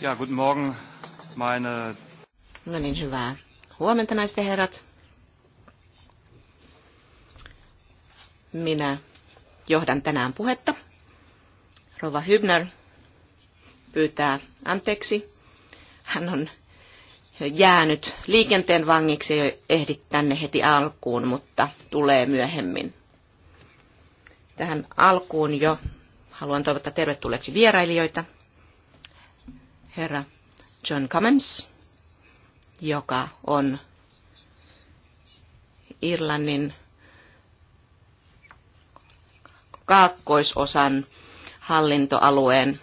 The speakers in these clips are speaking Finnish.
Ja, guten Morgen, meine... No niin, hyvää huomenta naisten herrat. Minä johdan tänään puhetta. Rova Hybner pyytää anteeksi. Hän on jäänyt liikenteen vangiksi ja ehdi tänne heti alkuun, mutta tulee myöhemmin. Tähän alkuun jo haluan toivottaa tervetulleeksi vierailijoita, herra John Cummins, joka on Irlannin kaakkoisosan hallintoalueen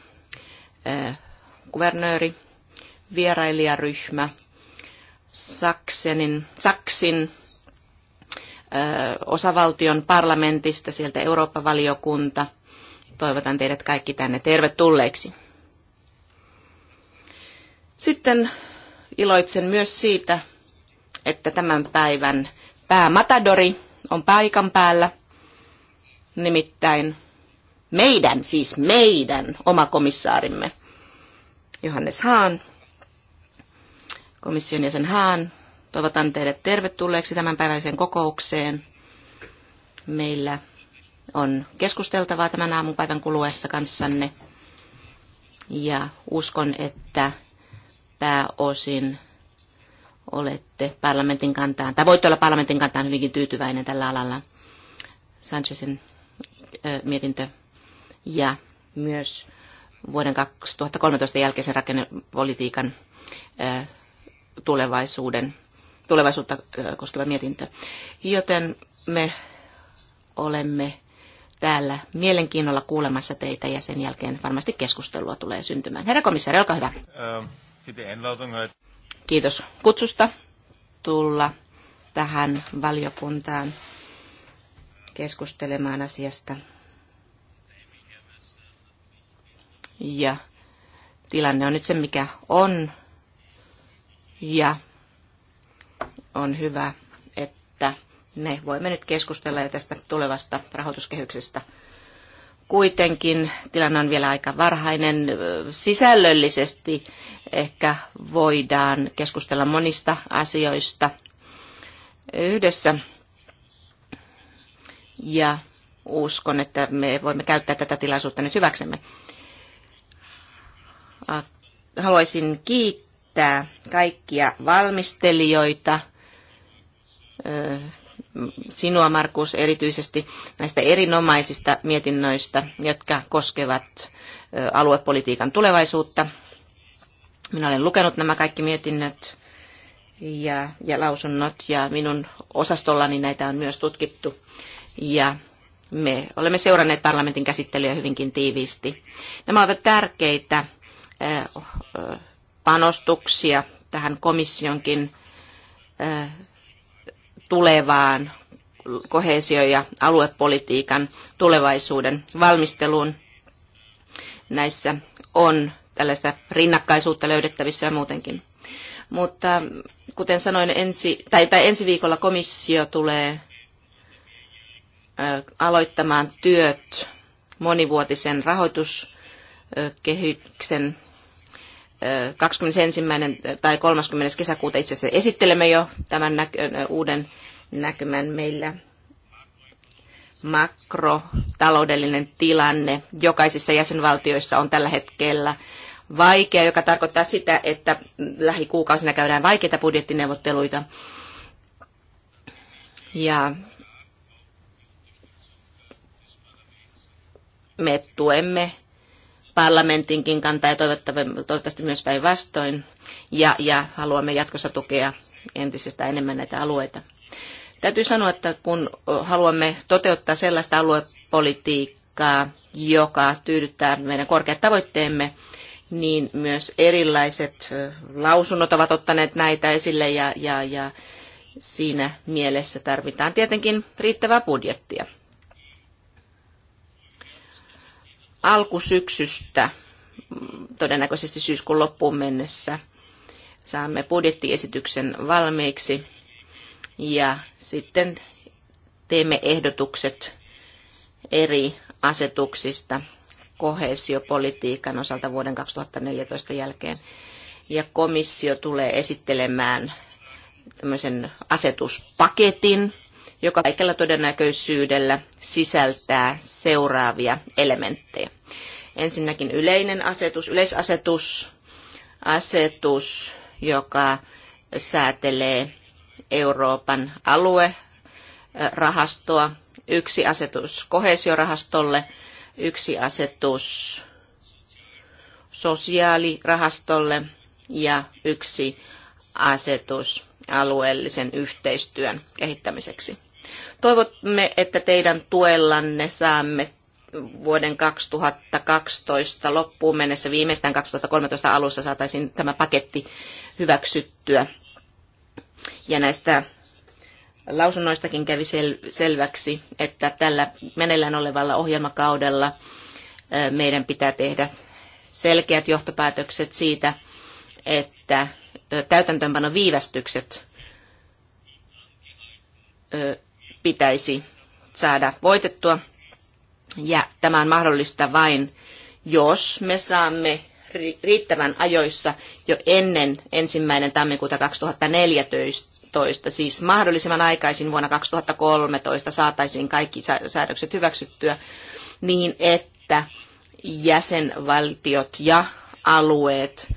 kuvernööri, vierailijaryhmä, Saksenin, Saksin osavaltion parlamentista, sieltä Eurooppa-valiokunta. Toivotan teidät kaikki tänne tervetulleiksi. Sitten iloitsen myös siitä, että tämän päivän päämatadori on paikan päällä, nimittäin meidän, siis meidän oma komissaarimme, Johannes Haan, komission jäsen Haan. Toivotan teidät tervetulleeksi tämänpäiväiseen kokoukseen. Meillä on keskusteltavaa tämän aamupäivän kuluessa kanssanne. Ja uskon, että pääosin olette parlamentin kantaan, tai voitte olla parlamentin kantaan hyvinkin tyytyväinen tällä alalla. Sanchezin mietintö ja myös vuoden 2013 jälkeisen rakennepolitiikan tulevaisuuden, tulevaisuutta koskeva mietintö. Joten me olemme täällä mielenkiinnolla kuulemassa teitä ja sen jälkeen varmasti keskustelua tulee syntymään. Herra komissaari, olkaa hyvä. Ähm. Kiitos kutsusta tulla tähän valiokuntaan keskustelemaan asiasta. Ja tilanne on nyt se, mikä on. Ja on hyvä, että me voimme nyt keskustella jo tästä tulevasta rahoituskehyksestä kuitenkin tilanne on vielä aika varhainen. Sisällöllisesti ehkä voidaan keskustella monista asioista yhdessä. Ja uskon, että me voimme käyttää tätä tilaisuutta nyt hyväksemme. Haluaisin kiittää kaikkia valmistelijoita, sinua, Markus, erityisesti näistä erinomaisista mietinnöistä, jotka koskevat aluepolitiikan tulevaisuutta. Minä olen lukenut nämä kaikki mietinnöt ja, ja lausunnot ja minun osastollani näitä on myös tutkittu. Ja me olemme seuranneet parlamentin käsittelyä hyvinkin tiiviisti. Nämä ovat tärkeitä panostuksia tähän komissionkin tulevaan kohesio- ja aluepolitiikan tulevaisuuden valmisteluun. Näissä on tällaista rinnakkaisuutta löydettävissä ja muutenkin. Mutta kuten sanoin, ensi, tai, tai ensi viikolla komissio tulee aloittamaan työt monivuotisen rahoituskehyksen 21. Eh, tai 30. kesäkuuta itse asiassa esittelemme jo tämän näky- eh, uuden näkymän meillä makrotaloudellinen tilanne jokaisissa jäsenvaltioissa on tällä hetkellä vaikea, joka tarkoittaa sitä, että lähikuukausina käydään vaikeita budjettineuvotteluita. Ja me tuemme parlamentinkin kantaa ja toivottavasti myös päinvastoin. Ja, ja haluamme jatkossa tukea entisistä enemmän näitä alueita. Täytyy sanoa, että kun haluamme toteuttaa sellaista aluepolitiikkaa, joka tyydyttää meidän korkeat tavoitteemme, niin myös erilaiset lausunnot ovat ottaneet näitä esille ja, ja, ja siinä mielessä tarvitaan tietenkin riittävää budjettia. alkusyksystä, todennäköisesti syyskuun loppuun mennessä, saamme budjettiesityksen valmiiksi ja sitten teemme ehdotukset eri asetuksista kohesiopolitiikan osalta vuoden 2014 jälkeen. Ja komissio tulee esittelemään tämmöisen asetuspaketin, joka kaikella todennäköisyydellä sisältää seuraavia elementtejä. Ensinnäkin yleinen asetus, yleisasetus, asetus, joka säätelee Euroopan alue rahastoa, yksi asetus kohesiorahastolle, yksi asetus sosiaalirahastolle ja yksi asetus alueellisen yhteistyön kehittämiseksi. Toivomme, että teidän tuellanne saamme vuoden 2012 loppuun mennessä, viimeistään 2013 alussa saataisiin tämä paketti hyväksyttyä. Ja näistä lausunnoistakin kävi sel- selväksi, että tällä meneillään olevalla ohjelmakaudella meidän pitää tehdä selkeät johtopäätökset siitä, että täytäntöönpano viivästykset pitäisi saada voitettua. Ja tämä on mahdollista vain, jos me saamme riittävän ajoissa jo ennen ensimmäinen tammikuuta 2014, siis mahdollisimman aikaisin vuonna 2013 saataisiin kaikki säädökset hyväksyttyä niin, että jäsenvaltiot ja alueet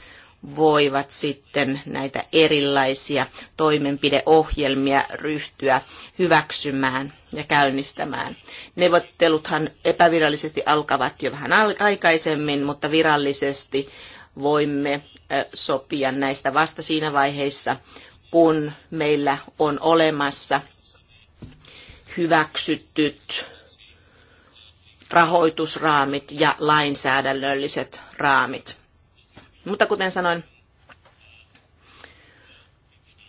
voivat sitten näitä erilaisia toimenpideohjelmia ryhtyä hyväksymään ja käynnistämään. Neuvotteluthan epävirallisesti alkavat jo vähän aikaisemmin, mutta virallisesti voimme sopia näistä vasta siinä vaiheessa, kun meillä on olemassa hyväksytyt rahoitusraamit ja lainsäädännölliset raamit. Mutta kuten sanoin,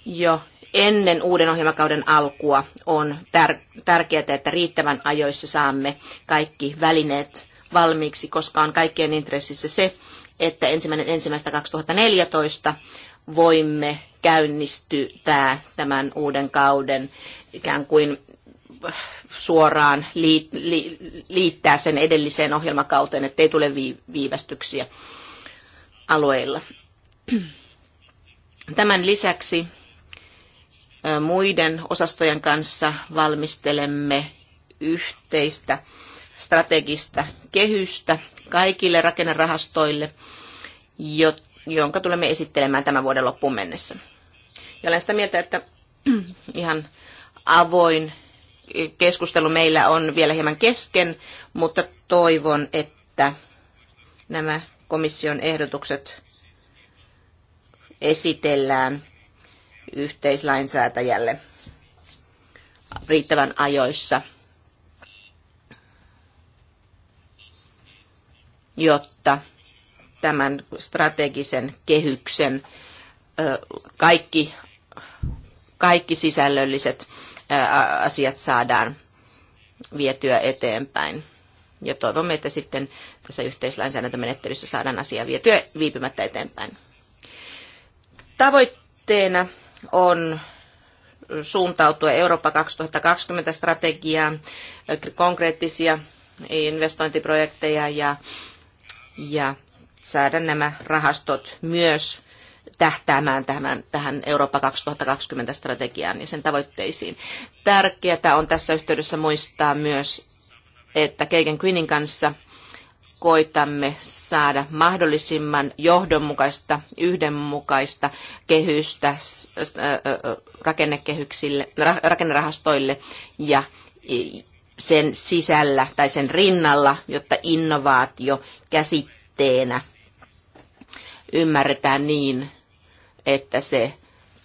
jo ennen uuden ohjelmakauden alkua on tär- tärkeää, että riittävän ajoissa saamme kaikki välineet valmiiksi, koska on kaikkien intressissä se, että ensimmäinen ensimmäistä 2014 voimme käynnistyä tämän uuden kauden ikään kuin äh, suoraan liittää sen edelliseen ohjelmakauteen, ettei tule viivästyksiä alueilla. Tämän lisäksi muiden osastojen kanssa valmistelemme yhteistä strategista kehystä kaikille rakennerahastoille, jonka tulemme esittelemään tämän vuoden loppuun mennessä. Ja olen sitä mieltä, että ihan avoin keskustelu meillä on vielä hieman kesken, mutta toivon, että nämä komission ehdotukset esitellään yhteislainsäätäjälle riittävän ajoissa, jotta tämän strategisen kehyksen kaikki, kaikki sisällölliset asiat saadaan vietyä eteenpäin. Ja toivomme, että sitten tässä yhteislainsäädäntömenettelyssä saadaan asiaa vietyä viipymättä eteenpäin. Tavoitteena on suuntautua Eurooppa 2020 strategiaan, konkreettisia investointiprojekteja ja, ja saada nämä rahastot myös tähtäämään tämän, tähän Eurooppa 2020 strategiaan ja sen tavoitteisiin. Tärkeää on tässä yhteydessä muistaa myös, että Keigen Queenin kanssa – koitamme saada mahdollisimman johdonmukaista, yhdenmukaista kehystä rakennekehyksille, rakennerahastoille ja sen sisällä tai sen rinnalla, jotta innovaatio käsitteenä ymmärretään niin, että se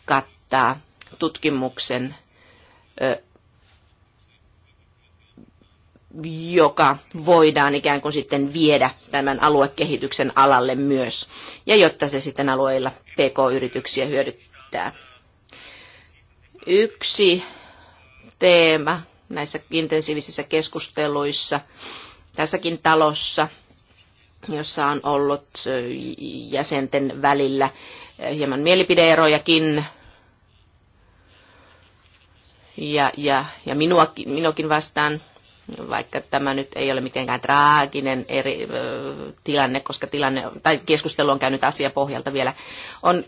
kattaa tutkimuksen joka voidaan ikään kuin sitten viedä tämän aluekehityksen alalle myös, ja jotta se sitten alueilla PK-yrityksiä hyödyttää. Yksi teema näissä intensiivisissä keskusteluissa tässäkin talossa, jossa on ollut jäsenten välillä hieman mielipideerojakin, ja, ja, ja minuakin, minuakin vastaan vaikka tämä nyt ei ole mitenkään traaginen eri, äh, tilanne, koska tilanne, tai keskustelu on käynyt asia pohjalta vielä, on,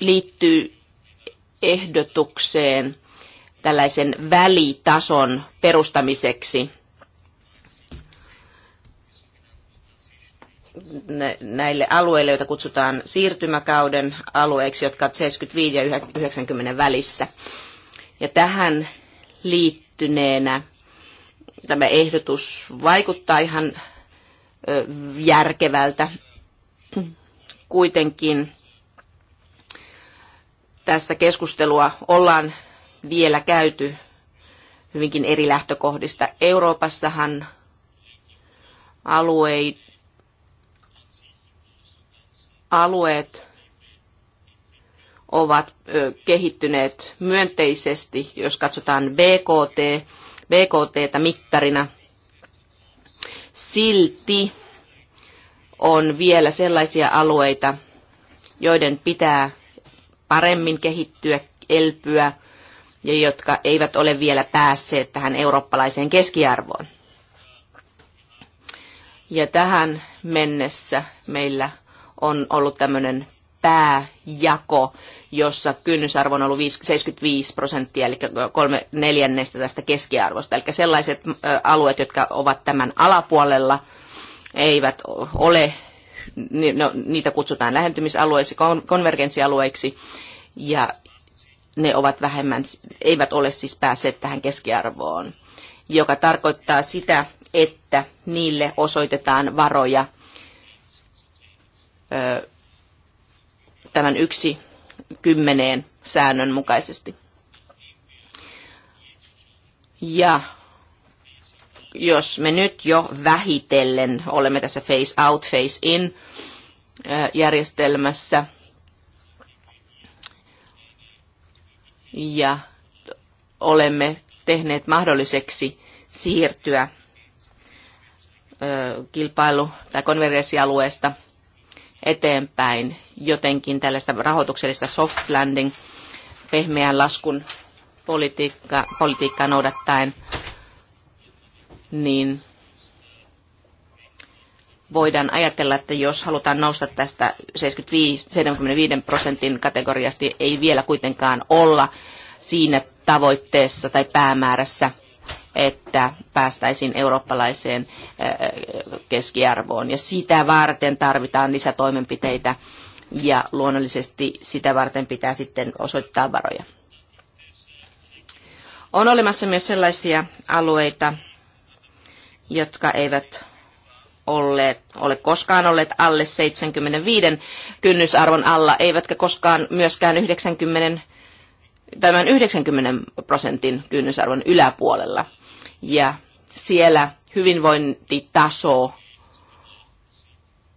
liittyy ehdotukseen tällaisen välitason perustamiseksi näille alueille, joita kutsutaan siirtymäkauden alueiksi, jotka ovat 75 ja 90 välissä. Ja tähän liittyneenä tämä ehdotus vaikuttaa ihan järkevältä. Kuitenkin tässä keskustelua ollaan vielä käyty hyvinkin eri lähtökohdista. Euroopassahan alueet, alueet ovat kehittyneet myönteisesti, jos katsotaan BKT, BKT mittarina, silti on vielä sellaisia alueita, joiden pitää paremmin kehittyä, elpyä ja jotka eivät ole vielä päässeet tähän eurooppalaiseen keskiarvoon. Ja tähän mennessä meillä on ollut tämmöinen pääjako, jossa kynnysarvo on ollut 75 prosenttia, eli kolme neljännestä tästä keskiarvosta. Eli sellaiset alueet, jotka ovat tämän alapuolella, eivät ole, no, niitä kutsutaan lähentymisalueiksi, konvergenssialueiksi, ja ne ovat vähemmän, eivät ole siis päässeet tähän keskiarvoon, joka tarkoittaa sitä, että niille osoitetaan varoja tämän yksi kymmeneen säännön mukaisesti. Ja jos me nyt jo vähitellen olemme tässä face out, face in järjestelmässä, ja olemme tehneet mahdolliseksi siirtyä kilpailu- tai konvergenssialueesta – eteenpäin jotenkin tällaista rahoituksellista soft landing, pehmeän laskun politiikka, politiikkaa noudattaen, niin voidaan ajatella, että jos halutaan nousta tästä 75, 75 prosentin kategoriasta, ei vielä kuitenkaan olla siinä tavoitteessa tai päämäärässä – että päästäisiin eurooppalaiseen keskiarvoon. Ja sitä varten tarvitaan lisätoimenpiteitä ja luonnollisesti sitä varten pitää sitten osoittaa varoja. On olemassa myös sellaisia alueita, jotka eivät olleet, ole koskaan olleet alle 75 kynnysarvon alla, eivätkä koskaan myöskään 90, tämän 90 prosentin kynnysarvon yläpuolella ja siellä hyvinvointitaso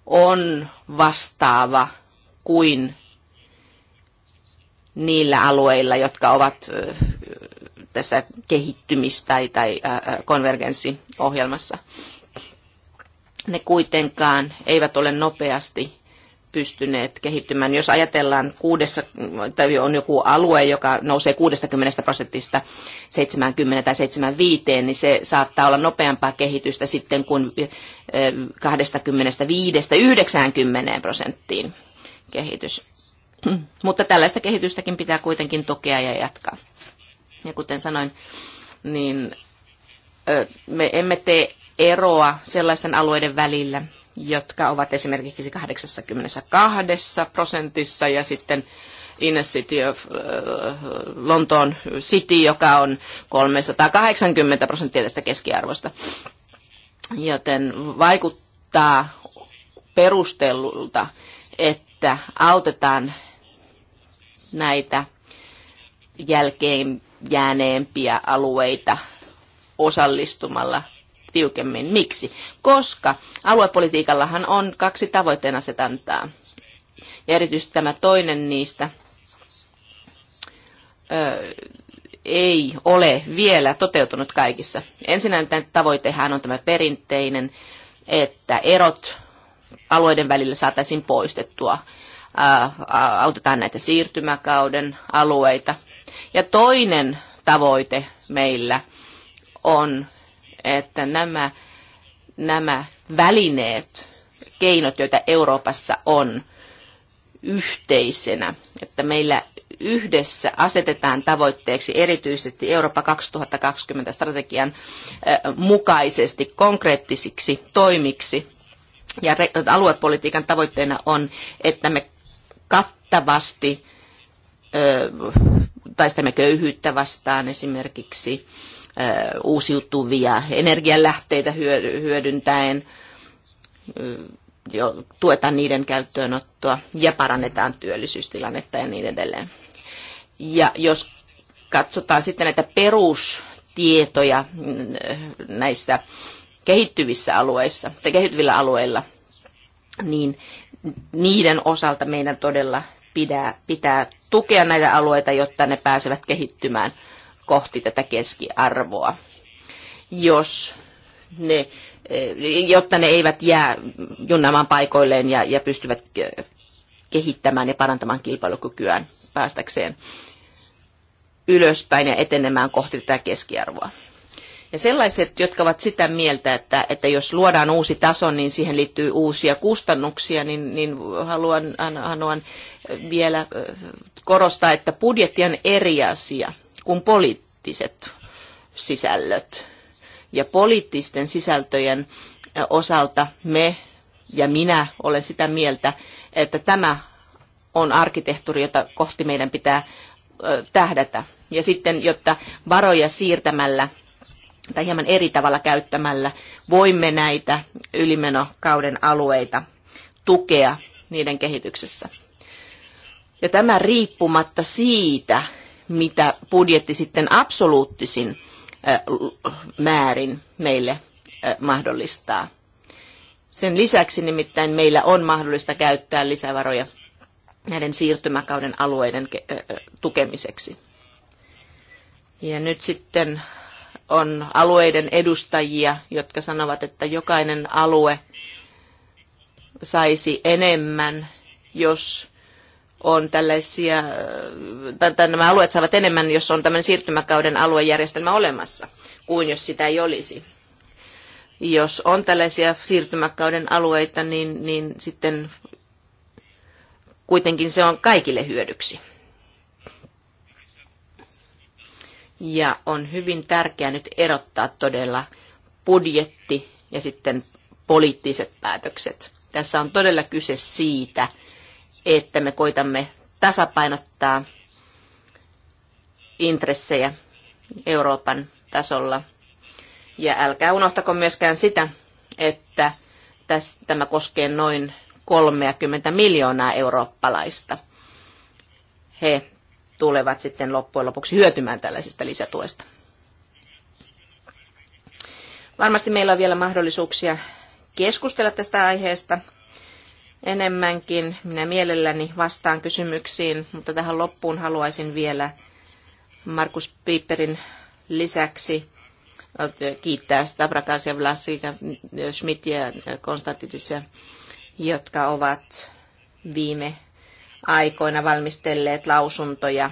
on vastaava kuin niillä alueilla, jotka ovat tässä kehittymis- tai, tai konvergenssiohjelmassa. Ne kuitenkaan eivät ole nopeasti pystyneet kehittymään. Jos ajatellaan, kuudessa, tai on joku alue, joka nousee 60 prosentista 70 tai 75, niin se saattaa olla nopeampaa kehitystä sitten kuin 25-90 prosenttiin kehitys. Mutta tällaista kehitystäkin pitää kuitenkin tukea ja jatkaa. Ja kuten sanoin, niin me emme tee eroa sellaisten alueiden välillä, jotka ovat esimerkiksi 82 prosentissa ja sitten Inner City of äh, Lontoon City, joka on 380 prosenttia tästä keskiarvosta. Joten vaikuttaa perustellulta, että autetaan näitä jälkeen jääneempiä alueita osallistumalla tiukemmin. Miksi? Koska aluepolitiikallahan on kaksi tavoitteen asetantaa. Ja erityisesti tämä toinen niistä ö, ei ole vielä toteutunut kaikissa. Ensinnäkin tavoitehan on tämä perinteinen, että erot alueiden välillä saataisiin poistettua. Autetaan näitä siirtymäkauden alueita. Ja toinen tavoite meillä on että nämä, nämä välineet, keinot, joita Euroopassa on yhteisenä, että meillä yhdessä asetetaan tavoitteeksi erityisesti Eurooppa 2020 strategian mukaisesti konkreettisiksi toimiksi. Ja aluepolitiikan tavoitteena on, että me kattavasti taistamme köyhyyttä vastaan esimerkiksi uusiutuvia energianlähteitä hyödyntäen, jo, tuetaan niiden käyttöönottoa ja parannetaan työllisyystilannetta ja niin edelleen. Ja jos katsotaan sitten näitä perustietoja mm, näissä kehittyvissä alueissa tai kehittyvillä alueilla, niin niiden osalta meidän todella pitää, pitää tukea näitä alueita, jotta ne pääsevät kehittymään – kohti tätä keskiarvoa, jos ne, eh, jotta ne eivät jää junnaamaan paikoilleen ja, ja pystyvät eh, kehittämään ja parantamaan kilpailukykyään päästäkseen ylöspäin ja etenemään kohti tätä keskiarvoa. Ja sellaiset, jotka ovat sitä mieltä, että, että jos luodaan uusi taso, niin siihen liittyy uusia kustannuksia, niin, niin haluan, haluan vielä eh, korostaa, että budjetti on eri asia kuin poliittiset sisällöt. Ja poliittisten sisältöjen osalta me ja minä olen sitä mieltä, että tämä on arkkitehtuuri, jota kohti meidän pitää tähdätä. Ja sitten, jotta varoja siirtämällä tai hieman eri tavalla käyttämällä voimme näitä ylimenokauden alueita tukea niiden kehityksessä. Ja tämä riippumatta siitä, mitä budjetti sitten absoluuttisin määrin meille mahdollistaa. Sen lisäksi nimittäin meillä on mahdollista käyttää lisävaroja näiden siirtymäkauden alueiden tukemiseksi. Ja nyt sitten on alueiden edustajia, jotka sanovat, että jokainen alue saisi enemmän, jos on tällaisia, tai nämä alueet saavat enemmän, jos on tämmöinen siirtymäkauden aluejärjestelmä olemassa, kuin jos sitä ei olisi. Jos on tällaisia siirtymäkauden alueita, niin, niin sitten kuitenkin se on kaikille hyödyksi. Ja on hyvin tärkeää nyt erottaa todella budjetti ja sitten poliittiset päätökset. Tässä on todella kyse siitä, että me koitamme tasapainottaa intressejä Euroopan tasolla. Ja älkää unohtako myöskään sitä, että tässä, tämä koskee noin 30 miljoonaa eurooppalaista. He tulevat sitten loppujen lopuksi hyötymään tällaisesta lisätuesta. Varmasti meillä on vielä mahdollisuuksia keskustella tästä aiheesta enemmänkin. Minä mielelläni vastaan kysymyksiin, mutta tähän loppuun haluaisin vielä Markus Piperin lisäksi kiittää Stavrakas ja Vlasika, Schmidt ja Konstantinissa, jotka ovat viime aikoina valmistelleet lausuntoja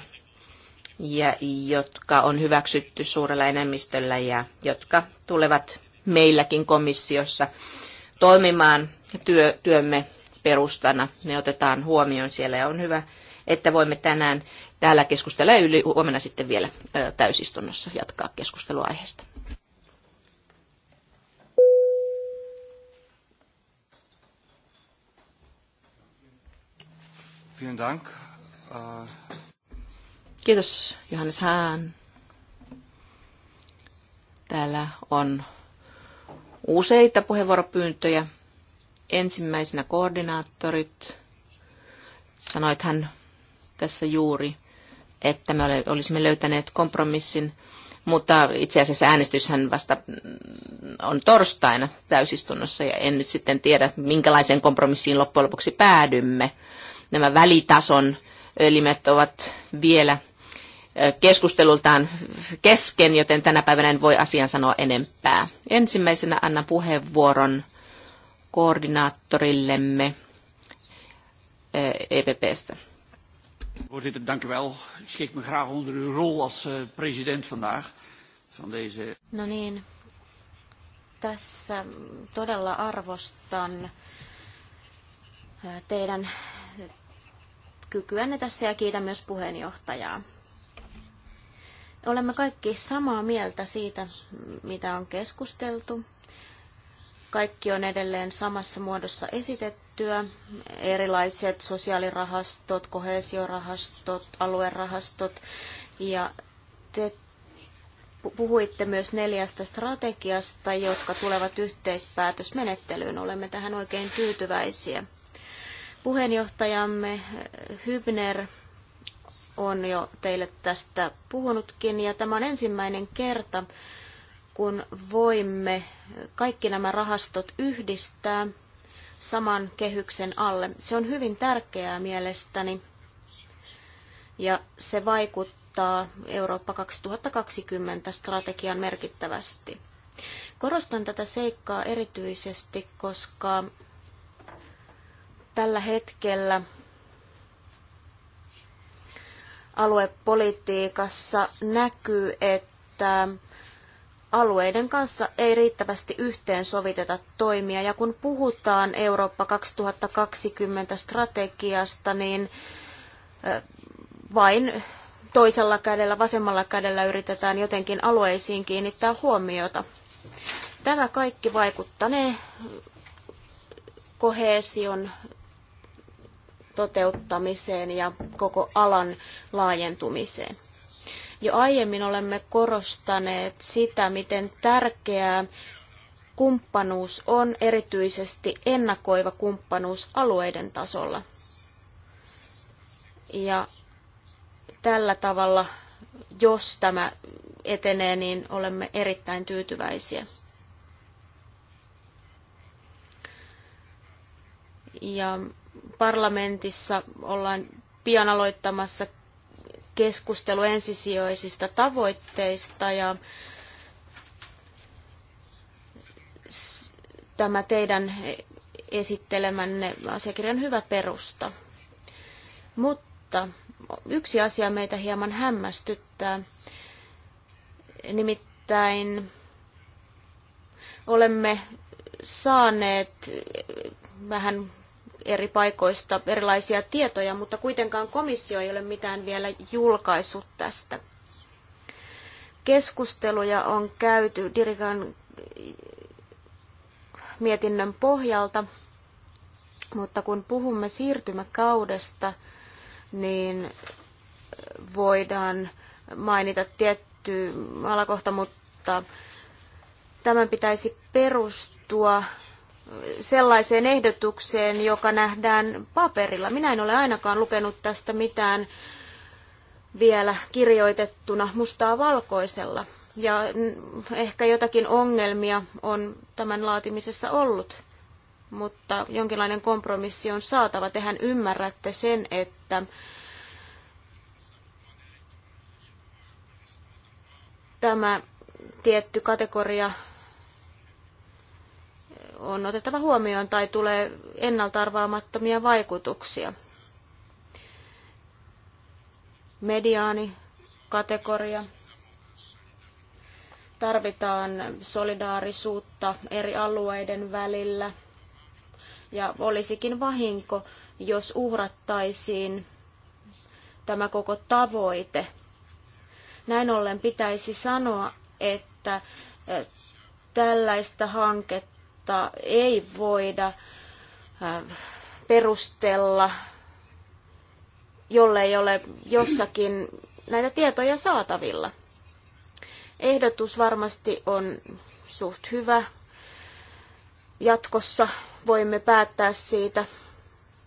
ja jotka on hyväksytty suurella enemmistöllä ja jotka tulevat meilläkin komissiossa toimimaan työ, työmme perustana. Ne otetaan huomioon siellä ja on hyvä, että voimme tänään täällä keskustella ja yli, huomenna sitten vielä täysistunnossa jatkaa keskustelua aiheesta. Vielen Dank. Äh. Kiitos Johannes Haan. Täällä on useita puheenvuoropyyntöjä. Ensimmäisenä koordinaattorit. Sanoithan tässä juuri, että me olisimme löytäneet kompromissin, mutta itse asiassa äänestyshän vasta mm, on torstaina täysistunnossa ja en nyt sitten tiedä, minkälaiseen kompromissiin loppujen lopuksi päädymme. Nämä välitason elimet ovat vielä keskustelultaan kesken, joten tänä päivänä en voi asian sanoa enempää. Ensimmäisenä annan puheenvuoron koordinaattorillemme EPPstä. Eh, e Voorzitter, dank u wel. Ik schik me graag onder uw rol als eh, president vandaag van deze... No niin, tässä todella arvostan eh, teidän kykyänne tässä ja kiitän myös puheenjohtajaa. Olemme kaikki samaa mieltä siitä, mitä on keskusteltu. Kaikki on edelleen samassa muodossa esitettyä. Erilaiset sosiaalirahastot, kohesiorahastot, aluerahastot ja te puhuitte myös neljästä strategiasta, jotka tulevat yhteispäätösmenettelyyn. Olemme tähän oikein tyytyväisiä. Puheenjohtajamme Hybner on jo teille tästä puhunutkin ja tämä on ensimmäinen kerta, kun voimme kaikki nämä rahastot yhdistää saman kehyksen alle. Se on hyvin tärkeää mielestäni ja se vaikuttaa Eurooppa 2020 strategian merkittävästi. Korostan tätä seikkaa erityisesti, koska tällä hetkellä aluepolitiikassa näkyy, että alueiden kanssa ei riittävästi yhteensoviteta toimia. Ja kun puhutaan Eurooppa 2020 strategiasta, niin vain toisella kädellä, vasemmalla kädellä yritetään jotenkin alueisiin kiinnittää huomiota. Tämä kaikki vaikuttanee kohesion toteuttamiseen ja koko alan laajentumiseen. Jo aiemmin olemme korostaneet sitä, miten tärkeää kumppanuus on erityisesti ennakoiva kumppanuus alueiden tasolla. Ja tällä tavalla, jos tämä etenee, niin olemme erittäin tyytyväisiä. Ja parlamentissa ollaan pian aloittamassa keskustelu ensisijaisista tavoitteista ja tämä teidän esittelemänne asiakirjan hyvä perusta. Mutta yksi asia meitä hieman hämmästyttää, nimittäin olemme saaneet vähän eri paikoista erilaisia tietoja, mutta kuitenkaan komissio ei ole mitään vielä julkaissut tästä. Keskusteluja on käyty Dirikan mietinnön pohjalta, mutta kun puhumme siirtymäkaudesta, niin voidaan mainita tietty alakohta, mutta tämän pitäisi perustua sellaiseen ehdotukseen, joka nähdään paperilla. Minä en ole ainakaan lukenut tästä mitään vielä kirjoitettuna mustaa valkoisella. Ja ehkä jotakin ongelmia on tämän laatimisessa ollut, mutta jonkinlainen kompromissi on saatava. Tehän ymmärrätte sen, että tämä tietty kategoria on otettava huomioon tai tulee ennaltarvaamattomia vaikutuksia. Mediaani kategoria. Tarvitaan solidaarisuutta eri alueiden välillä. Ja olisikin vahinko, jos uhrattaisiin tämä koko tavoite. Näin ollen pitäisi sanoa, että eh, tällaista hanketta jota ei voida äh, perustella, jollei ole jossakin näitä tietoja saatavilla. Ehdotus varmasti on suht hyvä. Jatkossa voimme päättää siitä.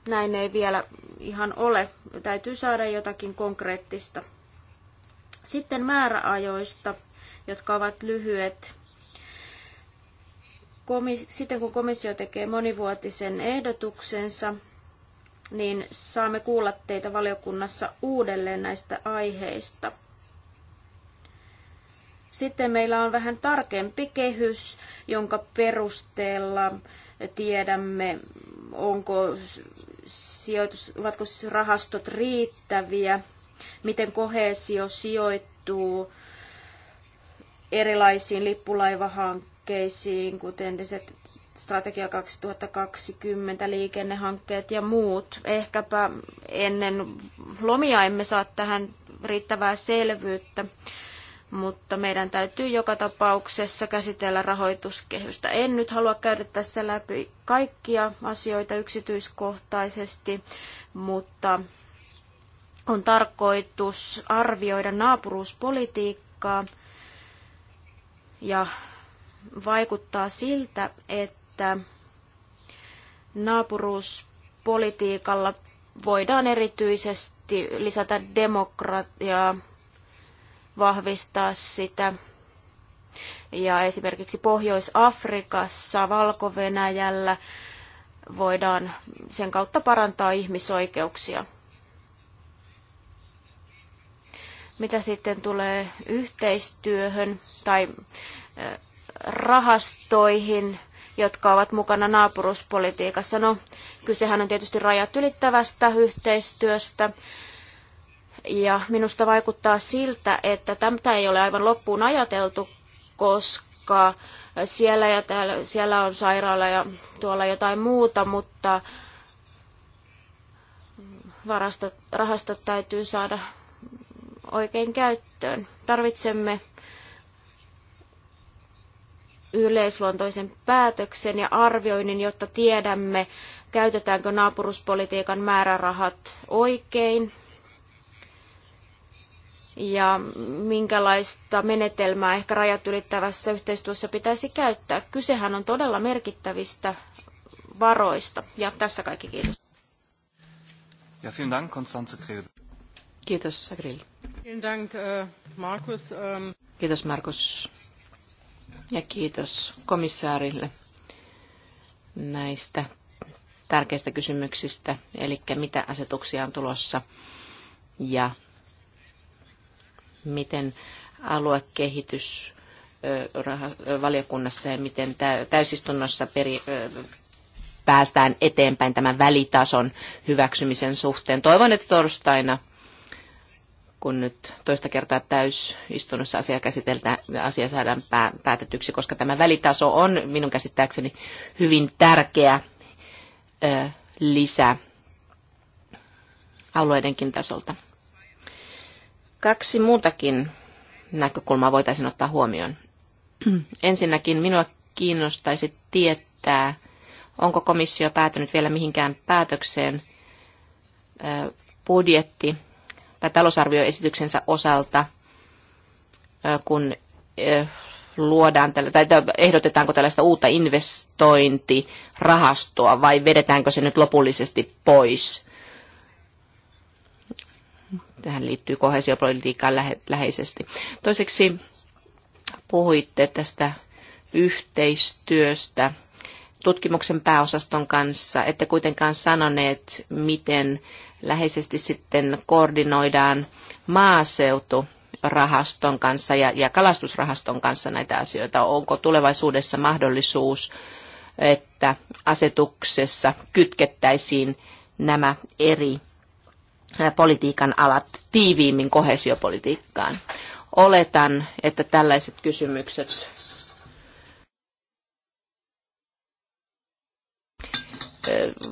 Näin ei vielä ihan ole. Täytyy saada jotakin konkreettista. Sitten määräajoista, jotka ovat lyhyet sitten kun komissio tekee monivuotisen ehdotuksensa, niin saamme kuulla teitä valiokunnassa uudelleen näistä aiheista. Sitten meillä on vähän tarkempi kehys, jonka perusteella tiedämme, onko sijoitus, ovatko siis rahastot riittäviä, miten kohesio sijoittuu erilaisiin lippulaivahankkeisiin hankkeisiin, kuten strategia 2020, liikennehankkeet ja muut. Ehkäpä ennen lomia emme saa tähän riittävää selvyyttä, mutta meidän täytyy joka tapauksessa käsitellä rahoituskehystä. En nyt halua käydä tässä läpi kaikkia asioita yksityiskohtaisesti, mutta on tarkoitus arvioida naapuruuspolitiikkaa ja vaikuttaa siltä, että naapuruuspolitiikalla voidaan erityisesti lisätä demokratiaa, vahvistaa sitä. Ja esimerkiksi Pohjois-Afrikassa, Valko-Venäjällä voidaan sen kautta parantaa ihmisoikeuksia. Mitä sitten tulee yhteistyöhön tai rahastoihin, jotka ovat mukana naapuruspolitiikassa. No, kysehän on tietysti rajat ylittävästä yhteistyöstä. Ja minusta vaikuttaa siltä, että tämä ei ole aivan loppuun ajateltu, koska siellä, ja täällä, siellä on sairaala ja tuolla jotain muuta, mutta varastot, rahastot täytyy saada oikein käyttöön. Tarvitsemme yleisluontoisen päätöksen ja arvioinnin, jotta tiedämme, käytetäänkö naapuruspolitiikan määrärahat oikein ja minkälaista menetelmää ehkä rajat ylittävässä yhteistyössä pitäisi käyttää. Kysehän on todella merkittävistä varoista. Ja tässä kaikki kiitos. Ja vielen Dank, Konstanze Kiitos, Vielen Dank, äh, Markus. Ähm. Kiitos, Markus ja kiitos komissaarille näistä tärkeistä kysymyksistä, eli mitä asetuksia on tulossa ja miten aluekehitys valiokunnassa ja miten täysistunnossa peri, päästään eteenpäin tämän välitason hyväksymisen suhteen. Toivon, että torstaina kun nyt toista kertaa täysistunnossa asia käsiteltään, asia saadaan pää, päätetyksi, koska tämä välitaso on minun käsittääkseni hyvin tärkeä ö, lisä alueidenkin tasolta. Kaksi muutakin näkökulmaa voitaisiin ottaa huomioon. Ensinnäkin minua kiinnostaisi tietää, onko komissio päätynyt vielä mihinkään päätökseen budjetti tai talousarvioesityksensä osalta, kun luodaan tai ehdotetaanko tällaista uutta investointirahastoa vai vedetäänkö se nyt lopullisesti pois? Tähän liittyy kohesiopolitiikkaan läheisesti. Toiseksi puhuitte tästä yhteistyöstä tutkimuksen pääosaston kanssa, ette kuitenkaan sanoneet, miten läheisesti sitten koordinoidaan maaseutu rahaston kanssa ja, ja kalastusrahaston kanssa näitä asioita. Onko tulevaisuudessa mahdollisuus, että asetuksessa kytkettäisiin nämä eri politiikan alat tiiviimmin kohesiopolitiikkaan? Oletan, että tällaiset kysymykset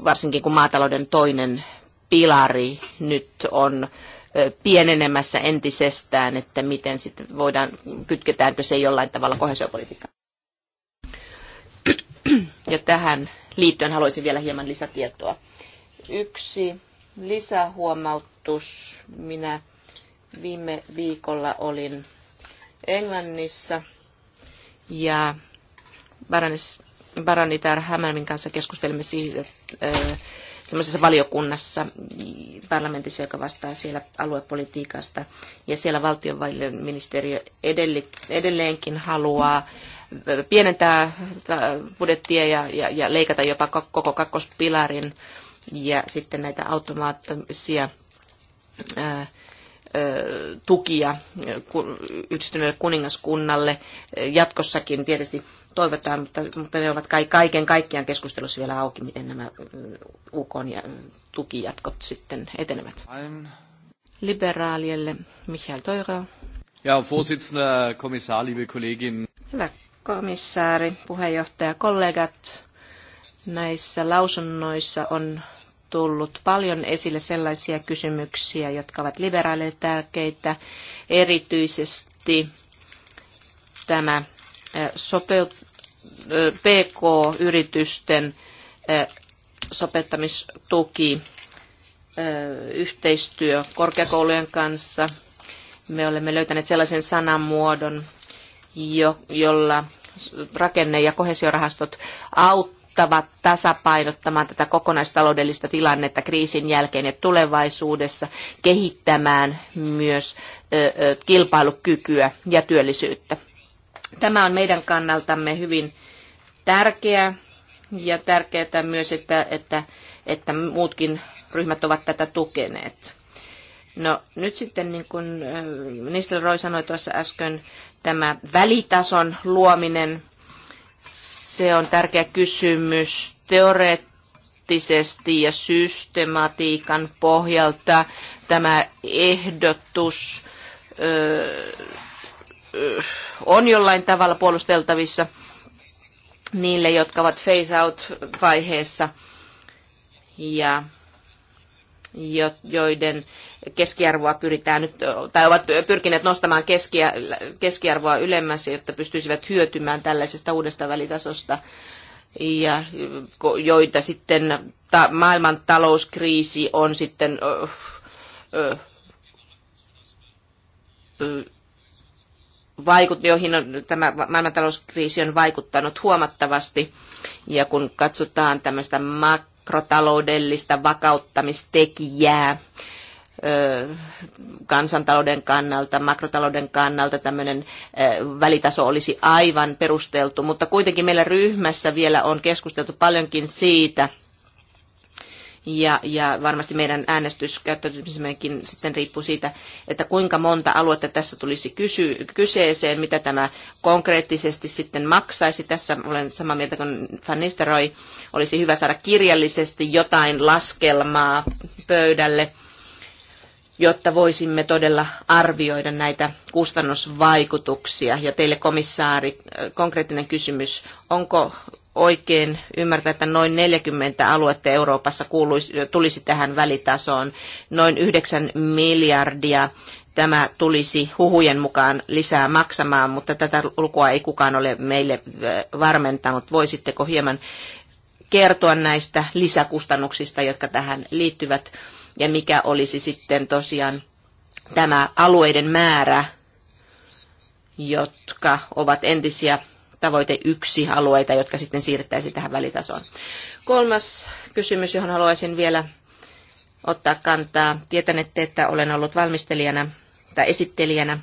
varsinkin kun maatalouden toinen pilari nyt on pienenemässä entisestään, että miten sitten voidaan, kytketäänkö se jollain tavalla kohesiopolitiikkaan. Ja tähän liittyen haluaisin vielä hieman lisätietoa. Yksi lisähuomautus. Minä viime viikolla olin Englannissa ja Baranis, Baranitar Hämälmin kanssa keskustelimme siitä, semmoisessa valiokunnassa parlamentissa, joka vastaa siellä aluepolitiikasta. Ja siellä valtionministeriö edelleenkin haluaa pienentää budjettia ja, ja, ja leikata jopa koko kakkospilarin ja sitten näitä automaattisia ää, tukia yhdistyneelle kuningaskunnalle jatkossakin tietysti toivotaan, mutta, mutta ne ovat kaiken kaikkiaan keskustelussa vielä auki, miten nämä UK ja tukijatkot sitten etenevät. Liberaalielle Michael Teura. Ja, Vorsitzender, Kommissar, liebe Kollegin. Hyvä komissaari, puheenjohtaja, kollegat. Näissä lausunnoissa on tullut paljon esille sellaisia kysymyksiä, jotka ovat liberaaleille tärkeitä, erityisesti tämä sopeut- PK-yritysten sopettamistuki, yhteistyö korkeakoulujen kanssa. Me olemme löytäneet sellaisen sanamuodon, jolla rakenne- ja kohesiorahastot auttavat tasapainottamaan tätä kokonaistaloudellista tilannetta kriisin jälkeen ja tulevaisuudessa kehittämään myös kilpailukykyä ja työllisyyttä. Tämä on meidän kannaltamme hyvin tärkeä ja tärkeää myös, että, että, että muutkin ryhmät ovat tätä tukeneet. No nyt sitten, niin kuin äh, ministeri Roy sanoi tuossa äsken, tämä välitason luominen, se on tärkeä kysymys teoreettisesti ja systematiikan pohjalta. Tämä ehdotus äh, on jollain tavalla puolusteltavissa niille, jotka ovat phase out-vaiheessa ja joiden keskiarvoa pyritään nyt, tai ovat pyrkineet nostamaan keskiarvoa ylemmäs, jotta pystyisivät hyötymään tällaisesta uudesta välitasosta, ja joita sitten ta, maailman talouskriisi on sitten ö, ö, vaikut, joihin on, tämä maailmantalouskriisi on vaikuttanut huomattavasti. Ja kun katsotaan tämmöistä makrotaloudellista vakauttamistekijää, kansantalouden kannalta, makrotalouden kannalta tämmöinen välitaso olisi aivan perusteltu, mutta kuitenkin meillä ryhmässä vielä on keskusteltu paljonkin siitä, ja, ja varmasti meidän äänestyskäyttäytymisemmekin sitten riippuu siitä, että kuinka monta aluetta tässä tulisi kysy, kyseeseen, mitä tämä konkreettisesti sitten maksaisi. Tässä olen samaa mieltä kuin Van Nisteroi. Olisi hyvä saada kirjallisesti jotain laskelmaa pöydälle, jotta voisimme todella arvioida näitä kustannusvaikutuksia. Ja teille komissaari, konkreettinen kysymys, onko oikein ymmärtää, että noin 40 aluetta Euroopassa kuuluisi, tulisi tähän välitasoon. Noin 9 miljardia tämä tulisi huhujen mukaan lisää maksamaan, mutta tätä lukua ei kukaan ole meille varmentanut. Voisitteko hieman kertoa näistä lisäkustannuksista, jotka tähän liittyvät, ja mikä olisi sitten tosiaan tämä alueiden määrä, jotka ovat entisiä tavoite yksi alueita, jotka sitten siirrettäisiin tähän välitasoon. Kolmas kysymys, johon haluaisin vielä ottaa kantaa. Tietänette, että olen ollut valmistelijana tai esittelijänä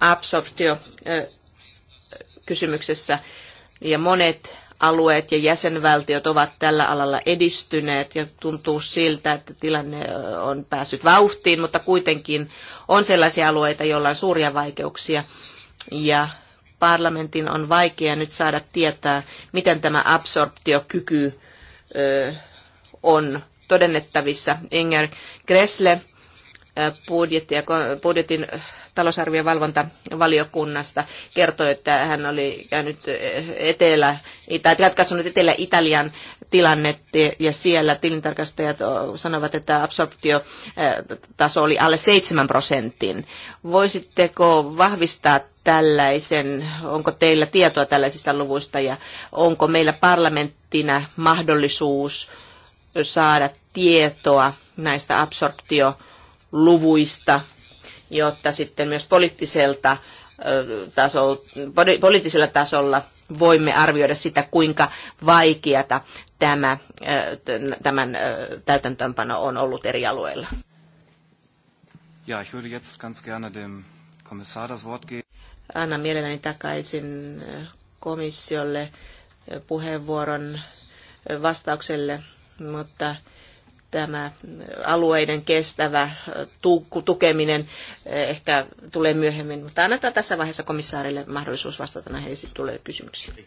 absorptio kysymyksessä ja monet alueet ja jäsenvaltiot ovat tällä alalla edistyneet ja tuntuu siltä, että tilanne on päässyt vauhtiin, mutta kuitenkin on sellaisia alueita, joilla on suuria vaikeuksia ja parlamentin on vaikea nyt saada tietää, miten tämä absorptiokyky on todennettavissa. Inger Gressle budjetti ja, budjetin talousarvion valvontavaliokunnasta kertoi, että hän oli käynyt eh, etelä, tai katsonut Etelä-Italian tilannetta ja siellä tilintarkastajat sanovat, että absorptiotaso eh, oli alle 7 prosentin. Voisitteko vahvistaa tällaisen, onko teillä tietoa tällaisista luvuista ja onko meillä parlamenttina mahdollisuus saada tietoa näistä absorptioluvuista jotta sitten myös poliittiselta tasolla, poliittisella tasolla voimme arvioida sitä, kuinka vaikeata tämä, tämän täytäntöönpano on ollut eri alueilla. Ja, ich würde jetzt ganz gerne dem Kommissar das Wort geben. Annan mielelläni takaisin komissiolle puheenvuoron vastaukselle, mutta tämä alueiden kestävä tukeminen ehkä tulee myöhemmin, mutta annetaan tässä vaiheessa komissaarille mahdollisuus vastata näihin tulee kysymyksiin.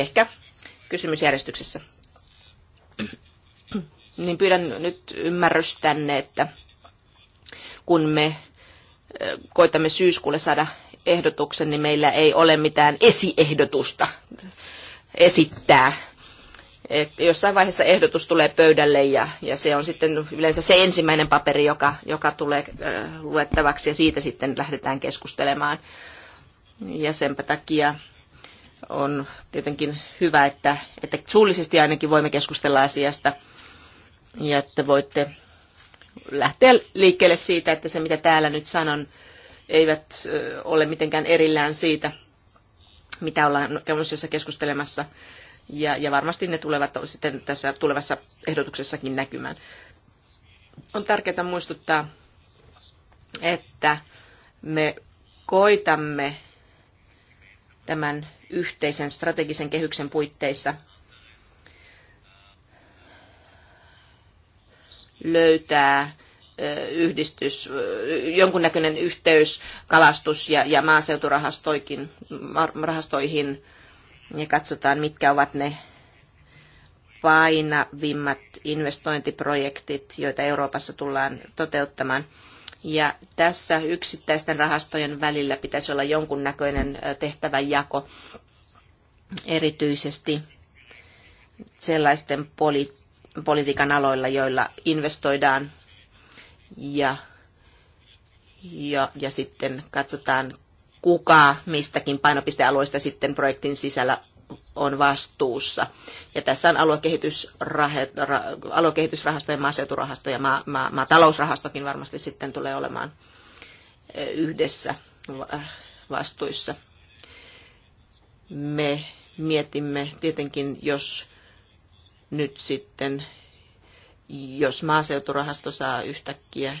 Ehkä kysymysjärjestyksessä. Niin pyydän nyt ymmärrystänne, että kun me koitamme syyskuulle saada ehdotuksen, niin meillä ei ole mitään esiehdotusta esittää jossain vaiheessa ehdotus tulee pöydälle ja, ja se on sitten yleensä se ensimmäinen paperi, joka, joka tulee äh, luettavaksi ja siitä sitten lähdetään keskustelemaan. Ja senpä takia on tietenkin hyvä, että, että suullisesti ainakin voimme keskustella asiasta ja että voitte lähteä liikkeelle siitä, että se mitä täällä nyt sanon, eivät ole mitenkään erillään siitä, mitä ollaan käymässä keskustelemassa ja, ja varmasti ne tulevat sitten tässä tulevassa ehdotuksessakin näkymään. On tärkeää muistuttaa, että me koitamme tämän yhteisen strategisen kehyksen puitteissa löytää yhdistys, jonkunnäköinen yhteys kalastus- ja, ja maaseuturahastoihin, ja katsotaan, mitkä ovat ne painavimmat investointiprojektit, joita Euroopassa tullaan toteuttamaan. Ja tässä yksittäisten rahastojen välillä pitäisi olla jonkunnäköinen tehtävänjako, erityisesti sellaisten poli- politiikan aloilla, joilla investoidaan ja, ja, ja sitten katsotaan kuka mistäkin painopistealueesta sitten projektin sisällä on vastuussa. Ja tässä on aluekehitysrahasto ja maaseuturahasto ja maa, maa, varmasti sitten tulee olemaan yhdessä vastuissa. Me mietimme tietenkin, jos nyt sitten, jos maaseuturahasto saa yhtäkkiä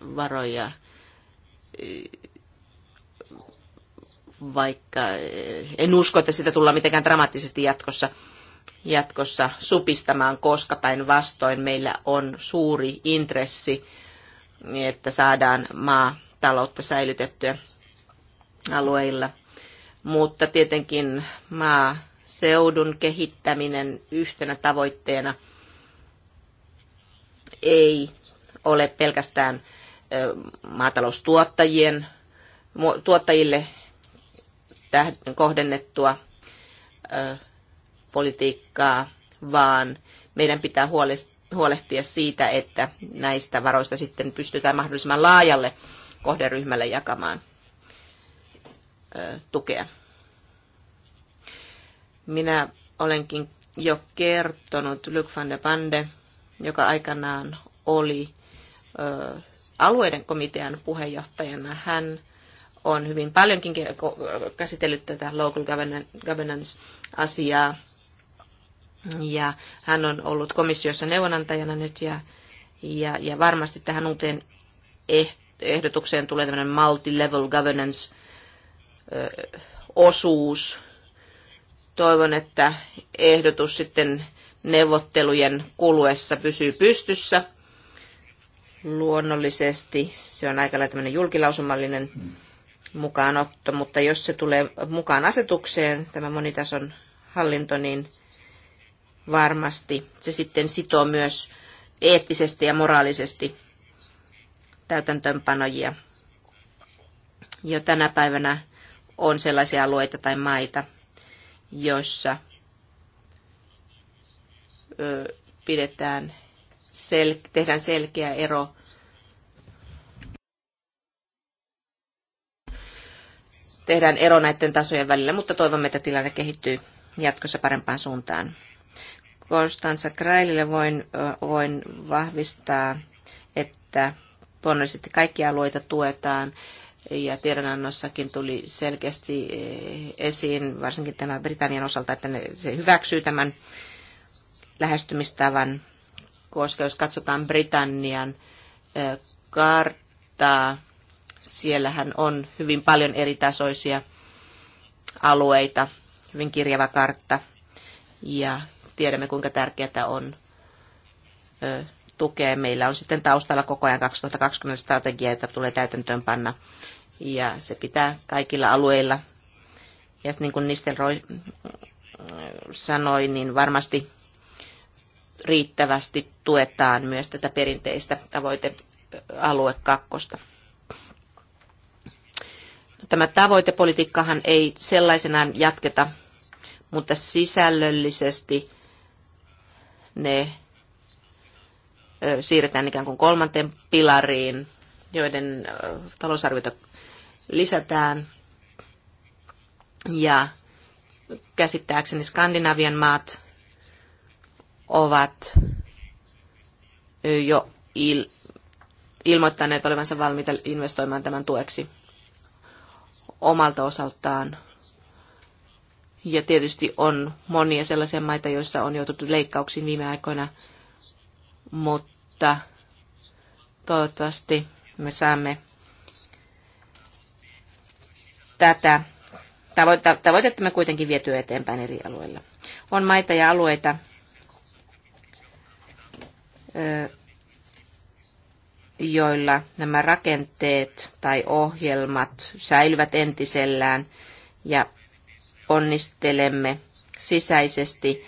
varoja vaikka eh, en usko, että sitä tullaan mitenkään dramaattisesti jatkossa, jatkossa supistamaan, koska päinvastoin meillä on suuri intressi, että saadaan taloutta säilytettyä alueilla. Mutta tietenkin maaseudun kehittäminen yhtenä tavoitteena ei ole pelkästään eh, maataloustuottajien tuottajille kohdennettua politiikkaa, vaan meidän pitää huolehtia siitä, että näistä varoista sitten pystytään mahdollisimman laajalle kohderyhmälle jakamaan tukea. Minä olenkin jo kertonut Luc van de Bande, joka aikanaan oli alueiden komitean puheenjohtajana. Hän on hyvin paljonkin käsitellyt tätä local governance-asiaa. Ja hän on ollut komissiossa neuvonantajana nyt ja, ja, ja varmasti tähän uuteen ehdotukseen tulee tämmöinen multi-level governance-osuus. Toivon, että ehdotus sitten neuvottelujen kuluessa pysyy pystyssä. Luonnollisesti se on aika tämmöinen julkilausumallinen mukaanotto, mutta jos se tulee mukaan asetukseen, tämä monitason hallinto, niin varmasti se sitten sitoo myös eettisesti ja moraalisesti täytäntöönpanojia. Jo tänä päivänä on sellaisia alueita tai maita, joissa pidetään sel- tehdään selkeä ero tehdään ero näiden tasojen välillä, mutta toivomme, että tilanne kehittyy jatkossa parempaan suuntaan. Konstanza Krailille voin, voin vahvistaa, että luonnollisesti kaikkia alueita tuetaan ja tiedonannossakin tuli selkeästi e, esiin, varsinkin tämä Britannian osalta, että ne, se hyväksyy tämän lähestymistavan, koska jos katsotaan Britannian e, karttaa, Siellähän on hyvin paljon eritasoisia alueita, hyvin kirjava kartta ja tiedämme kuinka tärkeää on tukea. Meillä on sitten taustalla koko ajan 2020 strategia, jota tulee täytäntöön panna ja se pitää kaikilla alueilla. Ja niin kuin Nistelroi mm, sanoi, niin varmasti riittävästi tuetaan myös tätä perinteistä tavoitealuekakkosta. Tämä tavoitepolitiikkahan ei sellaisenaan jatketa, mutta sisällöllisesti ne siirretään ikään kuin kolmanteen pilariin, joiden talousarviota lisätään. Ja käsittääkseni Skandinavian maat ovat jo il- ilmoittaneet olevansa valmiita investoimaan tämän tueksi omalta osaltaan. Ja tietysti on monia sellaisia maita, joissa on joututtu leikkauksiin viime aikoina, mutta toivottavasti me saamme tätä tavoitettamme kuitenkin vietyä eteenpäin eri alueilla. On maita ja alueita, joilla nämä rakenteet tai ohjelmat säilyvät entisellään ja onnistelemme sisäisesti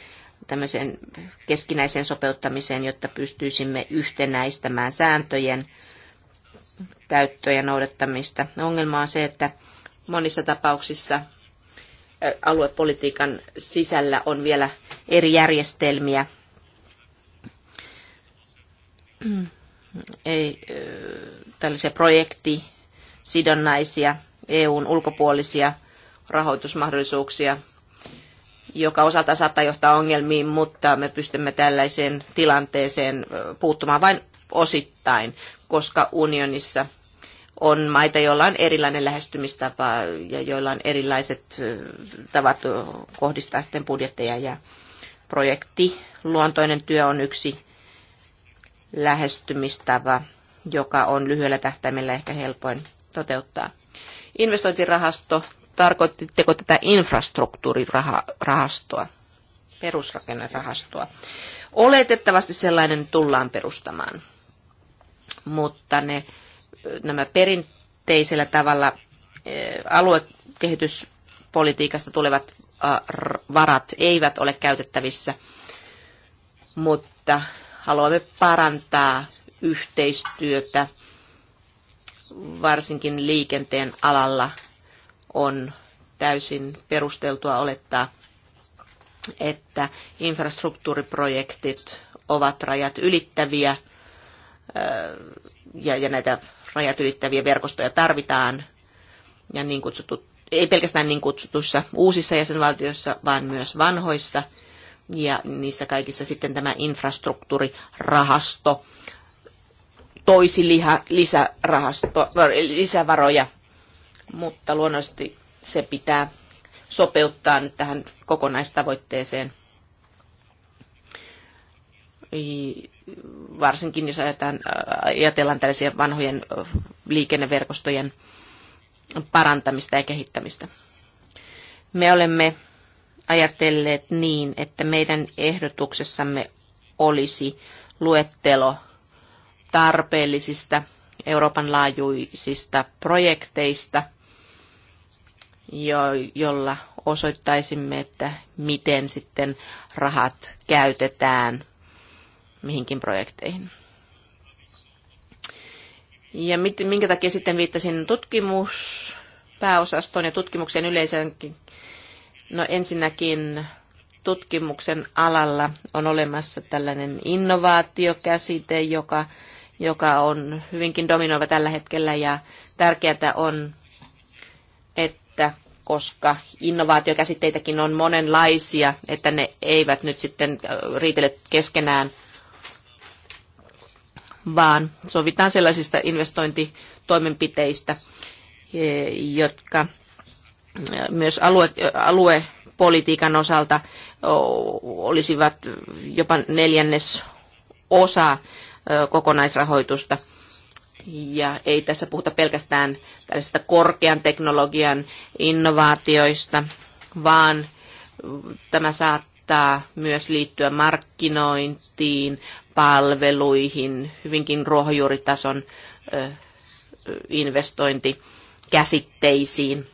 tämmöisen keskinäisen sopeuttamiseen, jotta pystyisimme yhtenäistämään sääntöjen käyttöä ja noudattamista. Ongelma on se, että monissa tapauksissa aluepolitiikan sisällä on vielä eri järjestelmiä ei tällaisia projektisidonnaisia EUn ulkopuolisia rahoitusmahdollisuuksia, joka osalta saattaa johtaa ongelmiin, mutta me pystymme tällaiseen tilanteeseen puuttumaan vain osittain, koska unionissa on maita, joilla on erilainen lähestymistapa ja joilla on erilaiset tavat kohdistaa sitten budjetteja ja projekti. Luontoinen työ on yksi lähestymistapa, joka on lyhyellä tähtäimellä ehkä helpoin toteuttaa. Investointirahasto, tarkoititteko tätä infrastruktuurirahastoa, perusrakennerahastoa? Oletettavasti sellainen tullaan perustamaan, mutta ne, nämä perinteisellä tavalla eh, aluekehityspolitiikasta tulevat eh, varat eivät ole käytettävissä, mutta haluamme parantaa yhteistyötä, varsinkin liikenteen alalla on täysin perusteltua olettaa, että infrastruktuuriprojektit ovat rajat ylittäviä ja, ja näitä rajat ylittäviä verkostoja tarvitaan ja niin kutsutut, ei pelkästään niin kutsutuissa uusissa jäsenvaltioissa, vaan myös vanhoissa – ja niissä kaikissa sitten tämä infrastruktuurirahasto toisi liha, lisärahasto, äh, lisävaroja, mutta luonnollisesti se pitää sopeuttaa nyt tähän kokonaistavoitteeseen. Varsinkin jos ajatellaan, äh, ajatellaan tällaisia vanhojen äh, liikenneverkostojen parantamista ja kehittämistä. Me olemme ajatelleet niin, että meidän ehdotuksessamme olisi luettelo tarpeellisista Euroopan laajuisista projekteista, jo, jolla osoittaisimme, että miten sitten rahat käytetään mihinkin projekteihin. Ja mit, minkä takia sitten viittasin tutkimuspääosastoon ja tutkimuksen yleensäkin No ensinnäkin tutkimuksen alalla on olemassa tällainen innovaatiokäsite, joka, joka on hyvinkin dominoiva tällä hetkellä ja tärkeää on, että koska innovaatiokäsitteitäkin on monenlaisia, että ne eivät nyt sitten riitele keskenään, vaan sovitaan sellaisista investointitoimenpiteistä, e, jotka myös alue, aluepolitiikan osalta olisivat jopa neljännes osa kokonaisrahoitusta. Ja ei tässä puhuta pelkästään tällaisista korkean teknologian innovaatioista, vaan tämä saattaa myös liittyä markkinointiin, palveluihin, hyvinkin ruohonjuuritason investointikäsitteisiin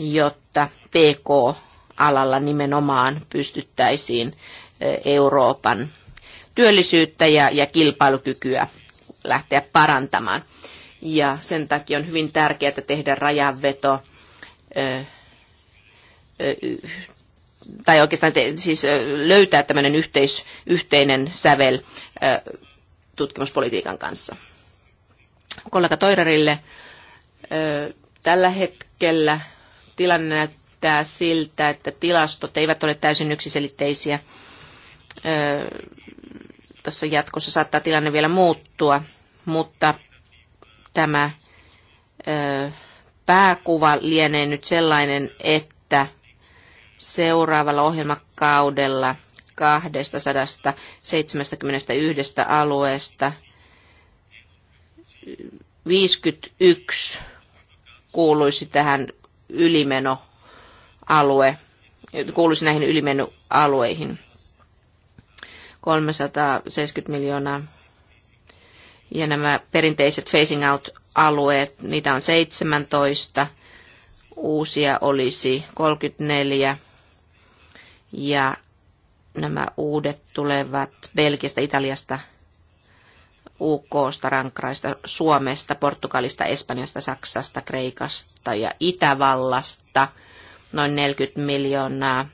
jotta PK-alalla nimenomaan pystyttäisiin Euroopan työllisyyttä ja, ja kilpailukykyä lähteä parantamaan. Ja sen takia on hyvin tärkeää tehdä rajanveto tai oikeastaan te, siis löytää tämmöinen yhteis, yhteinen sävel tutkimuspolitiikan kanssa. Kollega Toirarille tällä hetkellä tilanne näyttää siltä, että tilastot eivät ole täysin yksiselitteisiä. Tässä jatkossa saattaa tilanne vielä muuttua, mutta tämä pääkuva lienee nyt sellainen, että seuraavalla ohjelmakaudella 271 alueesta 51 kuuluisi tähän ylimenoalue, kuuluisi näihin ylimenoalueihin. 370 miljoonaa. Ja nämä perinteiset phasing out-alueet, niitä on 17, uusia olisi 34 ja nämä uudet tulevat Belgiasta, Italiasta UKsta, Rankraista, Suomesta, Portugalista, Espanjasta, Saksasta, Kreikasta ja Itävallasta noin 40 miljoonaa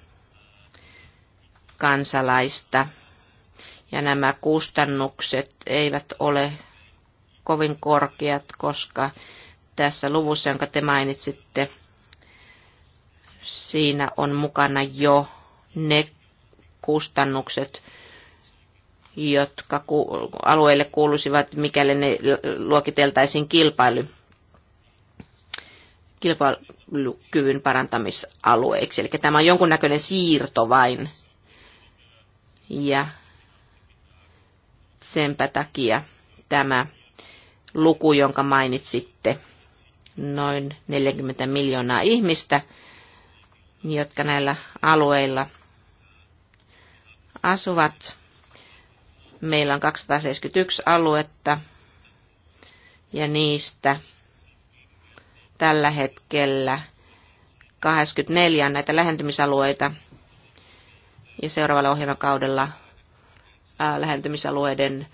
kansalaista. Ja nämä kustannukset eivät ole kovin korkeat, koska tässä luvussa, jonka te mainitsitte, siinä on mukana jo ne kustannukset, jotka alueelle kuuluisivat, mikäli ne luokiteltaisiin kilpailu, kilpailukyvyn parantamisalueiksi. Eli tämä on jonkunnäköinen siirto vain. Ja senpä takia tämä luku, jonka mainitsitte, noin 40 miljoonaa ihmistä, jotka näillä alueilla asuvat, Meillä on 271 aluetta ja niistä tällä hetkellä 24 on näitä lähentymisalueita ja seuraavalla ohjelmakaudella lähentymisalueiden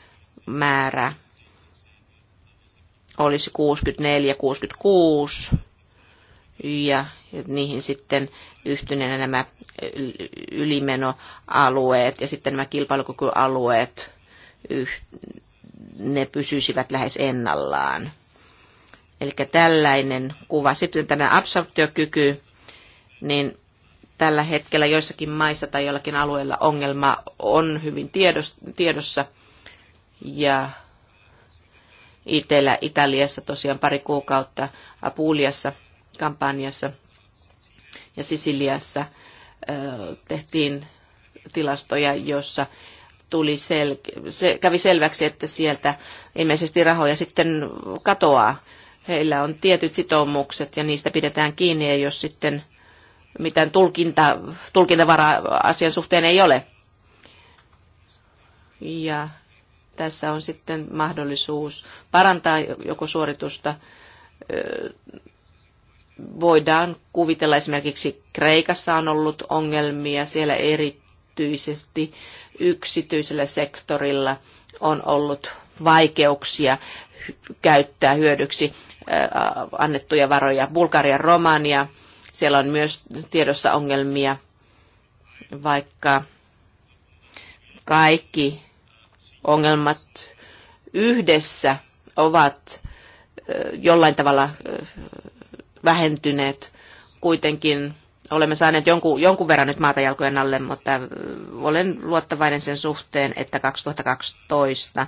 määrä olisi 64-66 ja niihin sitten yhtyneenä nämä ylimenoalueet ja sitten nämä kilpailukykyalueet, ne pysyisivät lähes ennallaan. Eli tällainen kuva. Sitten tämä absorptiokyky, niin tällä hetkellä joissakin maissa tai jollakin alueella ongelma on hyvin tiedossa. Ja Itellä, Italiassa tosiaan pari kuukautta Apuliassa – Kampanjassa ja Sisiliassa tehtiin tilastoja, jossa tuli sel- se kävi selväksi, että sieltä ilmeisesti rahoja sitten katoaa. Heillä on tietyt sitoumukset ja niistä pidetään kiinni, ja jos sitten mitään tulkinta, tulkintavaraa asian suhteen ei ole. Ja tässä on sitten mahdollisuus parantaa joko suoritusta voidaan kuvitella esimerkiksi Kreikassa on ollut ongelmia, siellä erityisesti yksityisellä sektorilla on ollut vaikeuksia käyttää hyödyksi annettuja varoja. Bulgaria, Romania, siellä on myös tiedossa ongelmia, vaikka kaikki ongelmat yhdessä ovat jollain tavalla vähentyneet kuitenkin. Olemme saaneet jonkun, jonkun verran nyt maata jalkojen alle, mutta äh, olen luottavainen sen suhteen, että 2012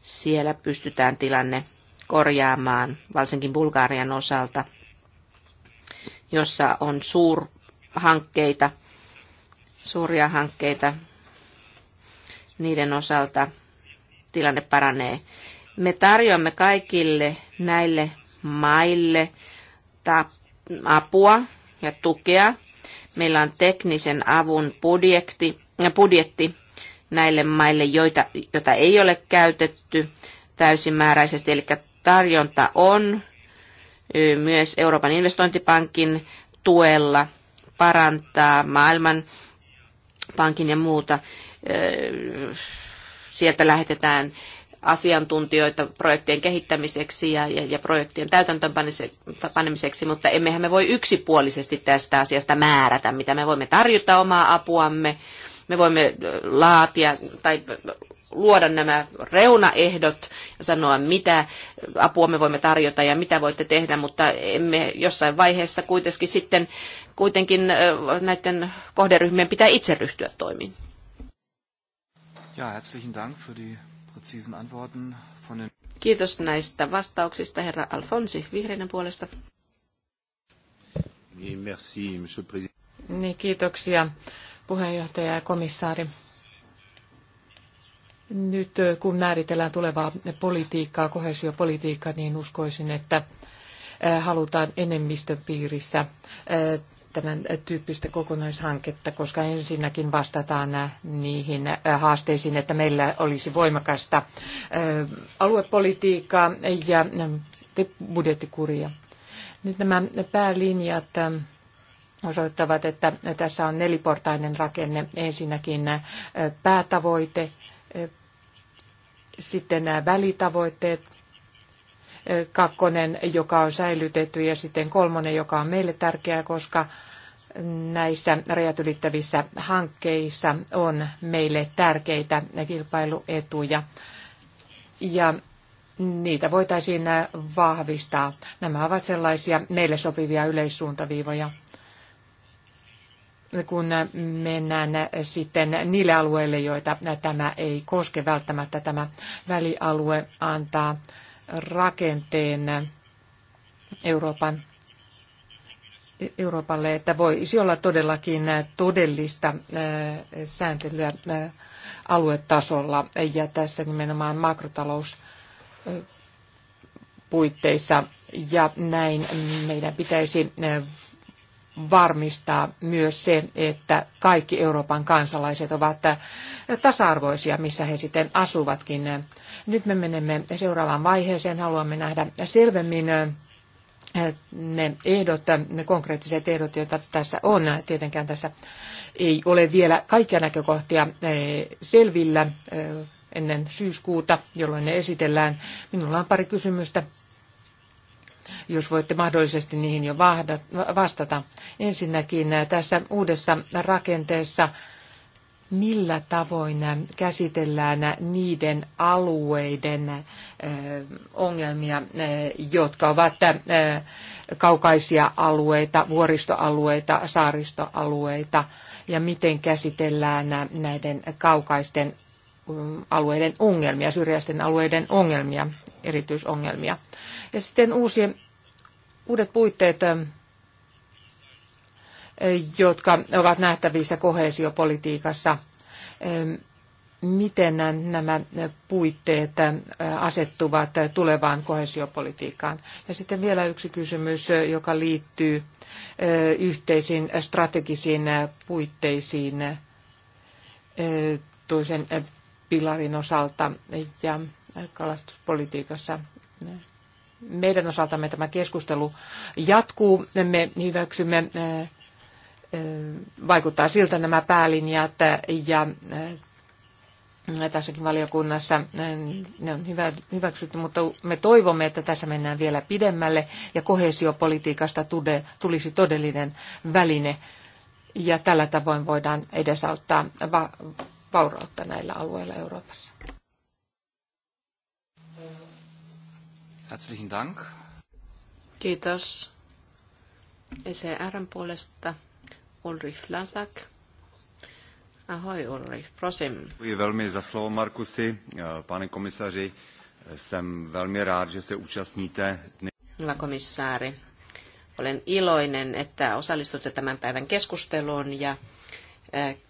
siellä pystytään tilanne korjaamaan, varsinkin Bulgarian osalta, jossa on suurhankkeita, suuria hankkeita. Niiden osalta tilanne paranee. Me tarjoamme kaikille näille maille apua ja tukea. Meillä on teknisen avun budjetti, budjetti näille maille, joita, joita ei ole käytetty täysimääräisesti, eli tarjonta on myös Euroopan investointipankin tuella parantaa maailman pankin ja muuta. Sieltä lähetetään asiantuntijoita projektien kehittämiseksi ja, ja, ja projektien täytäntöönpanemiseksi, mutta emmehän me voi yksipuolisesti tästä asiasta määrätä, mitä me voimme tarjota omaa apuamme, me voimme laatia tai luoda nämä reunaehdot ja sanoa, mitä apua me voimme tarjota ja mitä voitte tehdä, mutta emme jossain vaiheessa kuitenkin sitten kuitenkin näiden kohderyhmien pitää itse ryhtyä toimiin. Ja, herzlichen Dank für die präzisen Antworten von den Kiitos näistä vastauksista, herra Alfonsi, vihreiden puolesta. Merci, monsieur niin, kiitoksia puheenjohtaja ja komissaari. Nyt eh, kun määritellään tulevaa politiikkaa, kohesiopolitiikkaa, niin uskoisin, että eh, halutaan enemmistöpiirissä. Eh, tämän tyyppistä kokonaishanketta, koska ensinnäkin vastataan niihin haasteisiin, että meillä olisi voimakasta aluepolitiikkaa ja budjettikuria. Nyt nämä päälinjat osoittavat, että tässä on neliportainen rakenne. Ensinnäkin päätavoite, sitten nämä välitavoitteet, kakkonen, joka on säilytetty, ja sitten kolmonen, joka on meille tärkeä, koska näissä rajat ylittävissä hankkeissa on meille tärkeitä kilpailuetuja. Ja niitä voitaisiin vahvistaa. Nämä ovat sellaisia meille sopivia yleissuuntaviivoja. Kun mennään sitten niille alueille, joita tämä ei koske välttämättä, tämä välialue antaa rakenteen Euroopan, Euroopalle, että voisi olla todellakin todellista eh, sääntelyä eh, aluetasolla ja tässä nimenomaan makrotalous eh, puitteissa ja näin meidän pitäisi varmistaa myös se, että kaikki Euroopan kansalaiset ovat äh, tasa-arvoisia, missä he sitten asuvatkin. Nyt me menemme seuraavaan vaiheeseen. Haluamme nähdä selvemmin äh, ne ehdot, äh, ne konkreettiset ehdot, joita tässä on. Tietenkään tässä ei ole vielä kaikkia näkökohtia selvillä ennen syyskuuta, jolloin ne esitellään. Minulla on pari kysymystä jos voitte mahdollisesti niihin jo vastata. Ensinnäkin äh, tässä uudessa rakenteessa, millä tavoin äh, käsitellään äh, niiden alueiden ongelmia, jotka ovat kaukaisia alueita, vuoristoalueita, saaristoalueita, ja miten käsitellään näiden kaukaisten Mm, alueiden ongelmia, syrjäisten alueiden ongelmia, erityisongelmia. Ja sitten uusi, uudet puitteet, mm, jotka ovat nähtävissä kohesiopolitiikassa. Mm, miten nämä puitteet asettuvat tulevaan kohesiopolitiikkaan? Ja sitten vielä yksi kysymys, joka liittyy yhteisiin strategisiin puitteisiin toisen pilarin osalta ja kalastuspolitiikassa meidän osaltamme tämä keskustelu jatkuu. Me hyväksymme, vaikuttaa siltä nämä päälinjat ja tässäkin valiokunnassa ne on hyväksytty, mutta me toivomme, että tässä mennään vielä pidemmälle ja kohesiopolitiikasta tulisi todellinen väline ja tällä tavoin voidaan edesauttaa vaurautta näillä alueilla Euroopassa. Herzlichen Dank. Kiitos. ECRn puolesta Ulrich Lasak. Ahoj Ulrich, prosím. Děkuji velmi za slovo, Markusy. Pane komisaři, jsem velmi rád, že se účastníte. Hyvä komissaari, olen iloinen, että osallistutte tämän päivän keskusteluun ja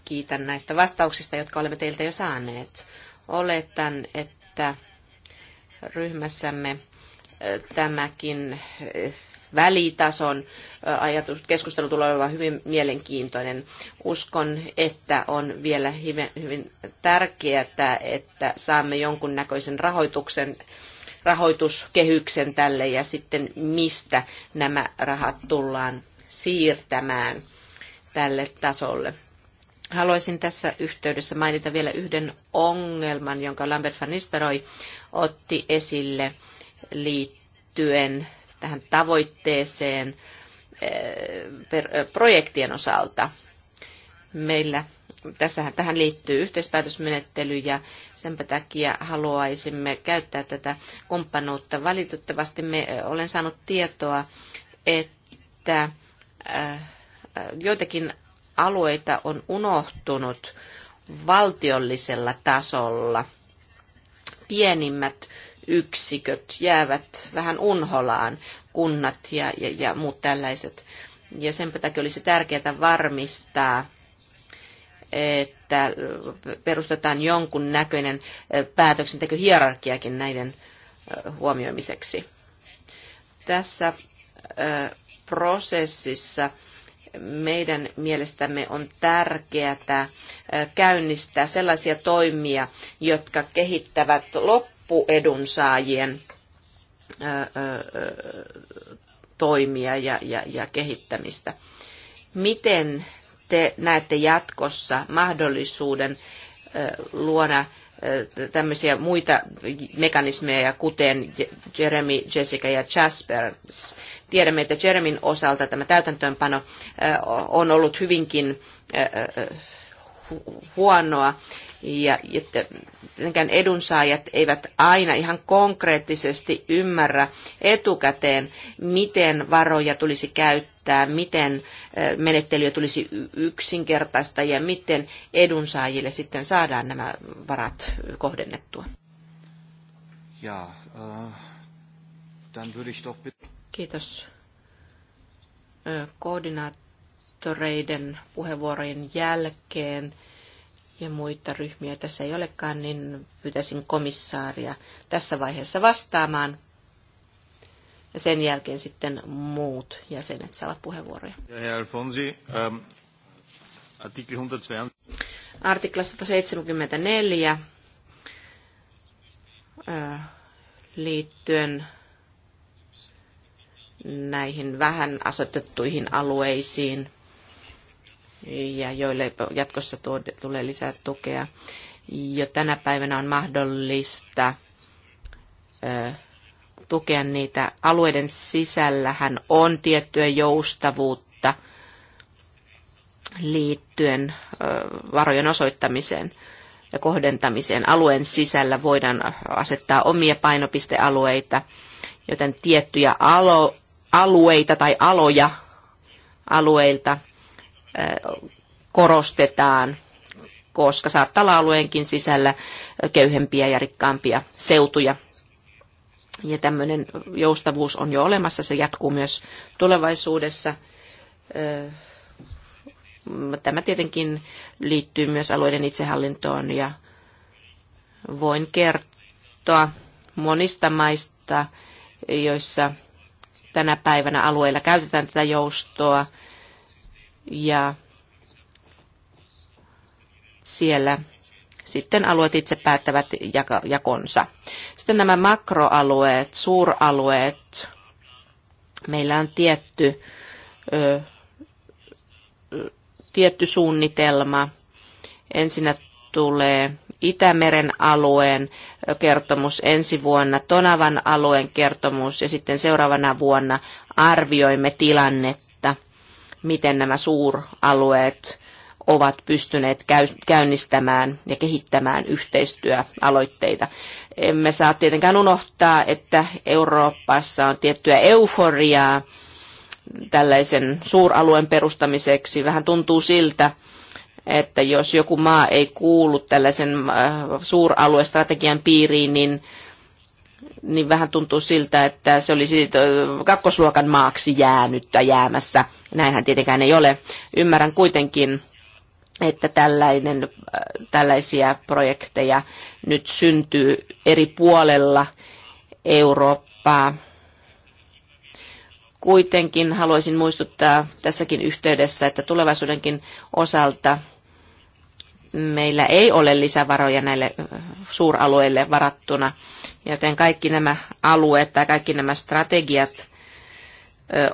Kiitän näistä vastauksista, jotka olemme teiltä jo saaneet. Oletan, että ryhmässämme tämäkin välitason ajatus, keskustelu tulee olemaan hyvin mielenkiintoinen. Uskon, että on vielä hyvin, hyvin tärkeää, että saamme jonkunnäköisen rahoituksen, rahoituskehyksen tälle ja sitten mistä nämä rahat tullaan siirtämään tälle tasolle. Haluaisin tässä yhteydessä mainita vielä yhden ongelman, jonka Lambert van Nistelrooy otti esille liittyen tähän tavoitteeseen eh, eh, projektien osalta. Meillä tässähän tähän liittyy yhteispäätösmenettely ja sen takia haluaisimme käyttää tätä kumppanuutta. Valitettavasti me, eh, olen saanut tietoa, että joitakin alueita on unohtunut valtiollisella tasolla. Pienimmät yksiköt jäävät vähän unholaan, kunnat ja, ja, ja muut tällaiset. Ja sen takia olisi tärkeää varmistaa, että perustetaan jonkun näköinen päätöksentekohierarkiakin näiden huomioimiseksi. Tässä prosessissa meidän mielestämme on tärkeää käynnistää sellaisia toimia, jotka kehittävät loppuedunsaajien toimia ja, ja, ja kehittämistä. Miten te näette jatkossa mahdollisuuden luoda tämmöisiä muita mekanismeja, kuten Jeremy, Jessica ja Jasper. Tiedämme, että Jeremin osalta tämä täytäntöönpano on ollut hyvinkin huonoa ja että tietenkään edunsaajat eivät aina ihan konkreettisesti ymmärrä etukäteen, miten varoja tulisi käyttää että miten menettelyä tulisi yksinkertaista ja miten edunsaajille sitten saadaan nämä varat kohdennettua. Ja, äh, würde ich doch bitte... Kiitos. Koordinaattoreiden puheenvuorojen jälkeen ja muita ryhmiä tässä ei olekaan, niin pyytäisin komissaaria tässä vaiheessa vastaamaan ja sen jälkeen sitten muut jäsenet saavat puheenvuoroja. Alfonsi, ähm, artikli 102. Artikla 174 äh, liittyen näihin vähän asetettuihin alueisiin ja joille jatkossa tuo, tulee lisää tukea. Jo tänä päivänä on mahdollista äh, tukea niitä. Alueiden sisällähän on tiettyä joustavuutta liittyen varojen osoittamiseen ja kohdentamiseen. Alueen sisällä voidaan asettaa omia painopistealueita, joten tiettyjä alo, alueita tai aloja alueilta korostetaan, koska saattaa olla alueenkin sisällä köyhempiä ja rikkaampia seutuja ja tämmöinen joustavuus on jo olemassa, se jatkuu myös tulevaisuudessa. Tämä tietenkin liittyy myös alueiden itsehallintoon ja voin kertoa monista maista, joissa tänä päivänä alueilla käytetään tätä joustoa ja siellä sitten alueet itse päättävät jakonsa. Sitten nämä makroalueet, suuralueet. Meillä on tietty, ö, tietty suunnitelma. Ensinnä tulee Itämeren alueen kertomus ensi vuonna, Tonavan alueen kertomus ja sitten seuraavana vuonna arvioimme tilannetta, miten nämä suuralueet ovat pystyneet käynnistämään ja kehittämään yhteistyöaloitteita. Emme saa tietenkään unohtaa, että Euroopassa on tiettyä euforiaa tällaisen suuralueen perustamiseksi. Vähän tuntuu siltä, että jos joku maa ei kuulu tällaisen äh, suuraluestrategian piiriin, niin, niin vähän tuntuu siltä, että se olisi äh, kakkosluokan maaksi jäänyt tai jäämässä. Näinhän tietenkään ei ole. Ymmärrän kuitenkin että tällainen, äh, tällaisia projekteja nyt syntyy eri puolella Eurooppaa. Kuitenkin haluaisin muistuttaa tässäkin yhteydessä, että tulevaisuudenkin osalta meillä ei ole lisävaroja näille äh, suuralueille varattuna, joten kaikki nämä alueet tai kaikki nämä strategiat äh,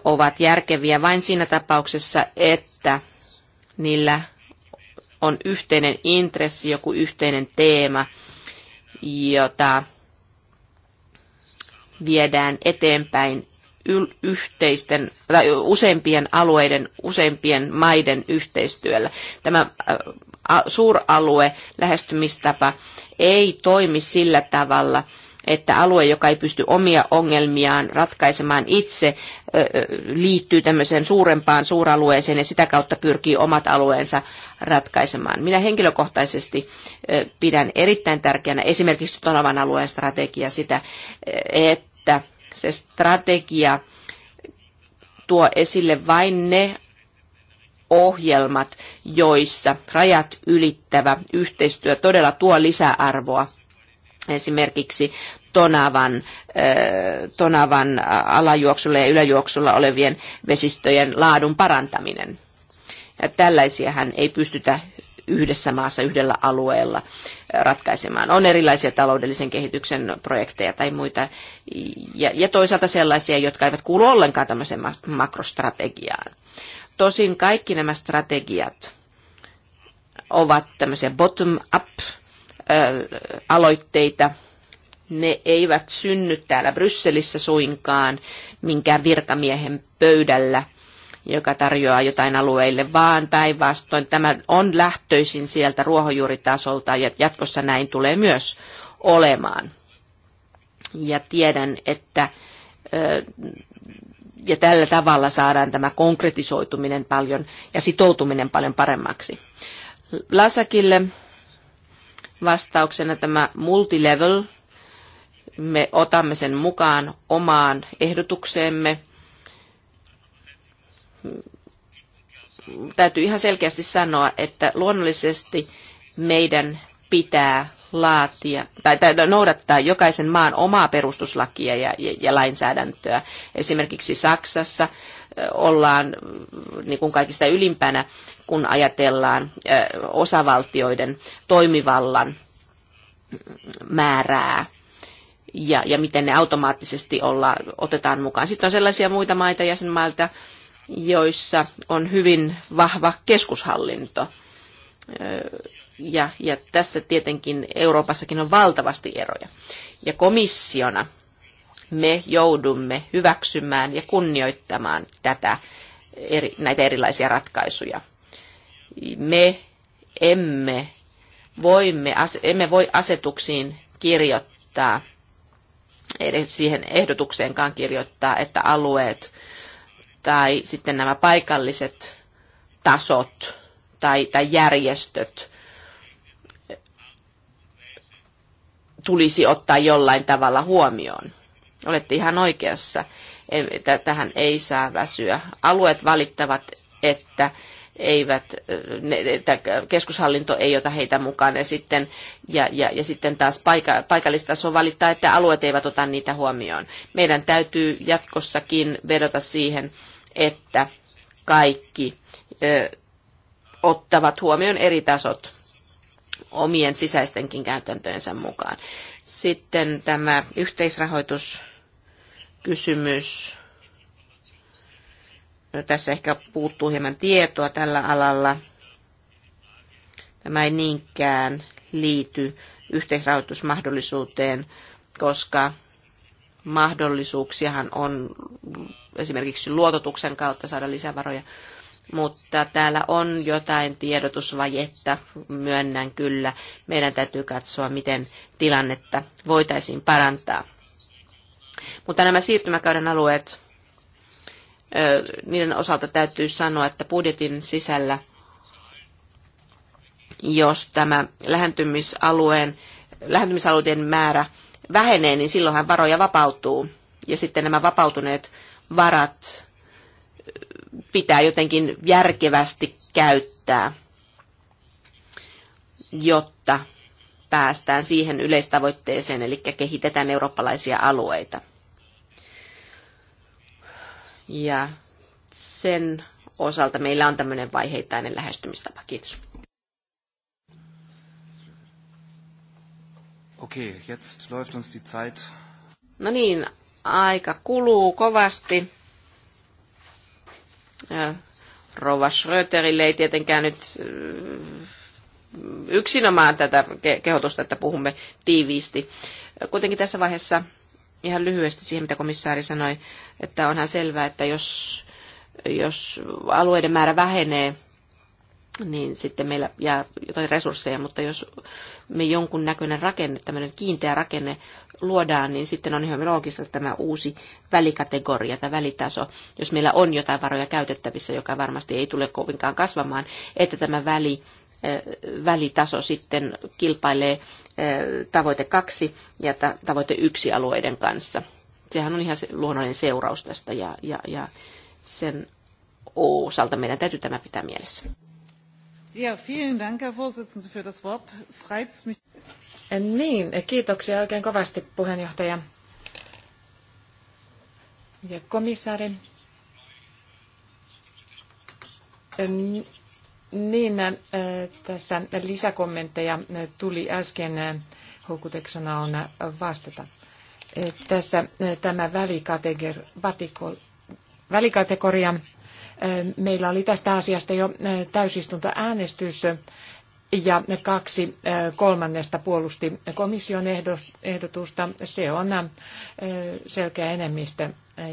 ovat järkeviä vain siinä tapauksessa, että niillä on yhteinen intressi, joku yhteinen teema, jota viedään eteenpäin yhteisten tai useimpien alueiden, useimpien maiden yhteistyöllä. Tämä äh, suuralue lähestymistapa ei toimi sillä tavalla, että alue, joka ei pysty omia ongelmiaan ratkaisemaan itse, liittyy tämmöiseen suurempaan suuralueeseen ja sitä kautta pyrkii omat alueensa ratkaisemaan. Minä henkilökohtaisesti pidän erittäin tärkeänä esimerkiksi Tonavan alueen strategia sitä, että se strategia tuo esille vain ne ohjelmat, joissa rajat ylittävä yhteistyö todella tuo lisäarvoa esimerkiksi Tonavan, Tonavan alajuoksulla ja yläjuoksulla olevien vesistöjen laadun parantaminen. Ja tällaisiahan ei pystytä yhdessä maassa, yhdellä alueella ratkaisemaan. On erilaisia taloudellisen kehityksen projekteja tai muita, ja, ja toisaalta sellaisia, jotka eivät kuulu ollenkaan tämmöiseen makrostrategiaan. Tosin kaikki nämä strategiat ovat tämmöisiä bottom-up aloitteita, ne eivät synny täällä Brysselissä suinkaan minkään virkamiehen pöydällä, joka tarjoaa jotain alueille, vaan päinvastoin tämä on lähtöisin sieltä ruohonjuuritasolta ja jatkossa näin tulee myös olemaan. Ja tiedän, että ja tällä tavalla saadaan tämä konkretisoituminen paljon ja sitoutuminen paljon paremmaksi. Lasakille vastauksena tämä multilevel. Me otamme sen mukaan omaan ehdotukseemme. Täytyy ihan selkeästi sanoa, että luonnollisesti meidän pitää laatia tai, tai noudattaa jokaisen maan omaa perustuslakia ja, ja, ja lainsäädäntöä. Esimerkiksi Saksassa ollaan niin kuin kaikista ylimpänä kun ajatellaan osavaltioiden toimivallan määrää ja, ja miten ne automaattisesti olla, otetaan mukaan. Sitten on sellaisia muita maita jäsenmailta, joissa on hyvin vahva keskushallinto. Ja, ja tässä tietenkin Euroopassakin on valtavasti eroja. Ja komissiona me joudumme hyväksymään ja kunnioittamaan tätä eri, näitä erilaisia ratkaisuja me emme, voimme, emme voi asetuksiin kirjoittaa, edes siihen ehdotukseenkaan kirjoittaa, että alueet tai sitten nämä paikalliset tasot tai, tai järjestöt tulisi ottaa jollain tavalla huomioon. Olette ihan oikeassa. E, tähän ei saa väsyä. Alueet valittavat, että eivät, ne, keskushallinto ei ota heitä mukaan ja sitten, ja, ja, ja sitten taas paika, on valittaa, että alueet eivät ota niitä huomioon. Meidän täytyy jatkossakin vedota siihen, että kaikki ö, ottavat huomioon eri tasot omien sisäistenkin käytäntöjensä mukaan. Sitten tämä yhteisrahoituskysymys tässä ehkä puuttuu hieman tietoa tällä alalla. Tämä ei niinkään liity yhteisrahoitusmahdollisuuteen, koska mahdollisuuksiahan on esimerkiksi luototuksen kautta saada lisävaroja, mutta täällä on jotain tiedotusvajetta, myönnän kyllä. Meidän täytyy katsoa, miten tilannetta voitaisiin parantaa. Mutta nämä siirtymäkauden alueet niiden osalta täytyy sanoa, että budjetin sisällä, jos tämä lähentymisalueen, lähentymisalueiden määrä vähenee, niin silloinhan varoja vapautuu. Ja sitten nämä vapautuneet varat pitää jotenkin järkevästi käyttää, jotta päästään siihen yleistavoitteeseen, eli kehitetään eurooppalaisia alueita. Ja sen osalta meillä on tämmöinen vaiheittainen lähestymistapa. Kiitos. Okei, okay, jetzt läuft uns die Zeit. No niin, aika kuluu kovasti. Rova Schröterille ei tietenkään nyt yksinomaan tätä kehotusta, että puhumme tiiviisti. Kuitenkin tässä vaiheessa ihan lyhyesti siihen, mitä komissaari sanoi, että onhan selvää, että jos, jos alueiden määrä vähenee, niin sitten meillä jää jotain resursseja, mutta jos me jonkun näköinen rakenne, tämmöinen kiinteä rakenne luodaan, niin sitten on ihan loogista tämä uusi välikategoria tai välitaso, jos meillä on jotain varoja käytettävissä, joka varmasti ei tule kovinkaan kasvamaan, että tämä väli välitaso sitten kilpailee tavoite kaksi ja tavoite yksi alueiden kanssa. Sehän on ihan se luonnollinen seuraus tästä ja, ja, ja sen osalta meidän täytyy tämä pitää mielessä. Ja, vielen Dank, Herr Vorsitzende, für das Wort. Es reizt mich. Niin, kiitoksia oikein kovasti puheenjohtaja ja komissaari. Niin, äh, tässä lisäkommentteja tuli äsken. Äh, houkutuksena on äh, vastata. Tässä tämä vatikol, välikategoria. Meillä oli tästä asiasta jo täysistuntoäänestys ja kaksi kolmannesta puolusti komission ehdotusta. Se on selkeä enemmistö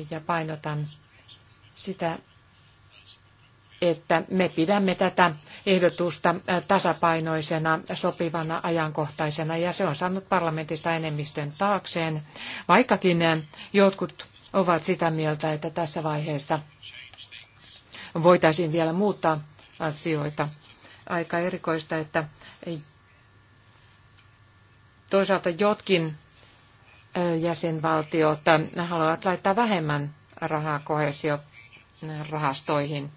ja painotan sitä, että me pidämme tätä ehdotusta tasapainoisena, sopivana, ajankohtaisena ja se on saanut parlamentista enemmistön taakseen, vaikkakin jotkut ovat sitä mieltä, että tässä vaiheessa voitaisiin vielä muuttaa asioita. Aika erikoista, että toisaalta jotkin jäsenvaltiot haluavat laittaa vähemmän rahaa kohesiorahastoihin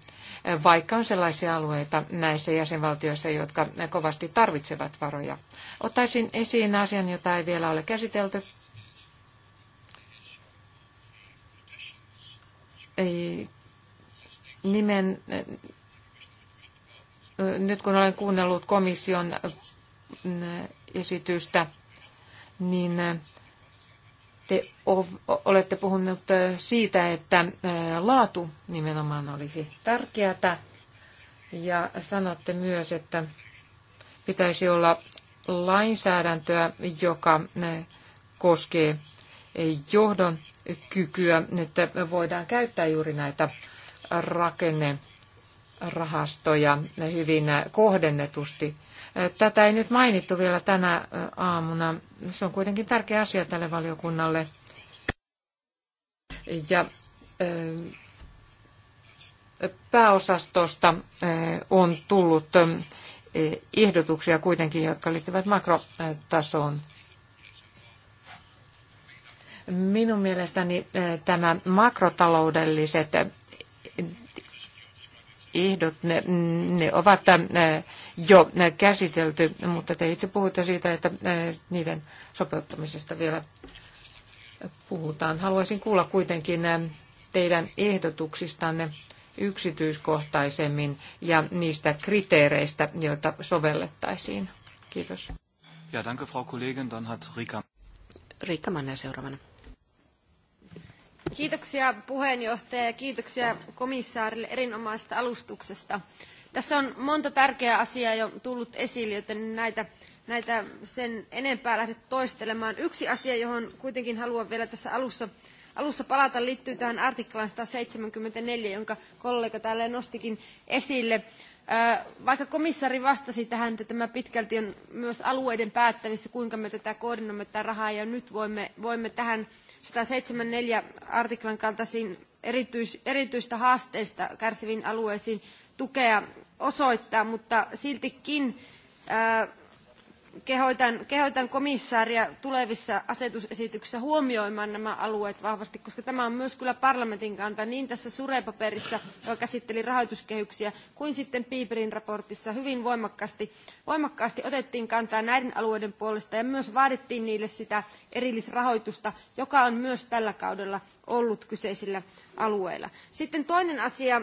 vaikka on sellaisia alueita näissä jäsenvaltioissa, jotka kovasti tarvitsevat varoja. Ottaisin esiin asian, jota ei vielä ole käsitelty. Ei, nimen, nyt kun olen kuunnellut komission esitystä, niin olette puhunut siitä, että laatu nimenomaan olisi tärkeää. Ja sanotte myös, että pitäisi olla lainsäädäntöä, joka koskee johdon kykyä, että voidaan käyttää juuri näitä rakennerahastoja hyvin kohdennetusti. Tätä ei nyt mainittu vielä tänä aamuna. Se on kuitenkin tärkeä asia tälle valiokunnalle. Ja pääosastosta on tullut ehdotuksia kuitenkin, jotka liittyvät makrotasoon. Minun mielestäni tämä makrotaloudelliset ehdot, ne, ne ovat jo käsitelty, mutta te itse puhutte siitä, että niiden sopeuttamisesta vielä puhutaan. Haluaisin kuulla kuitenkin teidän ehdotuksistanne yksityiskohtaisemmin ja niistä kriteereistä, joita sovellettaisiin. Kiitos. Ja, danke, Frau Kollegin. Dann hat Rika. Riikka Manner seuraavana. Kiitoksia puheenjohtaja ja kiitoksia komissaarille erinomaisesta alustuksesta. Tässä on monta tärkeää asiaa jo tullut esille, joten näitä näitä sen enempää lähde toistelemaan. Yksi asia, johon kuitenkin haluan vielä tässä alussa, alussa palata, liittyy tähän artiklaan 174, jonka kollega täällä nostikin esille. Vaikka komissari vastasi tähän, että tämä pitkälti on myös alueiden päättävissä, kuinka me tätä koordinoimme tätä rahaa, ja nyt voimme, voimme tähän 174 artiklan kaltaisiin erityis, erityistä haasteista kärsiviin alueisiin tukea osoittaa, mutta siltikin ää, kehotan, komissaaria tulevissa asetusesityksissä huomioimaan nämä alueet vahvasti, koska tämä on myös kyllä parlamentin kanta niin tässä Sure-paperissa, joka käsitteli rahoituskehyksiä, kuin sitten Piiperin raportissa hyvin voimakkaasti, voimakkaasti otettiin kantaa näiden alueiden puolesta ja myös vaadittiin niille sitä erillisrahoitusta, joka on myös tällä kaudella ollut kyseisillä alueilla. Sitten toinen asia,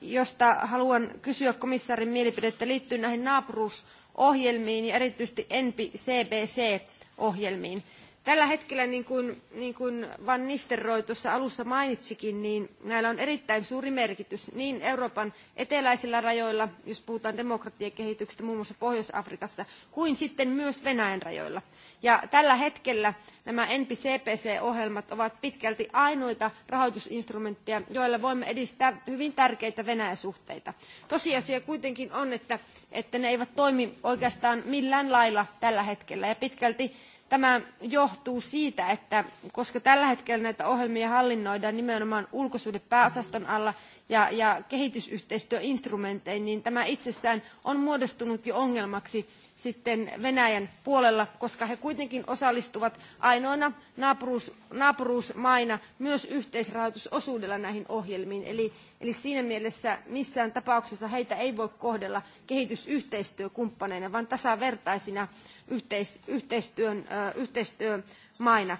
josta haluan kysyä komissaarin mielipidettä, liittyy näihin naapuruus ohjelmiin ja erityisesti NPCBC-ohjelmiin. Tällä hetkellä, niin kuin, niin kuin Van Nisterroi tuossa alussa mainitsikin, niin näillä on erittäin suuri merkitys niin Euroopan eteläisillä rajoilla, jos puhutaan demokratiakehityksestä muun muassa Pohjois-Afrikassa, kuin sitten myös Venäjän rajoilla. Ja tällä hetkellä nämä NPCPC-ohjelmat ovat pitkälti ainoita rahoitusinstrumentteja, joilla voimme edistää hyvin tärkeitä Venäjä-suhteita. Tosiasia kuitenkin on, että, että ne eivät toimi oikeastaan millään lailla tällä hetkellä. Ja pitkälti Tämä johtuu siitä, että koska tällä hetkellä näitä ohjelmia hallinnoidaan nimenomaan ulkosuhdepääosaston alla ja, ja kehitysyhteistyöinstrumentein, niin tämä itsessään on muodostunut jo ongelmaksi sitten Venäjän puolella, koska he kuitenkin osallistuvat ainoina naapuruus, naapuruusmaina myös yhteisrahoitusosuudella näihin ohjelmiin. Eli, eli siinä mielessä missään tapauksessa heitä ei voi kohdella kehitysyhteistyökumppaneina, vaan tasavertaisina yhteis, yhteistyön, yhteistyömaina.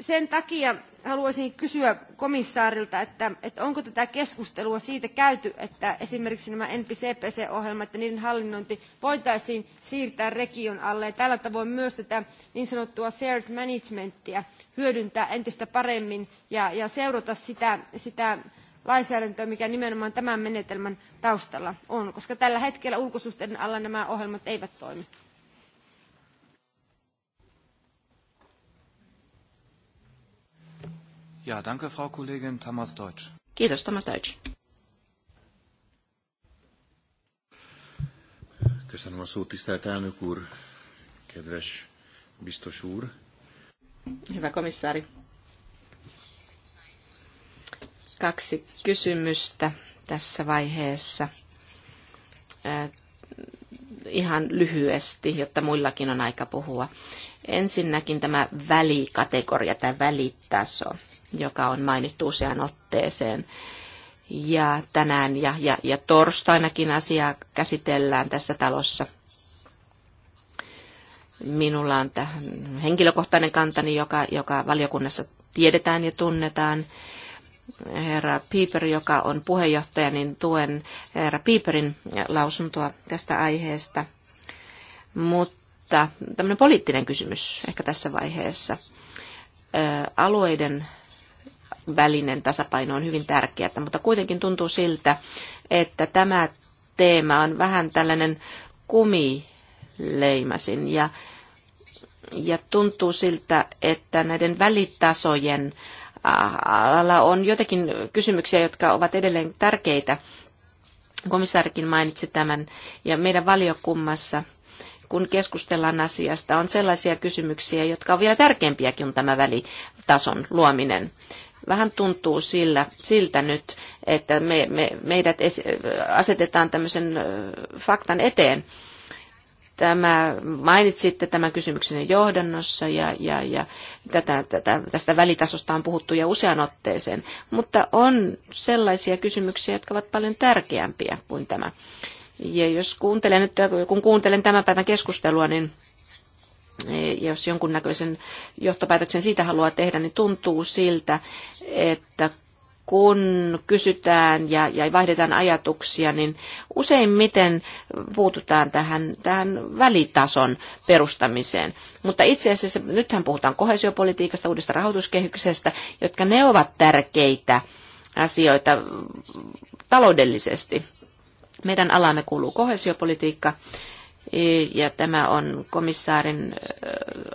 Sen takia haluaisin kysyä komissaarilta, että, että, onko tätä keskustelua siitä käyty, että esimerkiksi nämä NPCPC-ohjelmat ja niiden hallinnointi voitaisiin siirtää region alle ja tällä tavoin myös tätä niin sanottua shared managementia hyödyntää entistä paremmin ja, ja seurata sitä, sitä lainsäädäntöä, mikä nimenomaan tämän menetelmän taustalla on, koska tällä hetkellä ulkosuhteiden alla nämä ohjelmat eivät toimi. Ja, danke, Frau Kollegin Thomas Deutsch. Kiitos, Thomas Deutsch. Köszönöm a szót, tisztelt elnök úr, kedves biztos úr. Hyvä komissaari. Kaksi kysymystä tässä vaiheessa. Ihan lyhyesti, jotta muillakin on aika puhua. Ensinnäkin tämä välikategoria, tämä välitaso joka on mainittu useaan otteeseen. Ja tänään ja, ja, ja torstainakin asiaa käsitellään tässä talossa. Minulla on tähän henkilökohtainen kantani, joka, joka valiokunnassa tiedetään ja tunnetaan. Herra Piper, joka on puheenjohtaja, niin tuen herra Piperin lausuntoa tästä aiheesta. Mutta tämmöinen poliittinen kysymys ehkä tässä vaiheessa. Alueiden välinen tasapaino on hyvin tärkeää, mutta kuitenkin tuntuu siltä, että tämä teema on vähän tällainen kumileimasin ja, ja tuntuu siltä, että näiden välitasojen alalla on jotakin kysymyksiä, jotka ovat edelleen tärkeitä. Komissaarikin mainitsi tämän ja meidän valiokunnassa kun keskustellaan asiasta, on sellaisia kysymyksiä, jotka ovat vielä tärkeämpiäkin kuin tämä välitason luominen vähän tuntuu sillä, siltä nyt, että me, me, meidät es, asetetaan tämmöisen faktan eteen. Tämä, mainitsitte tämän kysymyksen johdannossa ja, ja, ja tätä, tätä, tästä välitasosta on puhuttu jo usean otteeseen, mutta on sellaisia kysymyksiä, jotka ovat paljon tärkeämpiä kuin tämä. Ja jos kuuntelen, että kun kuuntelen tämän päivän keskustelua, niin E, jos jonkunnäköisen johtopäätöksen siitä haluaa tehdä, niin tuntuu siltä, että kun kysytään ja, ja vaihdetaan ajatuksia, niin useimmiten puututaan tähän, tähän välitason perustamiseen. Mutta itse asiassa nythän puhutaan kohesiopolitiikasta, uudesta rahoituskehyksestä, jotka ne ovat tärkeitä asioita taloudellisesti. Meidän alamme kuuluu kohesiopolitiikka E, ja tämä on komissaarin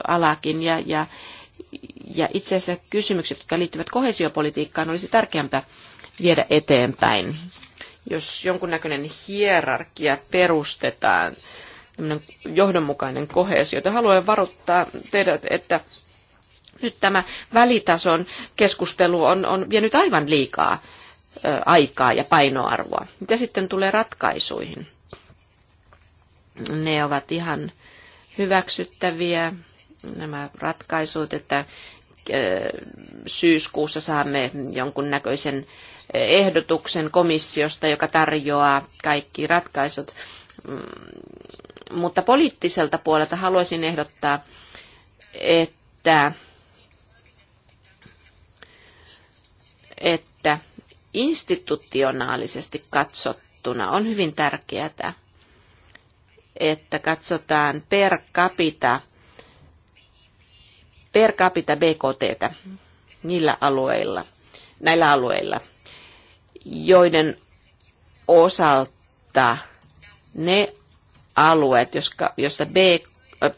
alakin. Ja, ja, ja itse asiassa kysymykset, jotka liittyvät kohesiopolitiikkaan, olisi tärkeämpää viedä eteenpäin. Jos jonkunnäköinen hierarkia perustetaan, johdonmukainen kohesio, jota haluan varoittaa teidät, että nyt tämä välitason keskustelu on, on vienyt aivan liikaa aikaa ja painoarvoa. Mitä sitten tulee ratkaisuihin? Ne ovat ihan hyväksyttäviä, nämä ratkaisut, että syyskuussa saamme jonkun näköisen ehdotuksen komissiosta, joka tarjoaa kaikki ratkaisut. Mm, mutta poliittiselta puolelta haluaisin ehdottaa, että, että institutionaalisesti katsottuna on hyvin tärkeää, että katsotaan per capita, per capita BKT niillä alueilla, näillä alueilla, joiden osalta ne alueet, joissa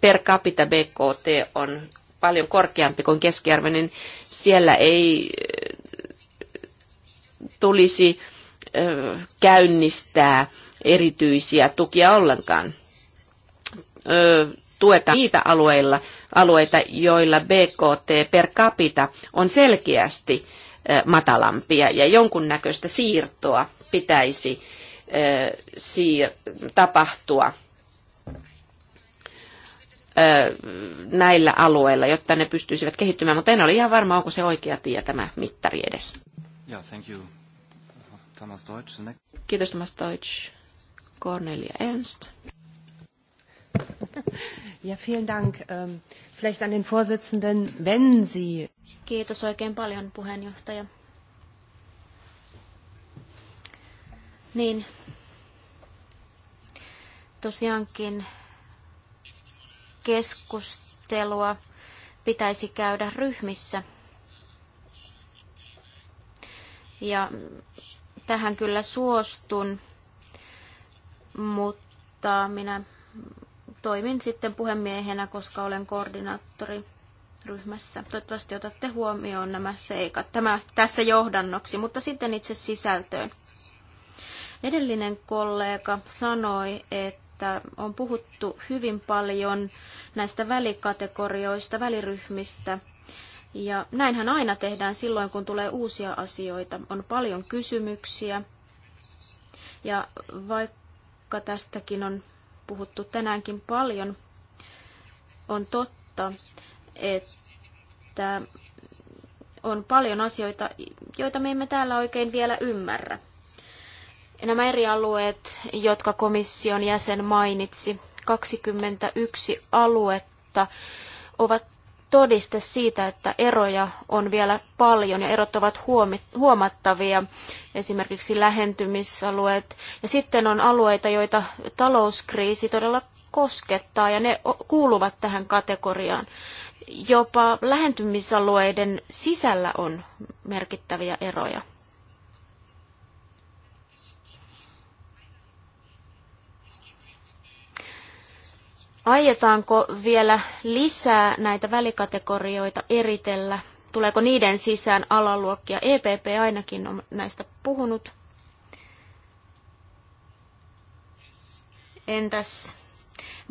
per capita BKT on paljon korkeampi kuin keskiarvo, niin siellä ei äh, tulisi äh, käynnistää erityisiä tukia ollenkaan tueta niitä alueilla, alueita, joilla BKT per capita on selkeästi matalampia ja jonkunnäköistä siirtoa pitäisi tapahtua näillä alueilla, jotta ne pystyisivät kehittymään, mutta en ole ihan varma, onko se oikea tie tämä mittari edes. Yeah, thank you. Thomas Deutsch. Kiitos Thomas Deutsch. Cornelia Ernst. Ja, vielen Dank. Ähm, vielleicht an den Vorsitzenden, wenn Sie... Kiitos oikein paljon, puheenjohtaja. Niin, tosiaankin keskustelua pitäisi käydä ryhmissä. Ja tähän kyllä suostun, mutta minä toimin sitten puhemiehenä, koska olen koordinaattori ryhmässä. Toivottavasti otatte huomioon nämä seikat tämä, tässä johdannoksi, mutta sitten itse sisältöön. Edellinen kollega sanoi, että on puhuttu hyvin paljon näistä välikategorioista, väliryhmistä. Ja näinhän aina tehdään silloin, kun tulee uusia asioita. On paljon kysymyksiä. Ja vaikka tästäkin on puhuttu tänäänkin paljon. On totta, että on paljon asioita, joita me emme täällä oikein vielä ymmärrä. Nämä eri alueet, jotka komission jäsen mainitsi, 21 aluetta, ovat todiste siitä, että eroja on vielä paljon ja erot ovat huomattavia, esimerkiksi lähentymisalueet. Ja sitten on alueita, joita talouskriisi todella koskettaa ja ne kuuluvat tähän kategoriaan. Jopa lähentymisalueiden sisällä on merkittäviä eroja. Aiotaanko vielä lisää näitä välikategorioita eritellä? Tuleeko niiden sisään alaluokkia? EPP ainakin on näistä puhunut. Entäs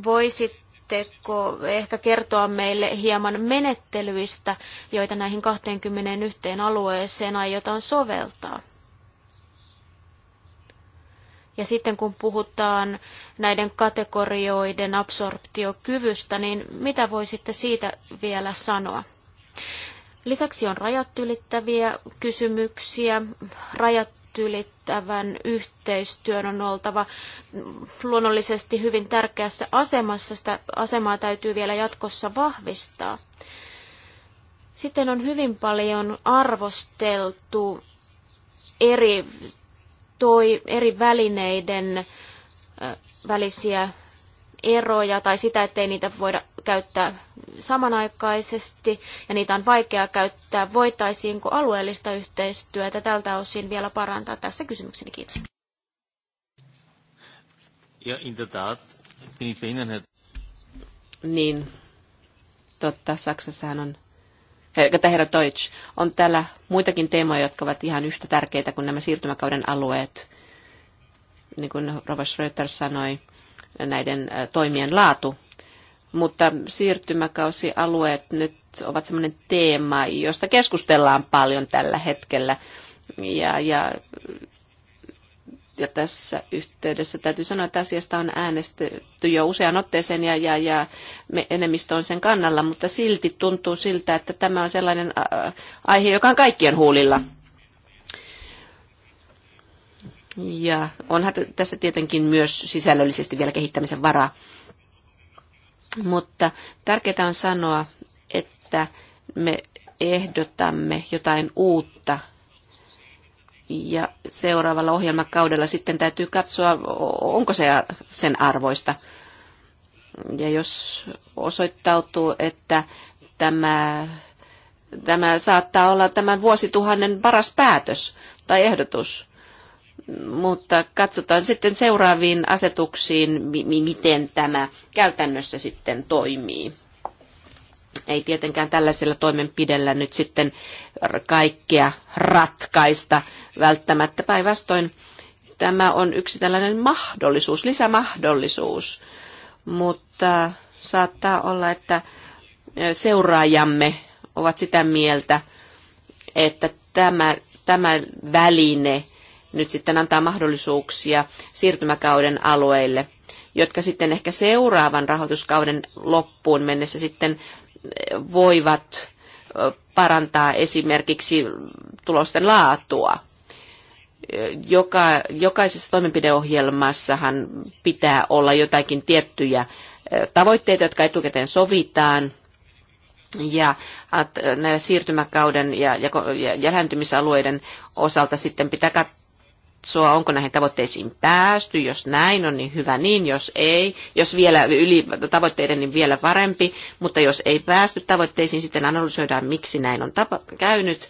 voisitteko ehkä kertoa meille hieman menettelyistä, joita näihin 21 alueeseen aiotaan soveltaa? Ja sitten kun puhutaan näiden kategorioiden absorptiokyvystä, niin mitä voisitte siitä vielä sanoa? Lisäksi on rajat ylittäviä kysymyksiä. Rajat ylittävän yhteistyön on oltava luonnollisesti hyvin tärkeässä asemassa. Sitä asemaa täytyy vielä jatkossa vahvistaa. Sitten on hyvin paljon arvosteltu eri, toi, eri välineiden välisiä eroja tai sitä, ettei niitä voida käyttää samanaikaisesti ja niitä on vaikea käyttää. Voitaisiinko alueellista yhteistyötä tältä osin vielä parantaa? Tässä kysymykseni kiitos. Ja inderdaad, bin Niin, totta, Saksassahan on, herra Deutsch, on täällä muitakin teemoja, jotka ovat ihan yhtä tärkeitä kuin nämä siirtymäkauden alueet niin kuin Rova Schröter sanoi, näiden toimien laatu. Mutta siirtymäkausialueet nyt ovat sellainen teema, josta keskustellaan paljon tällä hetkellä. Ja, ja, ja tässä yhteydessä täytyy sanoa, että asiasta on äänestetty jo usean otteeseen ja, ja, ja me enemmistö on sen kannalla, mutta silti tuntuu siltä, että tämä on sellainen aihe, joka on kaikkien huulilla. Ja onhan tässä tietenkin myös sisällöllisesti vielä kehittämisen varaa. Mutta tärkeää on sanoa, että me ehdotamme jotain uutta. Ja seuraavalla ohjelmakaudella sitten täytyy katsoa, onko se sen arvoista. Ja jos osoittautuu, että tämä, tämä saattaa olla tämän vuosituhannen paras päätös tai ehdotus, mutta katsotaan sitten seuraaviin asetuksiin, mi miten tämä käytännössä sitten toimii. Ei tietenkään tällaisella toimenpidellä nyt sitten kaikkea ratkaista välttämättä. Päinvastoin tämä on yksi tällainen mahdollisuus, lisämahdollisuus, mutta saattaa olla, että seuraajamme ovat sitä mieltä, että tämä, tämä väline – nyt sitten antaa mahdollisuuksia siirtymäkauden alueille, jotka sitten ehkä seuraavan rahoituskauden loppuun mennessä sitten eh, voivat parantaa esimerkiksi tulosten laatua. Eh, joka, jokaisessa toimenpideohjelmassahan pitää olla jotakin tiettyjä eh, tavoitteita, jotka etukäteen sovitaan, ja näillä siirtymäkauden ja, ja, ja osalta sitten pitää katsoa, onko näihin tavoitteisiin päästy. Jos näin on, niin hyvä niin. Jos ei, jos vielä yli tavoitteiden, niin vielä parempi. Mutta jos ei päästy tavoitteisiin, sitten analysoidaan, miksi näin on tapa- käynyt.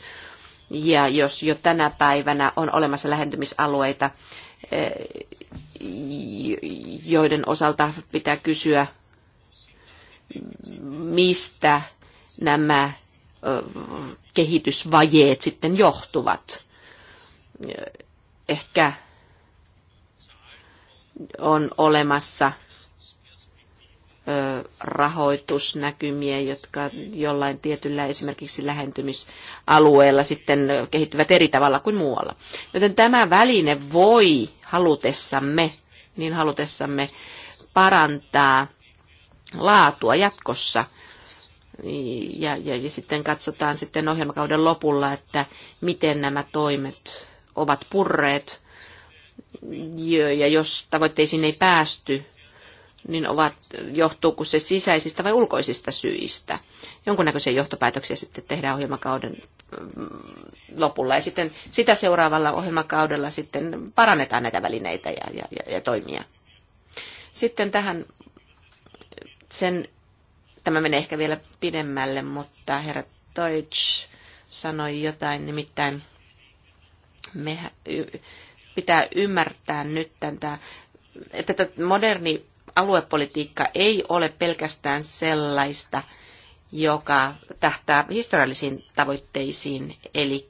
Ja jos jo tänä päivänä on olemassa lähentymisalueita, eh, joiden osalta pitää kysyä, mistä nämä eh, kehitysvajeet sitten johtuvat ehkä on olemassa rahoitusnäkymiä, jotka jollain tietyllä esimerkiksi lähentymisalueella sitten kehittyvät eri tavalla kuin muualla. Joten tämä väline voi halutessamme, niin halutessamme parantaa laatua jatkossa. Ja, ja, ja sitten katsotaan sitten ohjelmakauden lopulla, että miten nämä toimet ovat purreet ja jos tavoitteisiin ei päästy, niin ovat, johtuuko se sisäisistä vai ulkoisista syistä. Jonkunnäköisiä johtopäätöksiä sitten tehdään ohjelmakauden mm, lopulla ja sitten sitä seuraavalla ohjelmakaudella sitten parannetaan näitä välineitä ja, ja, ja, ja toimia. Sitten tähän sen, tämä menee ehkä vielä pidemmälle, mutta herra Deutsch sanoi jotain nimittäin me pitää ymmärtää nyt tätä, että tätä moderni aluepolitiikka ei ole pelkästään sellaista, joka tähtää historiallisiin tavoitteisiin, eli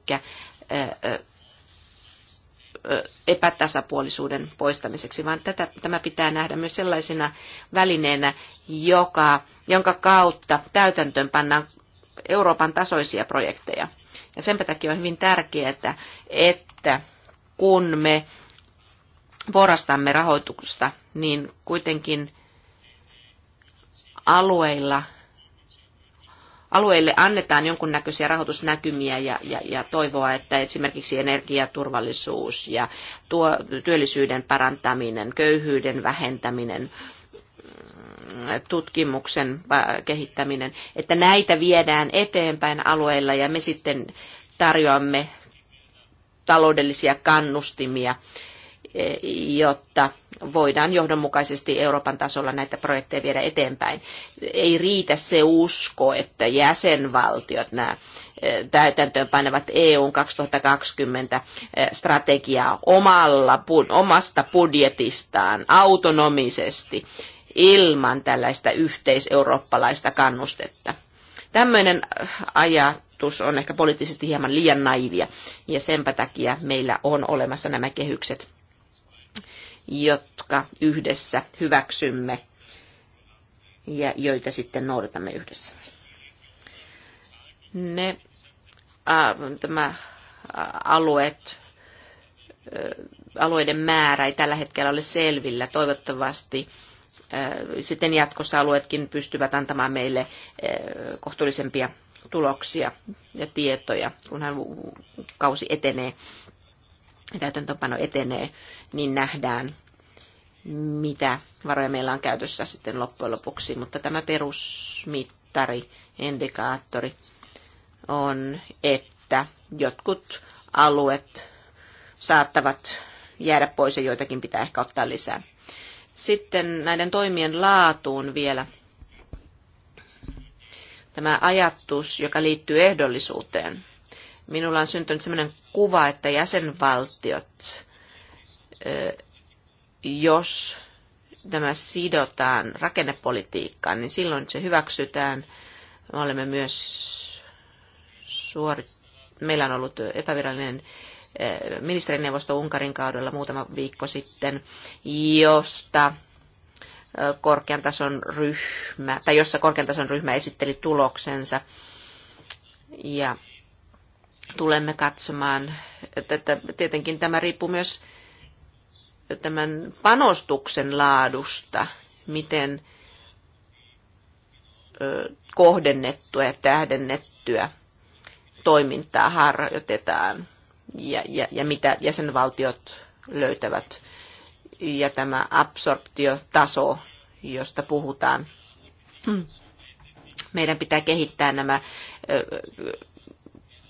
epätasapuolisuuden poistamiseksi, vaan tätä, tämä pitää nähdä myös sellaisena välineenä, joka, jonka kautta täytäntöön pannaan Euroopan tasoisia projekteja. Ja senpä takia on hyvin tärkeää, että kun me porastamme rahoitusta, niin kuitenkin alueilla, alueille annetaan jonkunnäköisiä rahoitusnäkymiä ja, ja, ja toivoa, että esimerkiksi energiaturvallisuus ja tuo, työllisyyden parantaminen, köyhyyden vähentäminen, tutkimuksen kehittäminen, että näitä viedään eteenpäin alueilla ja me sitten tarjoamme taloudellisia kannustimia, e, jotta voidaan johdonmukaisesti Euroopan tasolla näitä projekteja viedä eteenpäin. Ei riitä se usko, että jäsenvaltiot nämä e, täytäntöön painavat EUn 2020 e, strategiaa omalla, omasta budjetistaan autonomisesti ilman tällaista yhteiseurooppalaista kannustetta. Tämmöinen äh, ajatus on ehkä poliittisesti hieman liian naivia, ja senpä takia meillä on olemassa nämä kehykset, jotka yhdessä hyväksymme ja joita sitten noudatamme yhdessä. Ne, äh, tämä äh, alueet, äh, alueiden määrä ei tällä hetkellä ole selvillä. Toivottavasti äh, sitten jatkossa alueetkin pystyvät antamaan meille kohtuullisempia tuloksia ja tietoja, kunhan kausi etenee, täytäntöpano etenee, niin nähdään, mitä varoja meillä on käytössä sitten loppujen lopuksi. Mutta tämä perusmittari, indikaattori on, että jotkut alueet saattavat jäädä pois ja joitakin pitää ehkä ottaa lisää. Sitten näiden toimien laatuun vielä. Tämä ajatus, joka liittyy ehdollisuuteen. Minulla on syntynyt sellainen kuva, että jäsenvaltiot, jos tämä sidotaan rakennepolitiikkaan, niin silloin se hyväksytään. Me olemme myös suorit... Meillä on ollut epävirallinen Eh, ministerineuvosto Unkarin kaudella muutama viikko sitten, josta eh, korkean tason ryhmä, tai jossa korkean tason ryhmä esitteli tuloksensa. Ja tulemme katsomaan, että tietenkin tämä riippuu myös tämän panostuksen laadusta, miten kohdennettua ja tähdennettyä toimintaa harjoitetaan ja, ja, ja mitä jäsenvaltiot löytävät. Ja tämä absorptiotaso, josta puhutaan. Meidän pitää kehittää nämä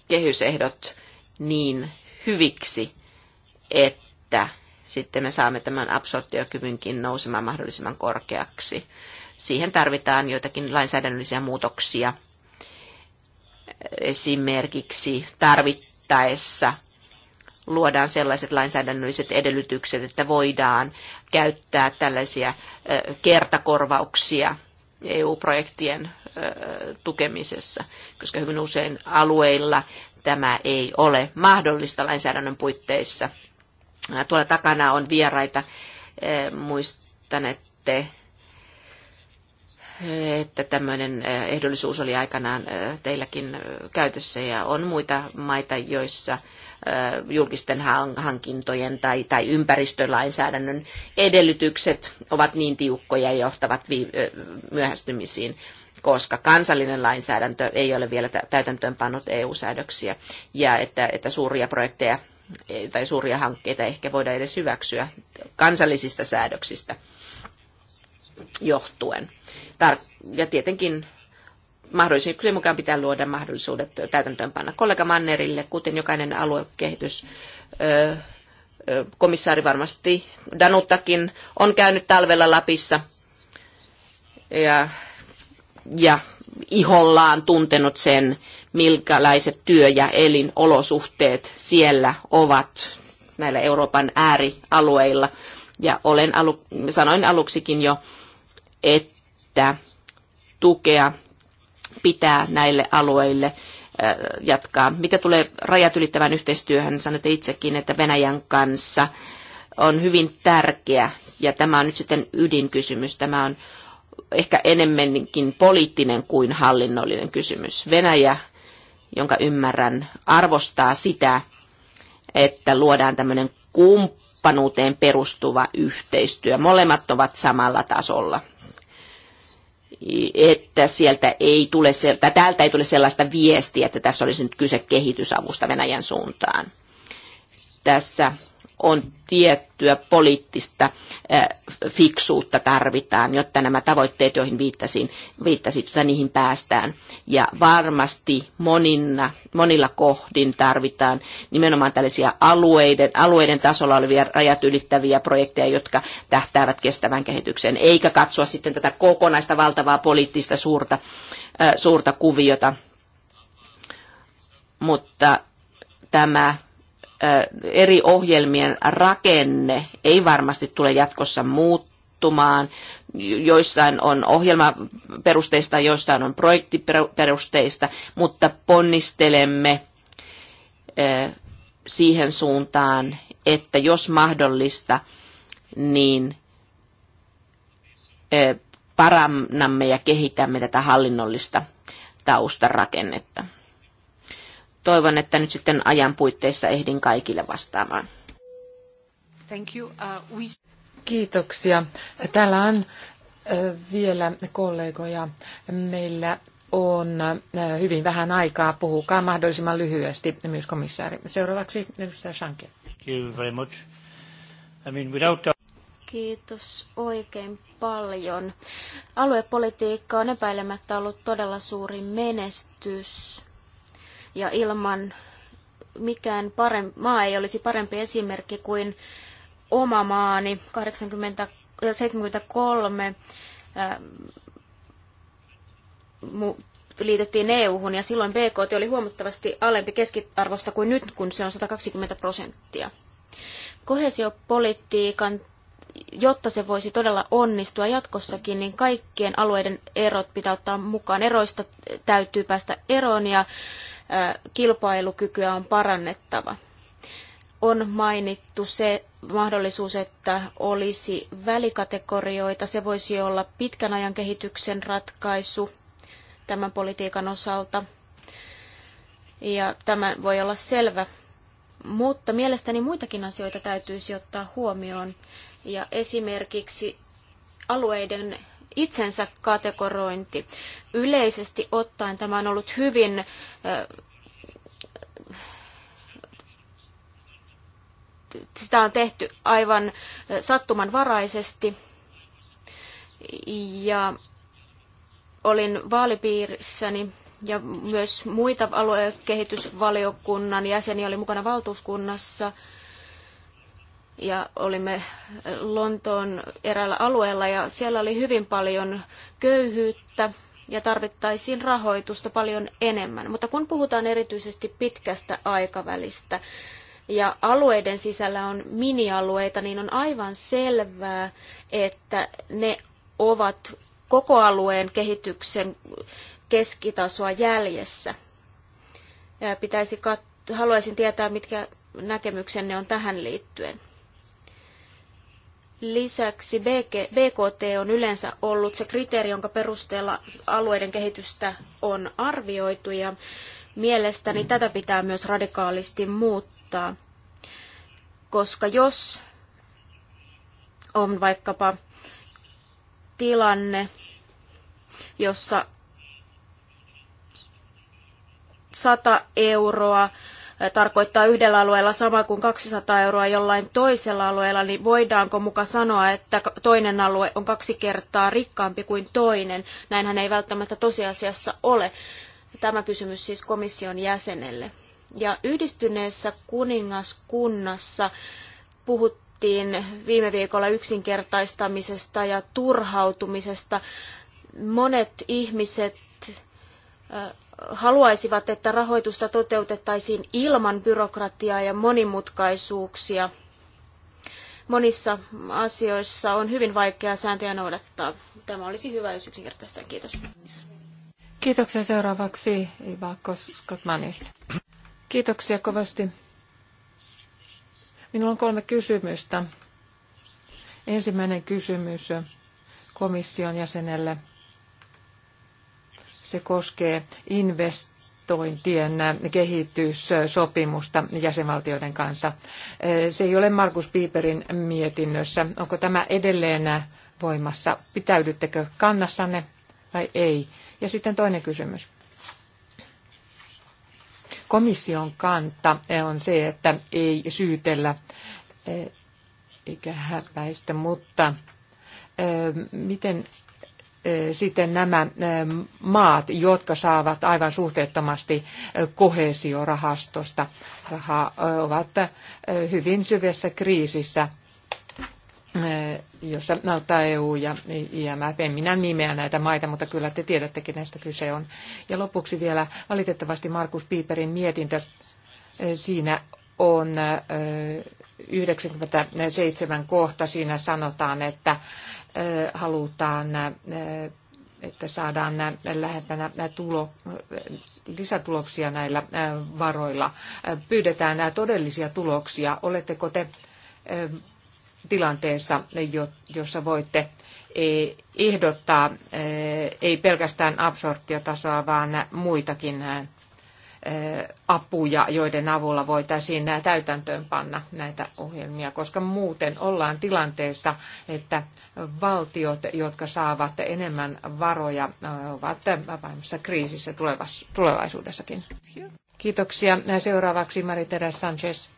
kehysehdot niin hyviksi, että sitten me saamme tämän absorptiokyvynkin nousemaan mahdollisimman korkeaksi. Siihen tarvitaan joitakin lainsäädännöllisiä muutoksia, esimerkiksi tarvittaessa luodaan sellaiset lainsäädännölliset edellytykset, että voidaan käyttää tällaisia kertakorvauksia EU-projektien tukemisessa, koska hyvin usein alueilla tämä ei ole mahdollista lainsäädännön puitteissa. Tuolla takana on vieraita. Muistan, että että tämmöinen ehdollisuus oli aikanaan teilläkin käytössä ja on muita maita, joissa julkisten hankintojen tai, tai ympäristölainsäädännön edellytykset ovat niin tiukkoja ja johtavat myöhästymisiin koska kansallinen lainsäädäntö ei ole vielä täytäntöönpannut EU-säädöksiä ja että, että suuria projekteja e, tai suuria hankkeita ehkä voida edes hyväksyä kansallisista säädöksistä johtuen. Tar- ja tietenkin mahdollisuuksien mukaan pitää luoda mahdollisuudet täytäntöönpanna kollega Mannerille, kuten jokainen aluekehitys komissaari varmasti Danuttakin on käynyt talvella Lapissa ja, ja ihollaan tuntenut sen, milkälaiset työ- ja elinolosuhteet siellä ovat näillä Euroopan äärialueilla. Ja olen alu, sanoin aluksikin jo, että tukea pitää näille alueille äh, jatkaa. Mitä tulee rajat ylittävän yhteistyöhön, niin sanotte itsekin, että Venäjän kanssa on hyvin tärkeä, ja tämä on nyt sitten ydinkysymys. Tämä on ehkä enemmänkin poliittinen kuin hallinnollinen kysymys. Venäjä, jonka ymmärrän, arvostaa sitä, että luodaan tämmöinen kumppanuuteen perustuva yhteistyö. Molemmat ovat samalla tasolla että sieltä ei tule, tai täältä ei tule sellaista viestiä, että tässä olisi nyt kyse kehitysavusta Venäjän suuntaan. Tässä on tiettyä poliittista fiksuutta tarvitaan, jotta nämä tavoitteet, joihin viittasin, viittasin jotta niihin päästään. Ja varmasti monina, monilla kohdin tarvitaan nimenomaan tällaisia alueiden, alueiden tasolla olevia rajat ylittäviä projekteja, jotka tähtäävät kestävään kehitykseen, eikä katsoa sitten tätä kokonaista valtavaa poliittista suurta, suurta kuviota. Mutta tämä eri ohjelmien rakenne ei varmasti tule jatkossa muuttumaan. Joissain on ohjelmaperusteista, joissain on projektiperusteista, mutta ponnistelemme siihen suuntaan, että jos mahdollista, niin parannamme ja kehitämme tätä hallinnollista taustarakennetta toivon, että nyt sitten ajan puitteissa ehdin kaikille vastaamaan. Thank you. Uh, we... Kiitoksia. Täällä on uh, vielä kollegoja. Meillä on uh, hyvin vähän aikaa. Puhukaa mahdollisimman lyhyesti myös komissaari. Seuraavaksi edustaja Shanke. Kiitos oikein paljon. Aluepolitiikka on epäilemättä ollut todella suuri menestys ja ilman mikään parempi, maa ei olisi parempi esimerkki kuin oma maani 1973 73 liityttiin EU-hun ja silloin BKT oli huomattavasti alempi keskiarvosta kuin nyt, kun se on 120 prosenttia. Kohesiopolitiikan, jotta se voisi todella onnistua jatkossakin, niin kaikkien alueiden erot pitää ottaa mukaan. Eroista täytyy päästä eroon ja kilpailukykyä on parannettava. On mainittu se mahdollisuus, että olisi välikategorioita. Se voisi olla pitkän ajan kehityksen ratkaisu tämän politiikan osalta. Ja tämä voi olla selvä. Mutta mielestäni muitakin asioita täytyisi ottaa huomioon. Ja esimerkiksi alueiden itsensä kategorointi. Yleisesti ottaen tämä on ollut hyvin sitä on tehty aivan sattumanvaraisesti. Ja olin vaalipiirissäni ja myös muita aluekehitysvaliokunnan jäseniä oli mukana valtuuskunnassa – ja olimme Lontoon eräällä alueella ja siellä oli hyvin paljon köyhyyttä ja tarvittaisiin rahoitusta paljon enemmän. Mutta kun puhutaan erityisesti pitkästä aikavälistä ja alueiden sisällä on minialueita, niin on aivan selvää, että ne ovat koko alueen kehityksen keskitasoa jäljessä. Ja pitäisi kat- haluaisin tietää, mitkä näkemyksenne on tähän liittyen. Lisäksi BKT on yleensä ollut se kriteeri, jonka perusteella alueiden kehitystä on arvioitu ja mielestäni tätä pitää myös radikaalisti muuttaa, koska jos on vaikkapa tilanne, jossa 100 euroa tarkoittaa yhdellä alueella sama kuin 200 euroa jollain toisella alueella, niin voidaanko muka sanoa, että toinen alue on kaksi kertaa rikkaampi kuin toinen? Näinhän ei välttämättä tosiasiassa ole. Tämä kysymys siis komission jäsenelle. Ja yhdistyneessä kuningaskunnassa puhuttiin viime viikolla yksinkertaistamisesta ja turhautumisesta. Monet ihmiset haluaisivat, että rahoitusta toteutettaisiin ilman byrokratiaa ja monimutkaisuuksia. Monissa asioissa on hyvin vaikea sääntöjä noudattaa. Tämä olisi hyvä, jos yksinkertaistaan. Kiitos. Kiitoksia seuraavaksi Iva Skotmanis. Kiitoksia kovasti. Minulla on kolme kysymystä. Ensimmäinen kysymys komission jäsenelle. Se koskee investointien kehityssopimusta jäsenvaltioiden kanssa. Se ei ole Markus Piperin mietinnössä. Onko tämä edelleen voimassa? Pitäydyttekö kannassanne vai ei? Ja sitten toinen kysymys komission kanta on se, että ei syytellä eikä häpäistä, mutta miten sitten nämä maat, jotka saavat aivan suhteettomasti kohesiorahastosta rahaa, ovat hyvin syvässä kriisissä, jossa auttaa EU ja IMF. En minä nimeä näitä maita, mutta kyllä te tiedätte, kenestä kyse on. Ja lopuksi vielä valitettavasti Markus Piiperin mietintö. Siinä on 97 kohta. Siinä sanotaan, että halutaan, että saadaan lähempänä tulo, lisätuloksia näillä varoilla. Pyydetään nämä todellisia tuloksia. Oletteko te tilanteessa, jossa voitte e, ehdottaa ei pelkästään absorptiotasoa, vaan muitakin apuja, joiden avulla voitaisiin nämä täytäntöön panna näitä ohjelmia, koska muuten ollaan tilanteessa, että valtiot, jotka saavat enemmän varoja, ovat vapaimassa kriisissä tulevaisuudessakin. Kiitoksia. Seuraavaksi Marie-Therese Sanchez.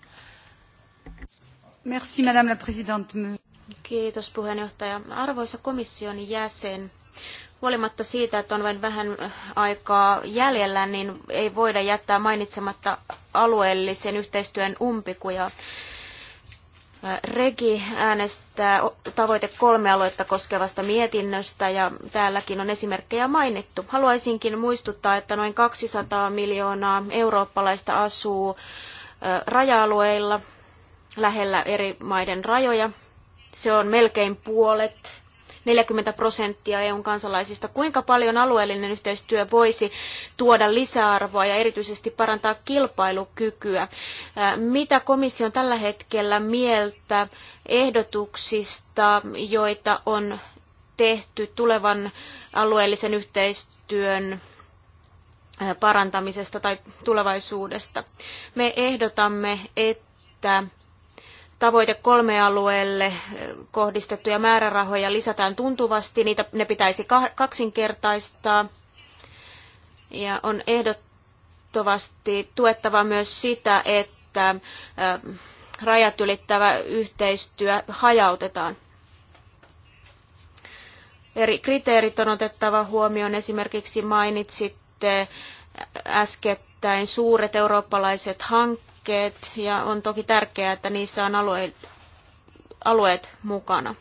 Merci, Madame la Présidente. Kiitos puheenjohtaja. Arvoisa komission jäsen, huolimatta siitä, että on vain vähän äh, aikaa jäljellä, niin ei voida jättää mainitsematta alueellisen yhteistyön umpikuja. Äh, Regi äänestää tavoite kolme aluetta koskevasta mietinnöstä ja täälläkin on esimerkkejä mainittu. Haluaisinkin muistuttaa, että noin 200 miljoonaa eurooppalaista asuu äh, raja-alueilla lähellä eri maiden rajoja. Se on melkein puolet 40 prosenttia EUn kansalaisista. Kuinka paljon alueellinen yhteistyö voisi tuoda lisäarvoa ja erityisesti parantaa kilpailukykyä? Äh, mitä komissio on tällä hetkellä mieltä ehdotuksista, joita on tehty tulevan alueellisen yhteistyön äh, parantamisesta tai tulevaisuudesta. Me ehdotamme, että tavoite kolme alueelle kohdistettuja määrärahoja lisätään tuntuvasti, niitä ne pitäisi kaksinkertaistaa. Ja on ehdottomasti tuettava myös sitä, että rajat ylittävä yhteistyö hajautetaan. Eri kriteerit on otettava huomioon. Esimerkiksi mainitsitte äskettäin suuret eurooppalaiset hankkeet hankkeet ja on toki tärkeää, että niissä on alueet, alueet mukana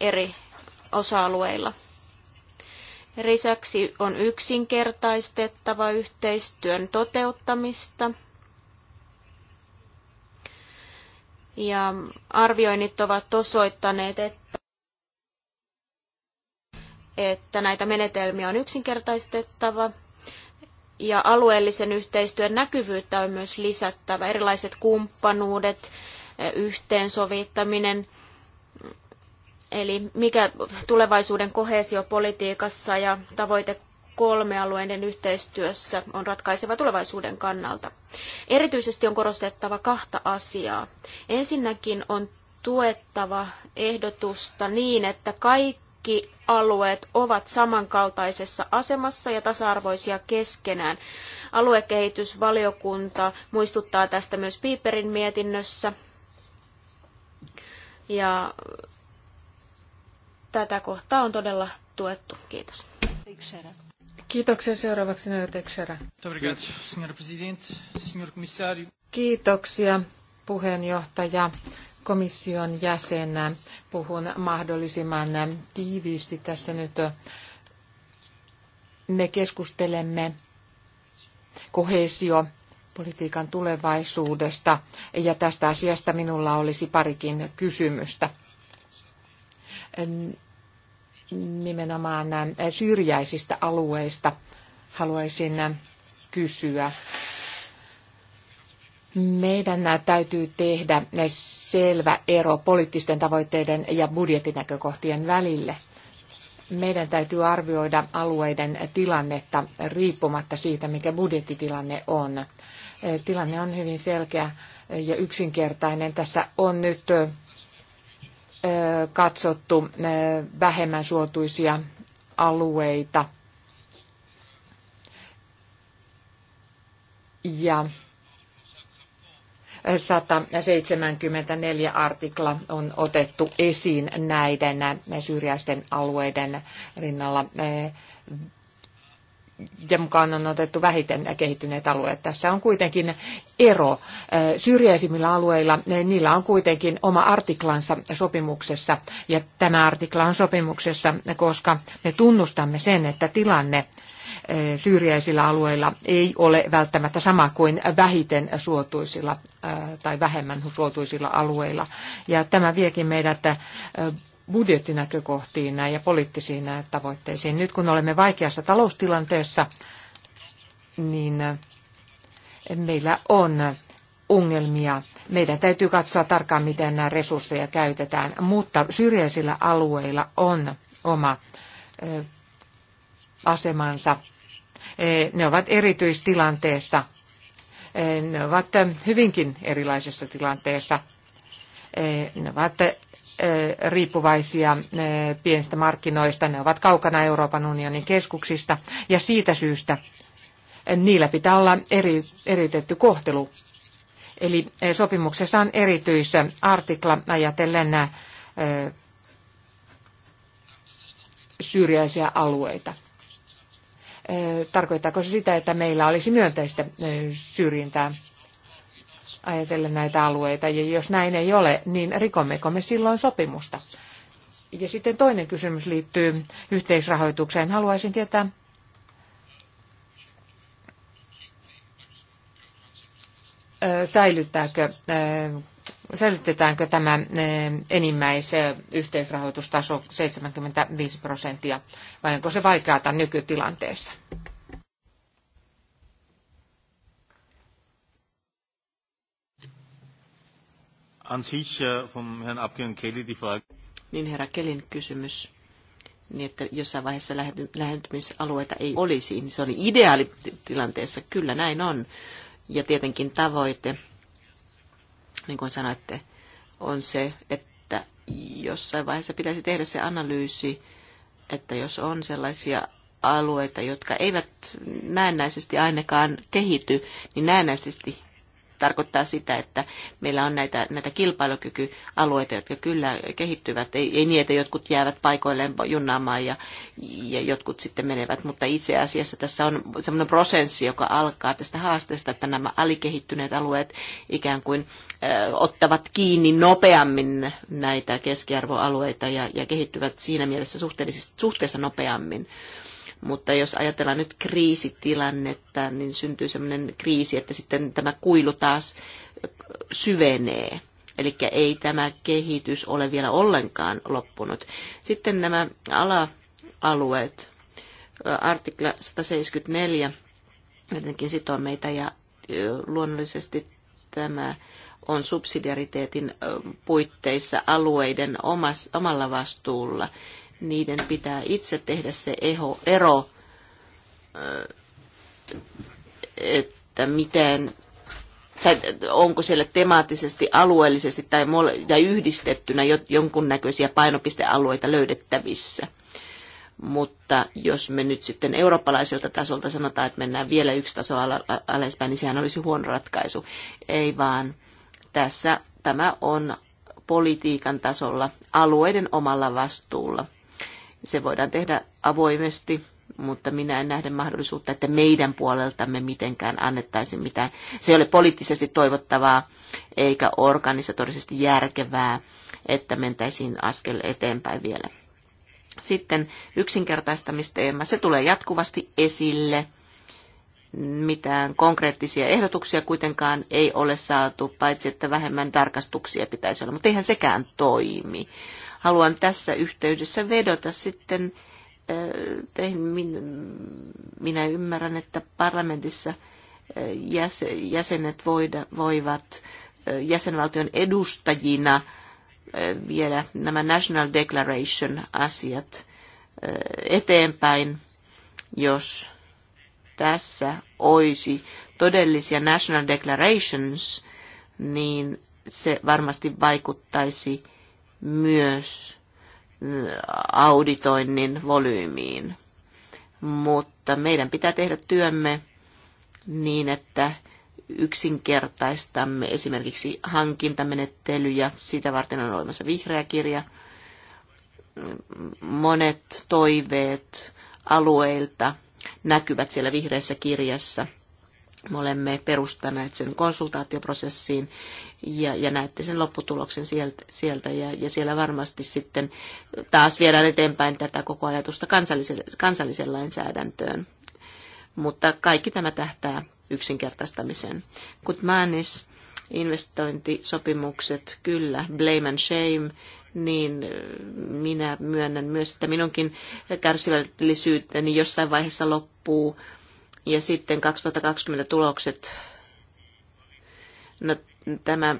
eri osa-alueilla. Lisäksi on yksinkertaistettava yhteistyön toteuttamista. Ja arvioinnit ovat osoittaneet, että, että näitä menetelmiä on yksinkertaistettava ja alueellisen yhteistyön näkyvyyttä on myös lisättävä. Erilaiset kumppanuudet, eh, yhteensovittaminen, eli mikä tulevaisuuden kohesiopolitiikassa ja tavoite kolme alueiden yhteistyössä on ratkaiseva tulevaisuuden kannalta. Erityisesti on korostettava kahta asiaa. Ensinnäkin on tuettava ehdotusta niin, että kaikki kaikki alueet ovat samankaltaisessa asemassa ja tasa-arvoisia keskenään. Aluekehitysvaliokunta muistuttaa tästä myös Piiperin mietinnössä. Ja tätä kohtaa on todella tuettu. Kiitos. Kiitoksia. Seuraavaksi Nöö Kiitoksia, puheenjohtaja komission jäsen. Puhun mahdollisimman tiiviisti tässä nyt. Me keskustelemme kohesio politiikan tulevaisuudesta ja tästä asiasta minulla olisi parikin kysymystä. Nimenomaan syrjäisistä alueista haluaisin kysyä meidän täytyy tehdä selvä ero poliittisten tavoitteiden ja budjettinäkökohtien välille. Meidän täytyy arvioida alueiden tilannetta riippumatta siitä, mikä budjettitilanne on. Tilanne on hyvin selkeä ja yksinkertainen. Tässä on nyt katsottu vähemmän suotuisia alueita. Ja 174 artikla on otettu esiin näiden syrjäisten alueiden rinnalla ja mukaan on otettu vähiten kehittyneet alueet. Tässä on kuitenkin ero. Syrjäisimmillä alueilla niillä on kuitenkin oma artiklansa sopimuksessa, ja tämä artikla on sopimuksessa, koska me tunnustamme sen, että tilanne syrjäisillä alueilla ei ole välttämättä sama kuin vähiten suotuisilla tai vähemmän suotuisilla alueilla. Ja tämä viekin meidät budjettinäkökohtiin ja poliittisiin näin tavoitteisiin. Nyt kun olemme vaikeassa taloustilanteessa, niin meillä on ongelmia. Meidän täytyy katsoa tarkkaan, miten nämä resursseja käytetään, mutta syrjäisillä alueilla on oma asemansa. E, ne ovat erityistilanteessa. E, ne ovat hyvinkin erilaisessa tilanteessa. E, ne ovat riippuvaisia pienistä markkinoista. Ne ovat kaukana Euroopan unionin keskuksista ja siitä syystä niillä pitää olla eri, eriytetty kohtelu. Eli sopimuksessa on erityisä artikla ajatellen nämä syrjäisiä alueita. Tarkoittaako se sitä, että meillä olisi myönteistä syrjintää ajatellen näitä alueita. Ja jos näin ei ole, niin rikommeko me silloin sopimusta? Ja sitten toinen kysymys liittyy yhteisrahoitukseen. Haluaisin tietää, säilyttääkö, säilytetäänkö tämä enimmäis yhteisrahoitustaso 75 prosenttia vai onko se vaikeata nykytilanteessa? An sich äh, vom Herrn Abgeordneten Kelly die Frage. Niin herra Kellin kysymys, niin että jossain vaiheessa lähentymisalueita ei olisi, niin se oli ideaalitilanteessa. Kyllä näin on. Ja tietenkin tavoite, niin kuin sanoitte, on se, että jossain vaiheessa pitäisi tehdä se analyysi, että jos on sellaisia alueita, jotka eivät näennäisesti ainakaan kehity, niin näennäisesti tarkoittaa sitä, että meillä on näitä, näitä kilpailukykyalueita, jotka kyllä kehittyvät. Ei, ei niin, että jotkut jäävät paikoilleen junnaamaan ja, ja jotkut sitten menevät, mutta itse asiassa tässä on semmoinen prosessi, joka alkaa tästä haasteesta, että nämä alikehittyneet alueet ikään kuin ö, ottavat kiinni nopeammin näitä keskiarvoalueita ja, ja kehittyvät siinä mielessä suhteellisesti, suhteessa nopeammin. Mutta jos ajatellaan nyt kriisitilannetta, niin syntyy sellainen kriisi, että sitten tämä kuilu taas syvenee. Eli ei tämä kehitys ole vielä ollenkaan loppunut. Sitten nämä ala-alueet, artikla 174, jotenkin sitoo meitä ja luonnollisesti tämä on subsidiariteetin puitteissa alueiden omas, omalla vastuulla niiden pitää itse tehdä se eho, ero, että miten, tai onko siellä temaattisesti, alueellisesti tai, ja yhdistettynä jonkunnäköisiä painopistealueita löydettävissä. Mutta jos me nyt sitten eurooppalaiselta tasolta sanotaan, että mennään vielä yksi taso alaspäin, niin sehän olisi huono ratkaisu. Ei vaan tässä tämä on politiikan tasolla alueiden omalla vastuulla. Se voidaan tehdä avoimesti, mutta minä en nähdä mahdollisuutta, että meidän puoleltamme mitenkään annettaisiin mitään. Se ei ole poliittisesti toivottavaa eikä organisatorisesti järkevää, että mentäisiin askel eteenpäin vielä. Sitten yksinkertaistamisteema, se tulee jatkuvasti esille. Mitään konkreettisia ehdotuksia kuitenkaan ei ole saatu, paitsi että vähemmän tarkastuksia pitäisi olla, mutta eihän sekään toimi haluan tässä yhteydessä vedota sitten minä ymmärrän, että parlamentissa jäsenet voivat jäsenvaltion edustajina viedä nämä National Declaration-asiat eteenpäin, jos tässä olisi todellisia National Declarations, niin se varmasti vaikuttaisi myös auditoinnin volyymiin. Mutta meidän pitää tehdä työmme niin, että yksinkertaistamme esimerkiksi hankintamenettelyjä. Sitä varten on olemassa vihreä kirja. Monet toiveet alueilta näkyvät siellä vihreässä kirjassa. Me olemme perustaneet sen konsultaatioprosessiin ja, ja näette sen lopputuloksen sieltä, sieltä ja, ja siellä varmasti sitten taas viedään eteenpäin tätä koko ajatusta kansalliseen, kansalliseen lainsäädäntöön. Mutta kaikki tämä tähtää yksinkertaistamiseen. Kutmanis, investointisopimukset, kyllä, blame and shame, niin minä myönnän myös, että minunkin kärsivällisyyteni jossain vaiheessa loppuu. Ja sitten 2020 tulokset, no tämä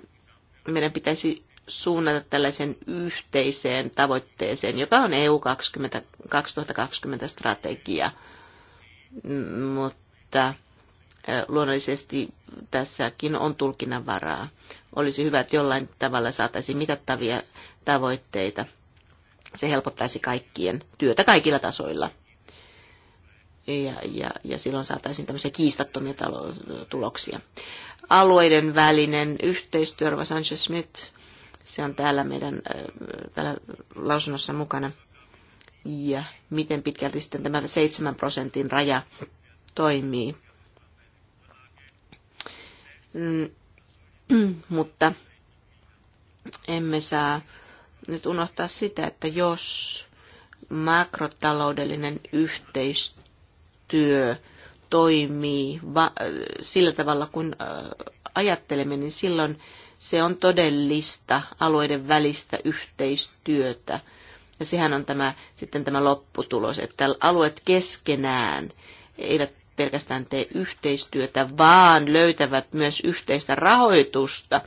meidän pitäisi suunnata tällaisen yhteiseen tavoitteeseen, joka on EU 20, 2020 strategia. Mutta luonnollisesti tässäkin on tulkinnan varaa. Olisi hyvä, että jollain tavalla saataisiin mitattavia tavoitteita. Se helpottaisi kaikkien työtä kaikilla tasoilla ja, ja, ja silloin saataisiin tämmöisiä kiistattomia talo- tuloksia. Alueiden välinen yhteistyö, Rova Sanchez-Smith, se on täällä meidän täällä lausunnossa mukana. Ja miten pitkälti sitten tämä 7 prosentin raja toimii. Mm, mutta emme saa nyt unohtaa sitä, että jos makrotaloudellinen yhteistyö työ toimii va- sillä tavalla, kun ajattelemme, niin silloin se on todellista alueiden välistä yhteistyötä. Ja sehän on tämä, sitten tämä lopputulos, että alueet keskenään eivät pelkästään tee yhteistyötä, vaan löytävät myös yhteistä rahoitusta.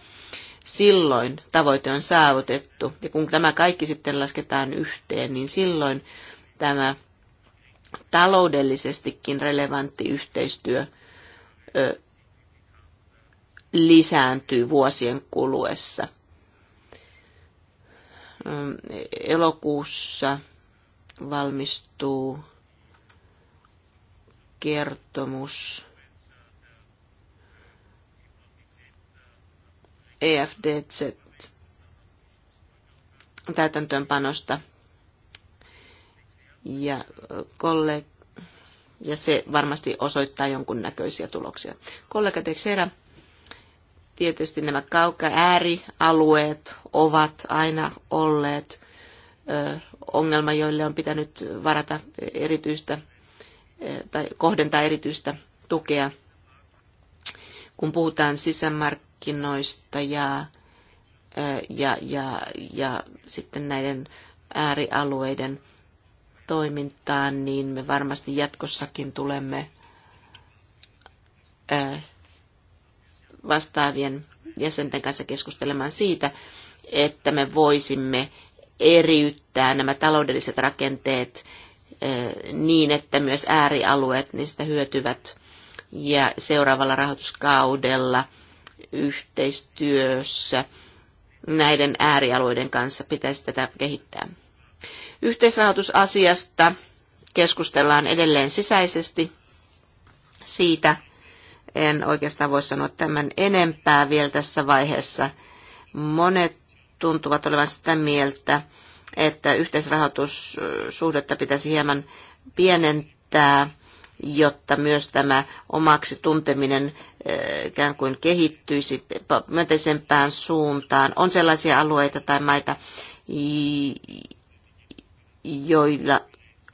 Silloin tavoite on saavutettu. Ja kun tämä kaikki sitten lasketaan yhteen, niin silloin tämä taloudellisestikin relevantti yhteistyö ö, lisääntyy vuosien kuluessa. Elokuussa valmistuu kertomus EFDZ täytäntöönpanosta ja, kolle, ja se varmasti osoittaa jonkun näköisiä tuloksia. Kollega Teixeira, tietysti nämä kauka äärialueet ovat aina olleet ö, ongelma, joille on pitänyt varata erityistä tai kohdentaa erityistä tukea, kun puhutaan sisämarkkinoista ja, ja, ja, ja sitten näiden äärialueiden toimintaan, niin me varmasti jatkossakin tulemme äh, vastaavien jäsenten kanssa keskustelemaan siitä, että me voisimme eriyttää nämä taloudelliset rakenteet äh, niin, että myös äärialueet niistä hyötyvät. Ja seuraavalla rahoituskaudella yhteistyössä näiden äärialueiden kanssa pitäisi tätä kehittää. Yhteisrahoitusasiasta keskustellaan edelleen sisäisesti. Siitä en oikeastaan voi sanoa tämän enempää vielä tässä vaiheessa. Monet tuntuvat olevan sitä mieltä, että yhteisrahoitussuhdetta pitäisi hieman pienentää, jotta myös tämä omaksi tunteminen eh, ikään kuin kehittyisi myönteisempään suuntaan. On sellaisia alueita tai maita, joilla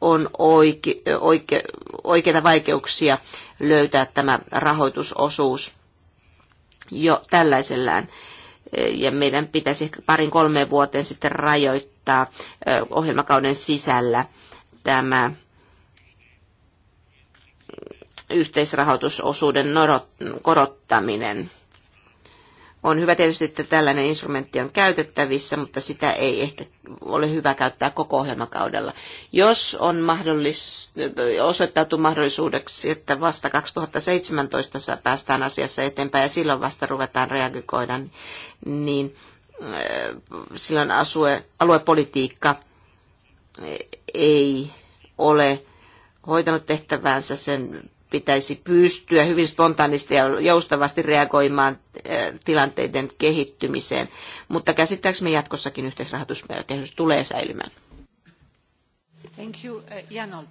on oike, oike, oikeita vaikeuksia löytää tämä rahoitusosuus jo tällaisellaan. Ja meidän pitäisi ehkä parin kolmeen vuoteen sitten rajoittaa ohjelmakauden sisällä tämä yhteisrahoitusosuuden korottaminen. On hyvä tietysti, että tällainen instrumentti on käytettävissä, mutta sitä ei ehkä ole hyvä käyttää koko ohjelmakaudella. Jos on mahdollis, osoittautu mahdollisuudeksi, että vasta 2017 päästään asiassa eteenpäin ja silloin vasta ruvetaan reagoida, niin äh, silloin asue, aluepolitiikka äh, ei ole hoitanut tehtäväänsä, sen pitäisi pystyä hyvin spontaanisti ja joustavasti reagoimaan eh, tilanteiden kehittymiseen. Mutta käsittääkseni jatkossakin yhteisrahoituskehys tulee säilymään. Thank you, eh, Jan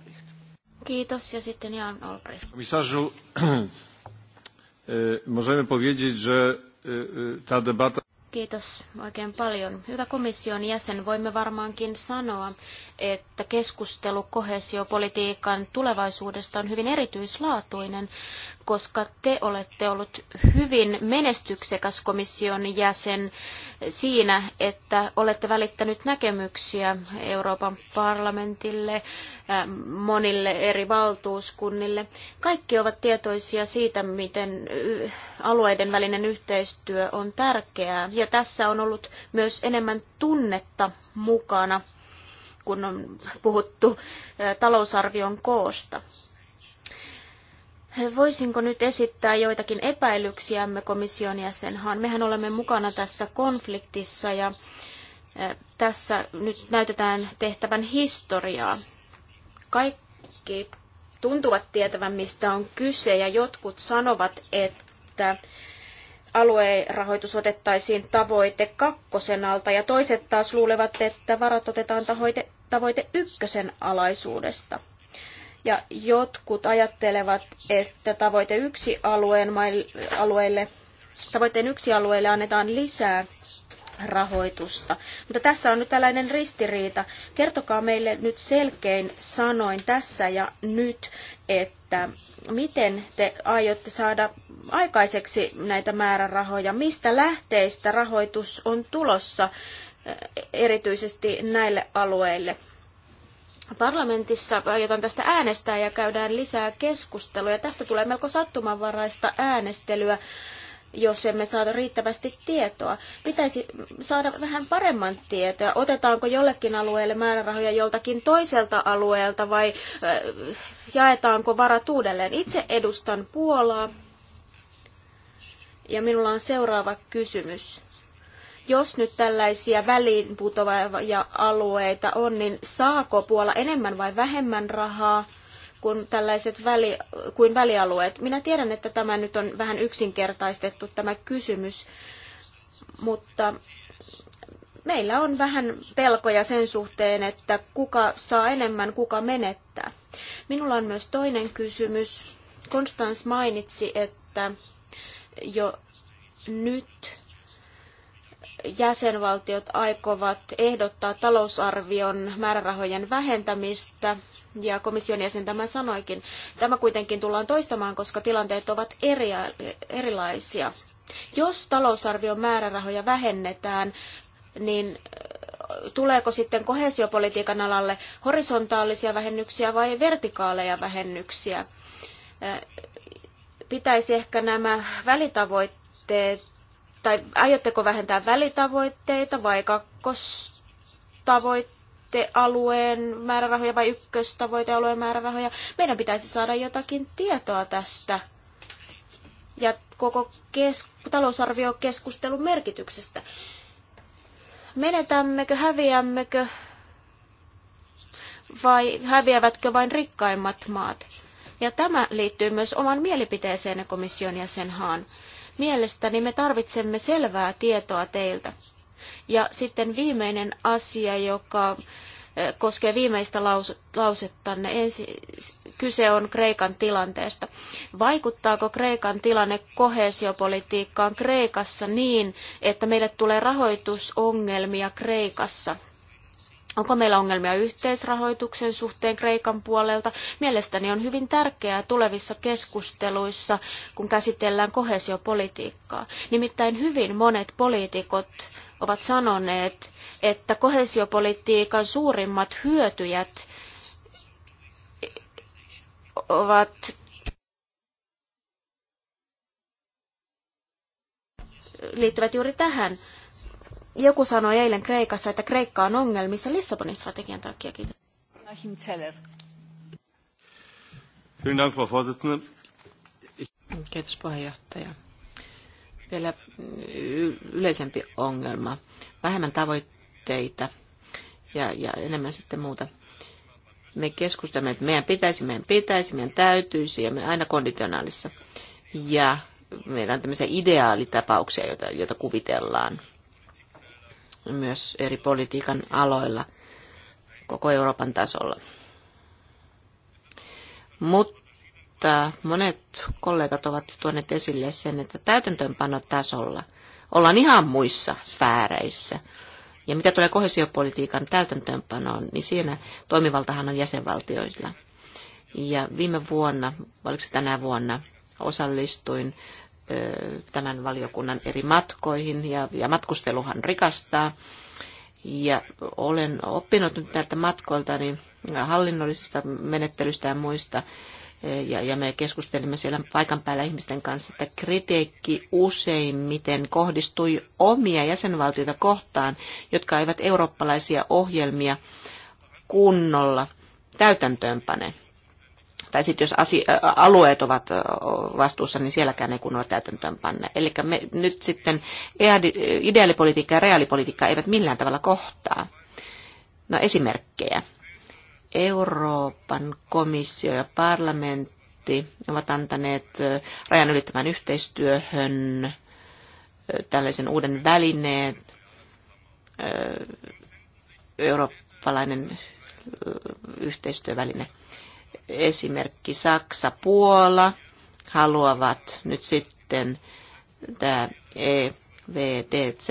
Kiitos ja sitten Jan Olbrich. Komisarzu, e, możemy powiedzieć, że e, e, ta debata Kiitos oikein paljon. Hyvä komission jäsen, voimme varmaankin sanoa, että keskustelu kohesiopolitiikan tulevaisuudesta on hyvin erityislaatuinen, koska te olette ollut hyvin menestyksekäs komission jäsen siinä, että olette välittänyt näkemyksiä Euroopan parlamentille, ähm, monille eri valtuuskunnille. Kaikki ovat tietoisia siitä, miten äh, alueiden välinen yhteistyö on tärkeää, ja tässä on ollut myös enemmän tunnetta mukana kun on puhuttu talousarvion koosta. Voisinko nyt esittää joitakin epäilyksiämme komission jäsenhaan? Mehän olemme mukana tässä konfliktissa ja tässä nyt näytetään tehtävän historiaa. Kaikki tuntuvat tietävän, mistä on kyse ja jotkut sanovat, että aluerahoitus otettaisiin tavoite kakkosen alta ja toiset taas luulevat, että varat otetaan tavoite, tavoite ykkösen alaisuudesta. Ja jotkut ajattelevat, että tavoite yksi alueen, alueelle, tavoitteen yksi alueelle annetaan lisää rahoitusta. Mutta tässä on nyt tällainen ristiriita. Kertokaa meille nyt selkein sanoin tässä ja nyt, että miten te aiotte saada aikaiseksi näitä määrärahoja, mistä lähteistä rahoitus on tulossa eh, erityisesti näille alueille. Parlamentissa aiotaan tästä äänestää ja käydään lisää keskustelua. Tästä tulee melko sattumanvaraista äänestelyä jos emme saada riittävästi tietoa. Pitäisi saada vähän paremman tietoa. Otetaanko jollekin alueelle määrärahoja joltakin toiselta alueelta vai äh, jaetaanko varat uudelleen? Itse edustan Puolaa ja minulla on seuraava kysymys jos nyt tällaisia väliinputoavia alueita on, niin saako Puola enemmän vai vähemmän rahaa? kuin tällaiset väli, kuin välialueet. Minä tiedän, että tämä nyt on vähän yksinkertaistettu tämä kysymys, mutta meillä on vähän pelkoja sen suhteen, että kuka saa enemmän, kuka menettää. Minulla on myös toinen kysymys. Konstans mainitsi, että jo nyt jäsenvaltiot aikovat ehdottaa talousarvion määrärahojen vähentämistä, ja komission jäsen tämän sanoikin. Tämä kuitenkin tullaan toistamaan, koska tilanteet ovat eri, erilaisia. Jos talousarvion määrärahoja vähennetään, niin tuleeko sitten kohesiopolitiikan alalle horisontaalisia vähennyksiä vai vertikaaleja vähennyksiä? Pitäisi ehkä nämä välitavoitteet tai aiotteko vähentää välitavoitteita vai kakkostavoittealueen määrärahoja vai ykköstavoitealueen määrärahoja? Meidän pitäisi saada jotakin tietoa tästä ja koko kes- talousarviokeskustelun merkityksestä. Menetämmekö, häviämmekö vai häviävätkö vain rikkaimmat maat? Ja tämä liittyy myös oman mielipiteeseen komission jäsenhaan. Mielestäni me tarvitsemme selvää tietoa teiltä. Ja sitten viimeinen asia, joka eh, koskee viimeistä laus, lausettanne. Ensi, kyse on Kreikan tilanteesta. Vaikuttaako Kreikan tilanne kohesiopolitiikkaan Kreikassa niin, että meille tulee rahoitusongelmia Kreikassa Onko meillä ongelmia yhteisrahoituksen suhteen Kreikan puolelta? Mielestäni on hyvin tärkeää tulevissa keskusteluissa, kun käsitellään kohesiopolitiikkaa. Nimittäin hyvin monet poliitikot ovat sanoneet, että kohesiopolitiikan suurimmat hyötyjät ovat liittyvät juuri tähän joku sanoi eilen Kreikassa, että Kreikka on ongelmissa Lissabonin strategian takia. Kiitos. Kiitos puheenjohtaja. Vielä mm, yleisempi ongelma. Vähemmän tavoitteita ja, ja enemmän sitten muuta. Me keskustelemme, että meidän pitäisi, meidän pitäisi, meidän täytyisi ja me aina konditionaalissa. Ja meillä on tämmöisiä ideaalitapauksia, joita, joita kuvitellaan myös eri politiikan aloilla koko Euroopan tasolla. Mutta monet kollegat ovat tuoneet esille sen, että tasolla ollaan ihan muissa sfääreissä. Ja mitä tulee kohesiopolitiikan täytäntöönpanoon, niin siinä toimivaltahan on jäsenvaltioilla. Ja viime vuonna, oliko se tänä vuonna, osallistuin tämän valiokunnan eri matkoihin ja, ja matkusteluhan rikastaa. Ja olen oppinut nyt näiltä niin hallinnollisista menettelyistä ja muista, ja, ja me keskustelimme siellä paikan päällä ihmisten kanssa, että kritiikki useimmiten kohdistui omia jäsenvaltioita kohtaan, jotka eivät eurooppalaisia ohjelmia kunnolla täytäntöönpane tai sitten jos asi, alueet ovat vastuussa, niin sielläkään ei kunnolla täytäntöön panna. Eli me nyt sitten e ideaalipolitiikka ja reaalipolitiikka eivät millään tavalla kohtaa. No esimerkkejä. Euroopan komissio ja parlamentti ovat antaneet rajan ylittävän yhteistyöhön tällaisen uuden välineen. Eurooppalainen yhteistyöväline esimerkki Saksa, Puola haluavat nyt sitten tämä EVDZ,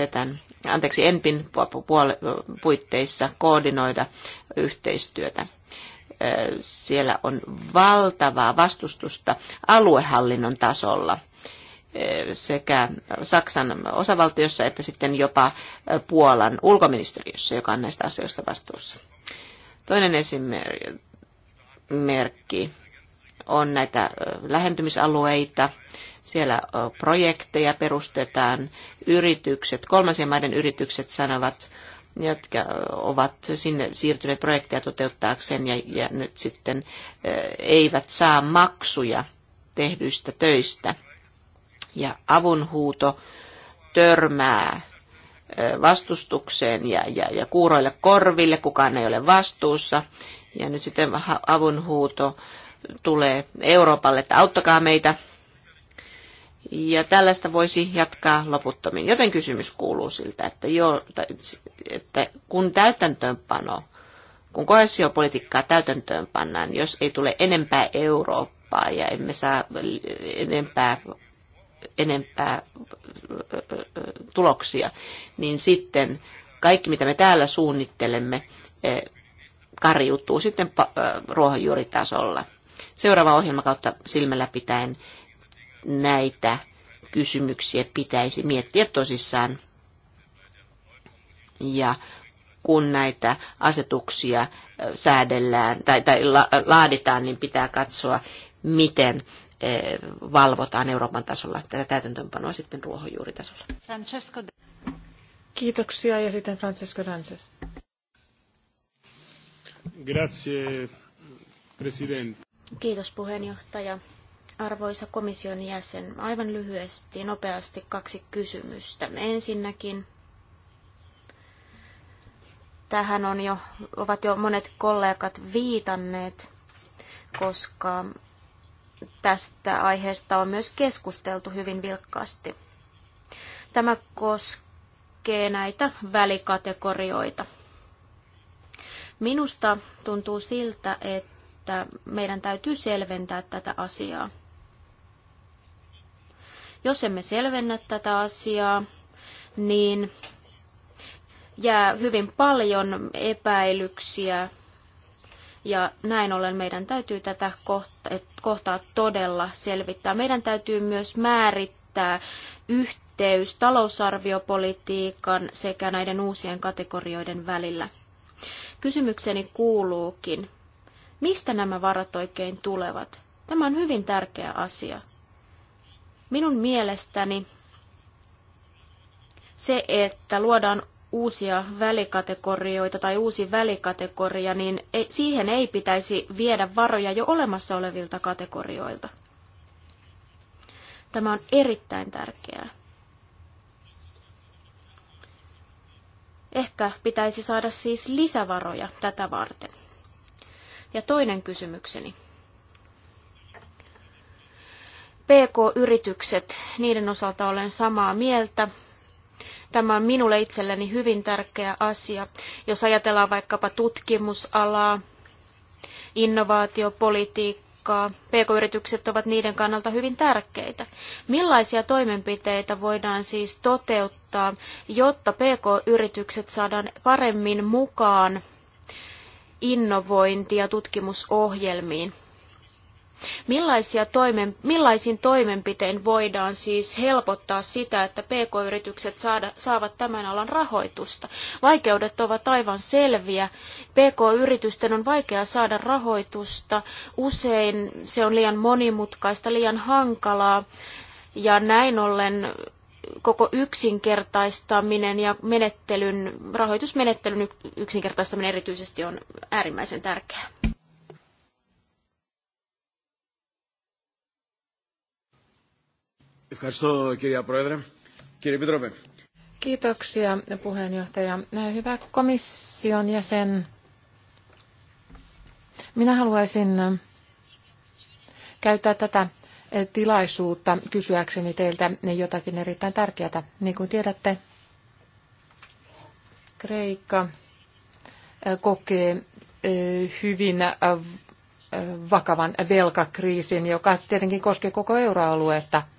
anteeksi, ENPin puitteissa koordinoida yhteistyötä. Siellä on valtavaa vastustusta aluehallinnon tasolla sekä Saksan osavaltiossa että sitten jopa Puolan ulkoministeriössä, joka on näistä asioista vastuussa. Toinen esimerkki merkki. On näitä lähentymisalueita, siellä projekteja perustetaan, yritykset, kolmansien maiden yritykset sanovat, jotka ovat sinne siirtyneet projekteja toteuttaakseen ja, ja nyt sitten eivät saa maksuja tehdyistä töistä. Ja avunhuuto törmää vastustukseen ja, ja, ja kuuroille korville, kukaan ei ole vastuussa. Ja nyt sitten avunhuuto tulee Euroopalle, että auttakaa meitä. Ja tällaista voisi jatkaa loputtomiin. Joten kysymys kuuluu siltä, että, jo, että kun täytäntöönpano, kun koesiopolitiikkaa täytäntöön pannaan, jos ei tule enempää Eurooppaa ja emme saa enempää, enempää tuloksia, niin sitten kaikki mitä me täällä suunnittelemme Kariutuu sitten ruohonjuuritasolla. Seuraava ohjelma kautta silmällä pitäen näitä kysymyksiä pitäisi miettiä tosissaan. Ja kun näitä asetuksia säädellään tai, tai laaditaan, niin pitää katsoa, miten valvotaan Euroopan tasolla tätä täytäntöönpanoa sitten ruohonjuuritasolla. Francesco. Kiitoksia ja sitten Francesco Dances. Grazie, president. Kiitos puheenjohtaja. Arvoisa komission jäsen, aivan lyhyesti, nopeasti kaksi kysymystä. Ensinnäkin tähän on jo, ovat jo monet kollegat viitanneet, koska tästä aiheesta on myös keskusteltu hyvin vilkkaasti. Tämä koskee näitä välikategorioita. Minusta tuntuu siltä, että meidän täytyy selventää tätä asiaa. Jos emme selvennä tätä asiaa, niin jää hyvin paljon epäilyksiä ja näin ollen meidän täytyy tätä kohtaa todella selvittää. Meidän täytyy myös määrittää yhteys talousarviopolitiikan sekä näiden uusien kategorioiden välillä. Kysymykseni kuuluukin, mistä nämä varat oikein tulevat? Tämä on hyvin tärkeä asia. Minun mielestäni se, että luodaan uusia välikategorioita tai uusi välikategoria, niin siihen ei pitäisi viedä varoja jo olemassa olevilta kategorioilta. Tämä on erittäin tärkeää. Ehkä pitäisi saada siis lisävaroja tätä varten. Ja toinen kysymykseni. PK-yritykset, niiden osalta olen samaa mieltä. Tämä on minulle itselleni hyvin tärkeä asia. Jos ajatellaan vaikkapa tutkimusalaa, innovaatiopolitiikkaa, koska pk-yritykset ovat niiden kannalta hyvin tärkeitä. Millaisia toimenpiteitä voidaan siis toteuttaa, jotta pk-yritykset saadaan paremmin mukaan innovointi- ja tutkimusohjelmiin? Millaisia toimen, millaisin toimenpitein voidaan siis helpottaa sitä, että pk-yritykset saada, saavat tämän alan rahoitusta? Vaikeudet ovat aivan selviä. PK-yritysten on vaikea saada rahoitusta. Usein se on liian monimutkaista, liian hankalaa. Ja näin ollen koko yksinkertaistaminen ja menettelyn, rahoitusmenettelyn yksinkertaistaminen erityisesti on äärimmäisen tärkeää. arvoisa puhemies Kiitoksia Hyvä komission jäsen. Minä haluaisin käyttää tätä tilaisuutta kysyäkseni teiltä jotakin erittäin tärkeää. Niin kuin tiedätte, Kreikka kokee hyvin vakavan velkakriisin, joka tietenkin koskee koko euroaluetta –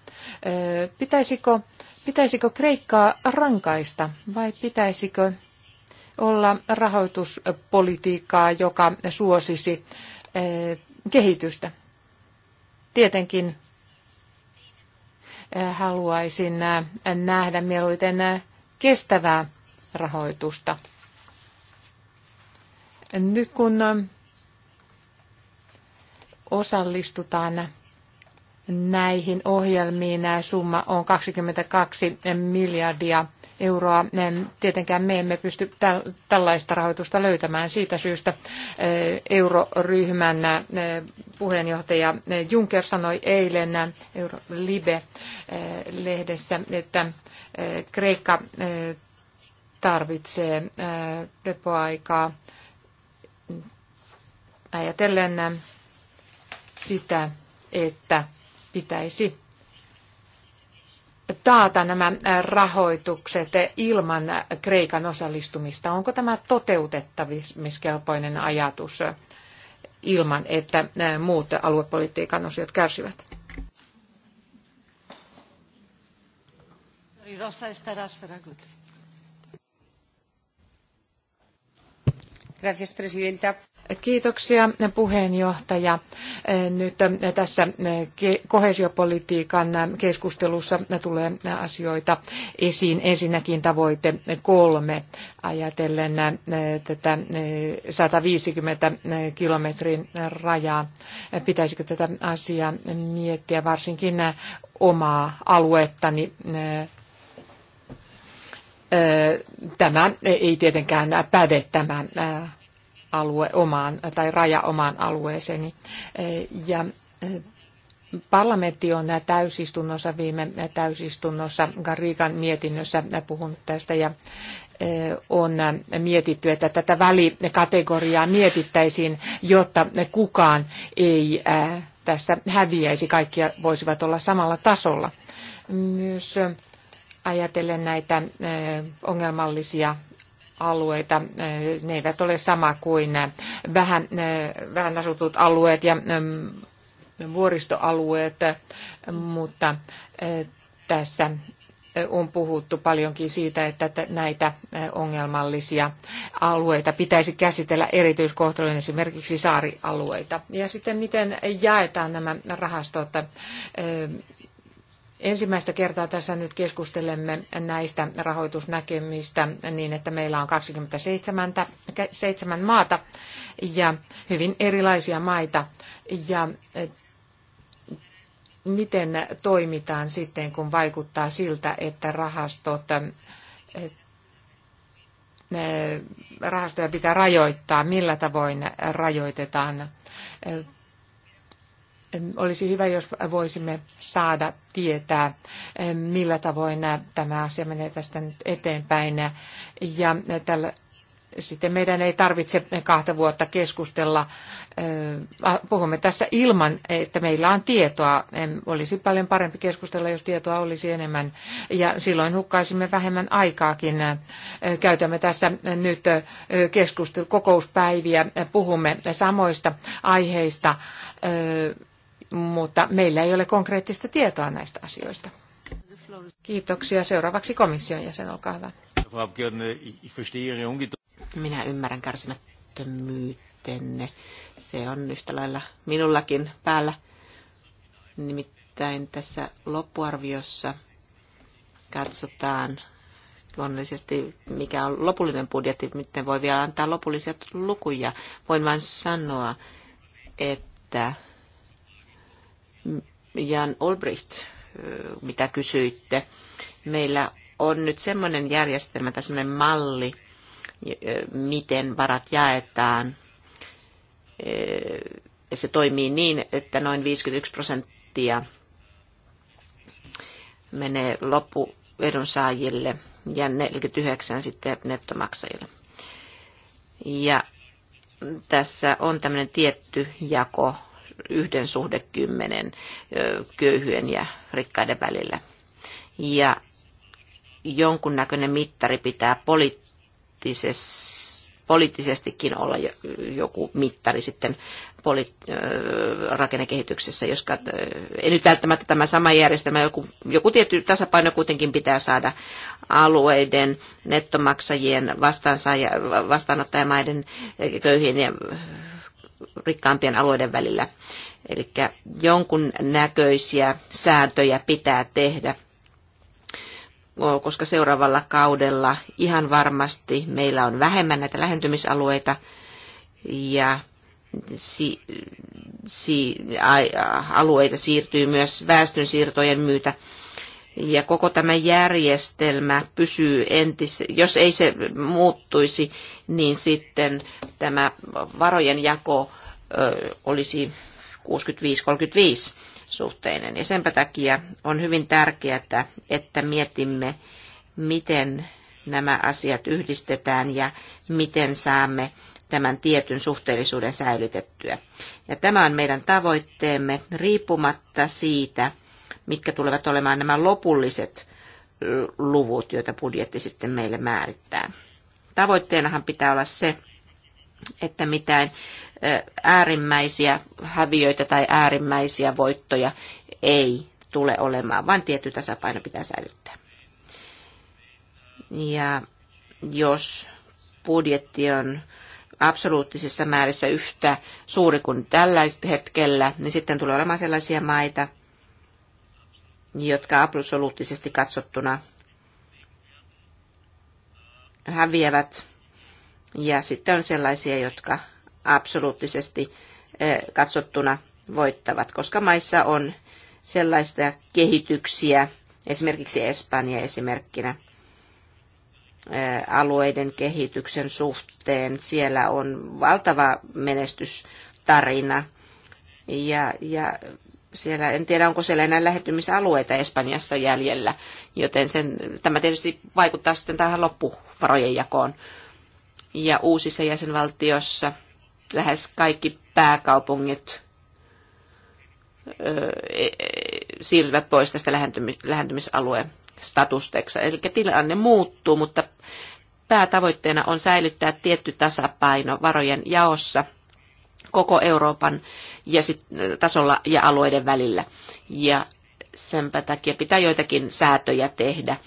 Pitäisikö, pitäisikö Kreikkaa rankaista vai pitäisikö olla rahoituspolitiikkaa, joka suosisi kehitystä? Tietenkin haluaisin nähdä mieluiten kestävää rahoitusta. Nyt kun osallistutaan näihin ohjelmiin summa on 22 miljardia euroa. Tietenkään me emme pysty tällaista rahoitusta löytämään. Siitä syystä euroryhmän puheenjohtaja Juncker sanoi eilen Eurolibe-lehdessä, että Kreikka tarvitsee lepoaikaa ajatellen sitä, että pitäisi taata nämä rahoitukset ilman Kreikan osallistumista? Onko tämä toteutettaviskelpoinen ajatus ilman, että muut aluepolitiikan osiot kärsivät? Gracias, presidenta. Kiitoksia puheenjohtaja. Nyt tässä kohesiopolitiikan keskustelussa tulee asioita esiin. Ensinnäkin tavoite kolme ajatellen tätä 150 kilometrin rajaa. Pitäisikö tätä asiaa miettiä varsinkin omaa aluettani Tämä ei tietenkään päde tämä alue omaan, tai raja omaan alueeseeni. Eh, ja eh, parlamentti on täysistunnossa, viime täysistunnossa Garigan mietinnössä puhunut tästä ja eh, on mietitty, että tätä välikategoriaa mietittäisiin, jotta kukaan ei tässä häviäisi, kaikki voisivat olla samalla tasolla. Myös ajatellen näitä ongelmallisia alueita. Ne eivät ole sama kuin vähän, vähän asutut alueet ja mm, vuoristoalueet, mutta e, tässä e, on puhuttu paljonkin siitä, että näitä e, ongelmallisia alueita pitäisi käsitellä erityiskohtelun esimerkiksi saarialueita. Ja sitten miten jaetaan nämä rahastot Ensimmäistä kertaa tässä nyt keskustelemme näistä rahoitusnäkemistä niin, että meillä on 27 maata ja hyvin erilaisia maita. Ja e, miten toimitaan sitten, kun vaikuttaa siltä, että rahastot, e, e, rahastoja pitää rajoittaa, millä tavoin rajoitetaan olisi hyvä, jos voisimme saada tietää, millä tavoin tämä asia menee tästä nyt eteenpäin. Ja tällä, sitten meidän ei tarvitse kahta vuotta keskustella. Puhumme tässä ilman, että meillä on tietoa. Olisi paljon parempi keskustella, jos tietoa olisi enemmän. Ja silloin hukkaisimme vähemmän aikaakin. Käytämme tässä nyt keskustelu, kokouspäiviä. Puhumme samoista aiheista mutta meillä ei ole konkreettista tietoa näistä asioista. Kiitoksia. Seuraavaksi komission jäsen, olkaa hyvä. Minä ymmärrän kärsimättömyytenne. Se on yhtä lailla minullakin päällä. Nimittäin tässä loppuarviossa katsotaan luonnollisesti, mikä on lopullinen budjetti, miten voi vielä antaa lopullisia lukuja. Voin vain sanoa, että Jan Olbricht, mitä kysyitte. Meillä on nyt semmoinen järjestelmä tai semmoinen malli, miten varat jaetaan. Se toimii niin, että noin 51 prosenttia menee loppuedunsaajille ja 49 sitten nettomaksajille. Ja tässä on tämmöinen tietty jako yhden suhde kymmenen köyhyen ja rikkaiden välillä. Ja jonkunnäköinen mittari pitää poliittisestikin olla joku mittari sitten poli- rakennekehityksessä, jos kat- ei nyt välttämättä tämä sama järjestelmä, joku, joku tietty tasapaino kuitenkin pitää saada alueiden, nettomaksajien, vastaanottajamaiden, köyhien ja rikkaampien alueiden välillä. Eli jonkun näköisiä sääntöjä pitää tehdä, koska seuraavalla kaudella ihan varmasti meillä on vähemmän näitä lähentymisalueita ja si, si, alueita siirtyy myös siirtojen myötä. Ja koko tämä järjestelmä pysyy entis, jos ei se muuttuisi, niin sitten tämä varojen jako olisi 65-35 suhteinen. Ja senpä takia on hyvin tärkeää, että mietimme, miten nämä asiat yhdistetään ja miten saamme tämän tietyn suhteellisuuden säilytettyä. Ja tämä on meidän tavoitteemme riippumatta siitä, mitkä tulevat olemaan nämä lopulliset luvut, joita budjetti sitten meille määrittää. Tavoitteenahan pitää olla se, että mitään äärimmäisiä häviöitä tai äärimmäisiä voittoja ei tule olemaan, vaan tietty tasapaino pitää säilyttää. Ja jos budjetti on absoluuttisessa määrissä yhtä suuri kuin tällä hetkellä, niin sitten tulee olemaan sellaisia maita, jotka absoluuttisesti katsottuna häviävät. Ja sitten on sellaisia, jotka absoluuttisesti eh, katsottuna voittavat, koska maissa on sellaista kehityksiä, esimerkiksi Espanja esimerkkinä, eh, alueiden kehityksen suhteen. Siellä on valtava menestystarina ja, ja siellä, en tiedä onko siellä enää lähetymisalueita Espanjassa jäljellä joten sen, tämä tietysti vaikuttaa sitten tähän loppuvarojen jakoon. Ja uusissa jäsenvaltioissa lähes kaikki pääkaupungit ö, e, e, siirtyvät pois tästä lähentymisalueen statusteksa. Eli tilanne muuttuu, mutta päätavoitteena on säilyttää tietty tasapaino varojen jaossa koko Euroopan ja sit, tasolla ja alueiden välillä. Ja senpä takia pitää joitakin säätöjä tehdä.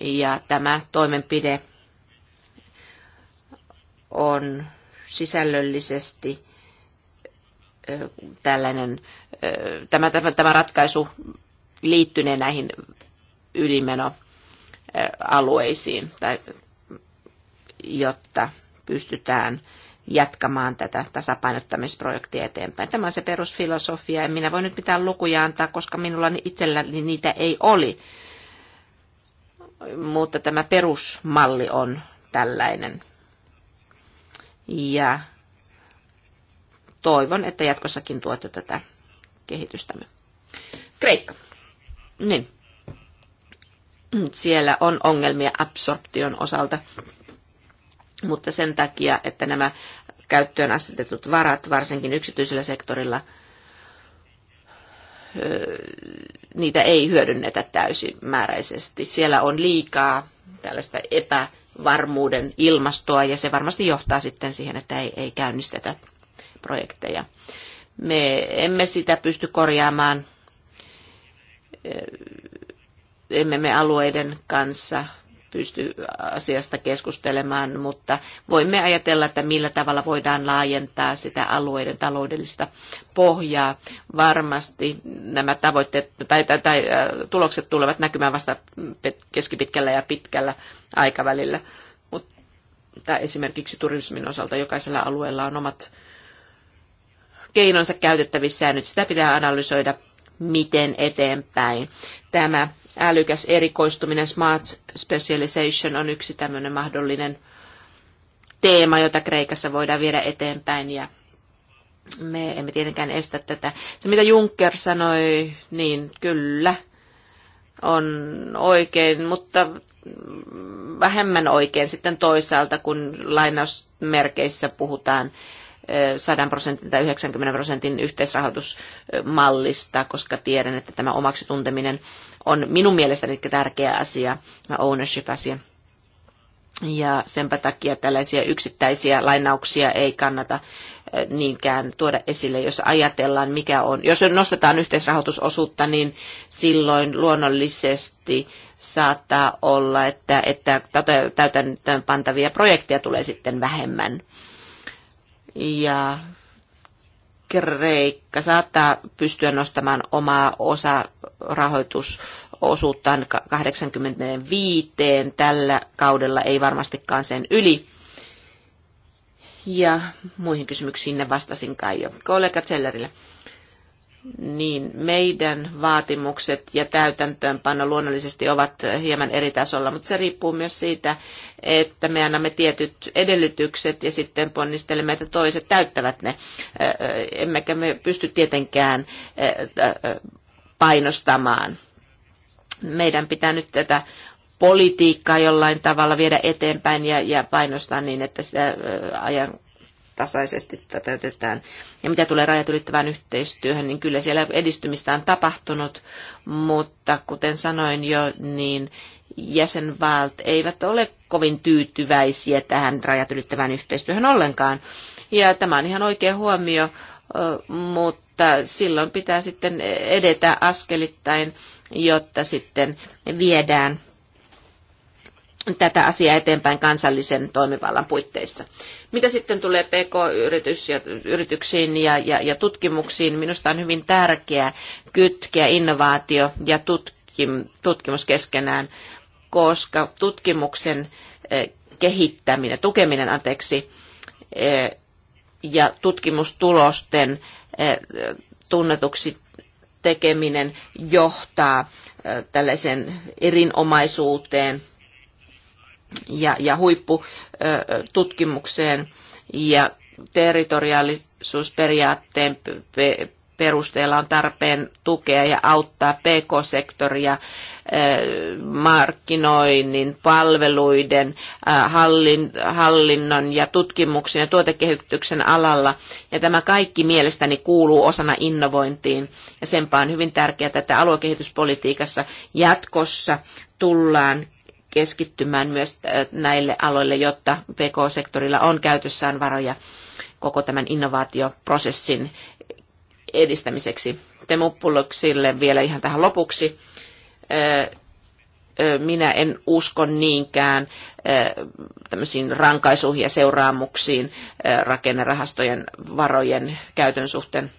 Ja tämä toimenpide on sisällöllisesti tällainen, tämä, tämä, tämä ratkaisu liittynee näihin ylimenoalueisiin, tai, jotta pystytään jatkamaan tätä tasapainottamisprojektia eteenpäin. Tämä on se perusfilosofia. En minä voi nyt mitään lukuja antaa, koska minulla itselläni niitä ei oli. Mutta tämä perusmalli on tällainen. Ja toivon, että jatkossakin tuotte tätä kehitystämme. Kreikka. Niin. Siellä on ongelmia absorption osalta, mutta sen takia, että nämä käyttöön asetetut varat, varsinkin yksityisellä sektorilla, niitä ei hyödynnetä täysimääräisesti. Siellä on liikaa tällaista epävarmuuden ilmastoa ja se varmasti johtaa sitten siihen, että ei, ei käynnistetä projekteja. Me emme sitä pysty korjaamaan, emme me alueiden kanssa pysty asiasta keskustelemaan, mutta voimme ajatella, että millä tavalla voidaan laajentaa sitä alueiden taloudellista pohjaa. Varmasti nämä tavoitteet tai, tai, tai äh, tulokset tulevat näkymään vasta keskipitkällä ja pitkällä aikavälillä. Mutta esimerkiksi turismin osalta jokaisella alueella on omat keinonsa käytettävissä ja nyt sitä pitää analysoida miten eteenpäin. Tämä älykäs erikoistuminen, smart specialization, on yksi tämmöinen mahdollinen teema, jota Kreikassa voidaan viedä eteenpäin ja me emme tietenkään estä tätä. Se, mitä Juncker sanoi, niin kyllä on oikein, mutta vähemmän oikein sitten toisaalta, kun lainausmerkeissä puhutaan 100 prosentin tai 90 prosentin yhteisrahoitusmallista, koska tiedän, että tämä omaksi tunteminen on minun mielestäni tärkeä asia, ownership-asia. Ja senpä takia tällaisia yksittäisiä lainauksia ei kannata eh, niinkään tuoda esille, jos ajatellaan, mikä on. Jos nostetaan yhteisrahoitusosuutta, niin silloin luonnollisesti saattaa olla, että, että täytäntöön pantavia projekteja tulee sitten vähemmän ja Kreikka saattaa pystyä nostamaan omaa osa rahoitusosuuttaan 85 tällä kaudella, ei varmastikaan sen yli. Ja muihin kysymyksiin ne vastasin kai jo kollega Zellerille niin meidän vaatimukset ja täytäntöönpano luonnollisesti ovat hieman eri tasolla, mutta se riippuu myös siitä, että me annamme tietyt edellytykset ja sitten ponnistelemme, että toiset täyttävät ne. Emmekä me pysty tietenkään painostamaan. Meidän pitää nyt tätä politiikkaa jollain tavalla viedä eteenpäin ja, painostaa niin, että sitä ajan tasaisesti täytetään. Ja mitä tulee rajat ylittävään yhteistyöhön, niin kyllä siellä edistymistä on tapahtunut, mutta kuten sanoin jo, niin jäsenvalt eivät ole kovin tyytyväisiä tähän rajat ylittävään yhteistyöhön ollenkaan. Ja tämä on ihan oikea huomio, mutta silloin pitää sitten edetä askelittain, jotta sitten viedään tätä asiaa eteenpäin kansallisen toimivallan puitteissa. Mitä sitten tulee PK-yrityksiin ja, ja, ja tutkimuksiin, minusta on hyvin tärkeää kytkeä innovaatio ja tutkim, tutkimus keskenään, koska tutkimuksen eh, kehittäminen, tukeminen anteeksi, eh, ja tutkimustulosten eh, tunnetuksi tekeminen johtaa tällaisen erinomaisuuteen – ja, ja huippututkimukseen ja territoriaalisuusperiaatteen perusteella on tarpeen tukea ja auttaa pk-sektoria markkinoinnin, palveluiden, hallinnon ja tutkimuksen ja tuotekehityksen alalla. Ja tämä kaikki mielestäni kuuluu osana innovointiin. Ja senpä on hyvin tärkeää, että aluekehityspolitiikassa jatkossa tullaan keskittymään myös äh, näille aloille, jotta PK-sektorilla on käytössään varoja koko tämän innovaatioprosessin edistämiseksi. Pulloksille vielä ihan tähän lopuksi. Äh, äh, minä en usko niinkään tämmöisiin rankaisuihin ja seuraamuksiin rakennerahastojen varojen käytön suhteen,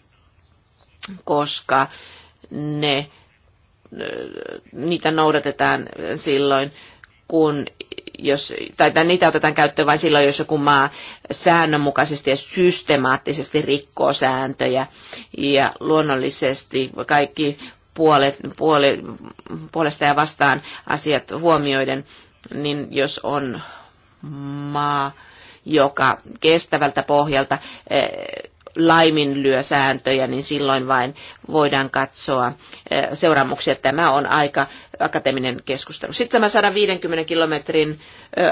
koska ne, niitä noudatetaan silloin kun jos, tai niitä otetaan käyttöön vain silloin, jos joku maa säännönmukaisesti ja systemaattisesti rikkoo sääntöjä. Ja luonnollisesti kaikki puolet, puoli, puolesta ja vastaan asiat huomioiden, niin jos on maa, joka kestävältä pohjalta eh, laiminlyö sääntöjä, niin silloin vain voidaan katsoa eh, seuraamuksia. Tämä on aika akateeminen keskustelu. Sitten tämä 150 kilometrin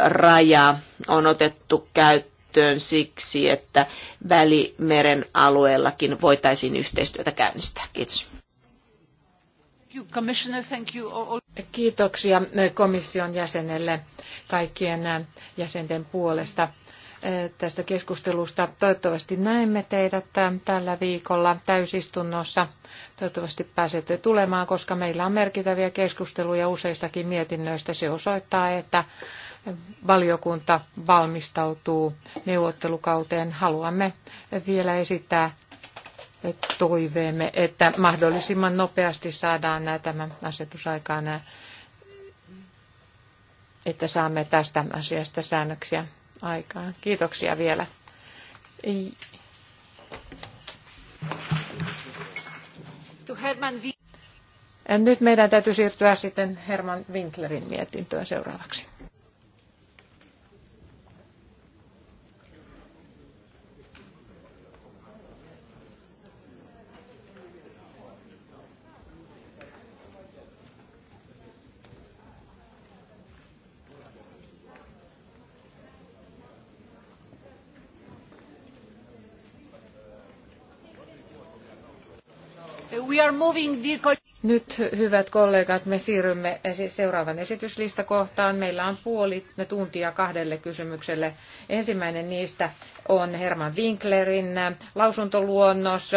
raja on otettu käyttöön siksi, että Välimeren alueellakin voitaisiin yhteistyötä käynnistää. Kiitos. Kiitoksia komission jäsenelle kaikkien jäsenten puolesta tästä keskustelusta. Toivottavasti näemme teidät tällä viikolla täysistunnossa. Toivottavasti pääsette tulemaan, koska meillä on merkittäviä keskusteluja useistakin mietinnöistä. Se osoittaa, että valiokunta valmistautuu neuvottelukauteen. Haluamme vielä esittää toiveemme, että mahdollisimman nopeasti saadaan tämä asetus että saamme tästä asiasta säännöksiä aikaan. Kiitoksia vielä. Ei. Nyt meidän täytyy siirtyä sitten Herman Winklerin mietintöön seuraavaksi. Nyt, hyvät kollegat, me siirrymme seuraavan esityslistakohtaan. Meillä on puoli tuntia kahdelle kysymykselle. Ensimmäinen niistä on Herman Winklerin lausuntoluonnos,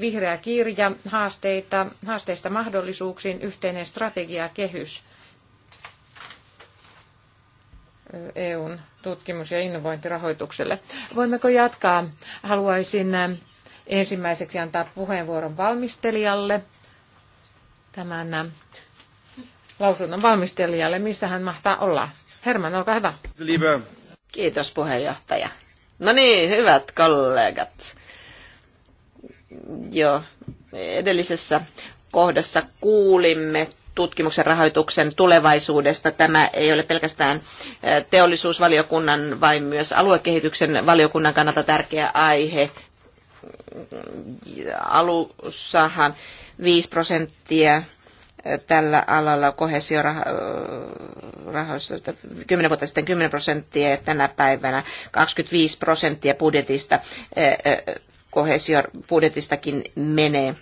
vihreä kirja, haasteita, haasteista mahdollisuuksiin, yhteinen strategiakehys EUn e tutkimus- ja innovointirahoitukselle. Voimmeko jatkaa? Haluaisin ensimmäiseksi antaa puheenvuoron valmistelijalle, tämän äh, lausunnon valmistelijalle. Missä hän mahtaa olla? Herman, olkaa hyvä. Kiitos puheenjohtaja. No niin, hyvät kollegat. Joo, edellisessä kohdassa kuulimme tutkimuksen rahoituksen tulevaisuudesta. Tämä ei ole pelkästään äh, teollisuusvaliokunnan, vaan myös aluekehityksen valiokunnan kannalta tärkeä aihe, alussahan 5 prosenttia tällä alalla kohesiorahoista 10 vuotta sitten 10 prosenttia ja tänä päivänä 25 prosenttia budjetista, kohesiobudjetistakin menee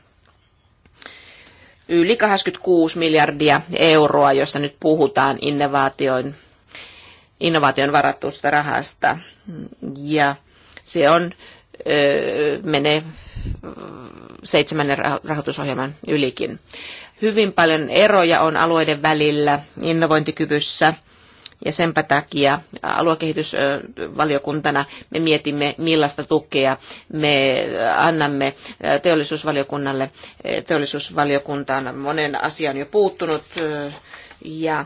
yli 86 miljardia euroa, jossa nyt puhutaan innovaation, innovaation varattusta rahasta. Ja se on menee seitsemännen rahoitusohjelman ylikin. Hyvin paljon eroja on alueiden välillä innovointikyvyssä ja senpä takia aluekehitysvaliokuntana me mietimme, millaista tukea me annamme teollisuusvaliokunnalle. Teollisuusvaliokunta on monen asian jo puuttunut ja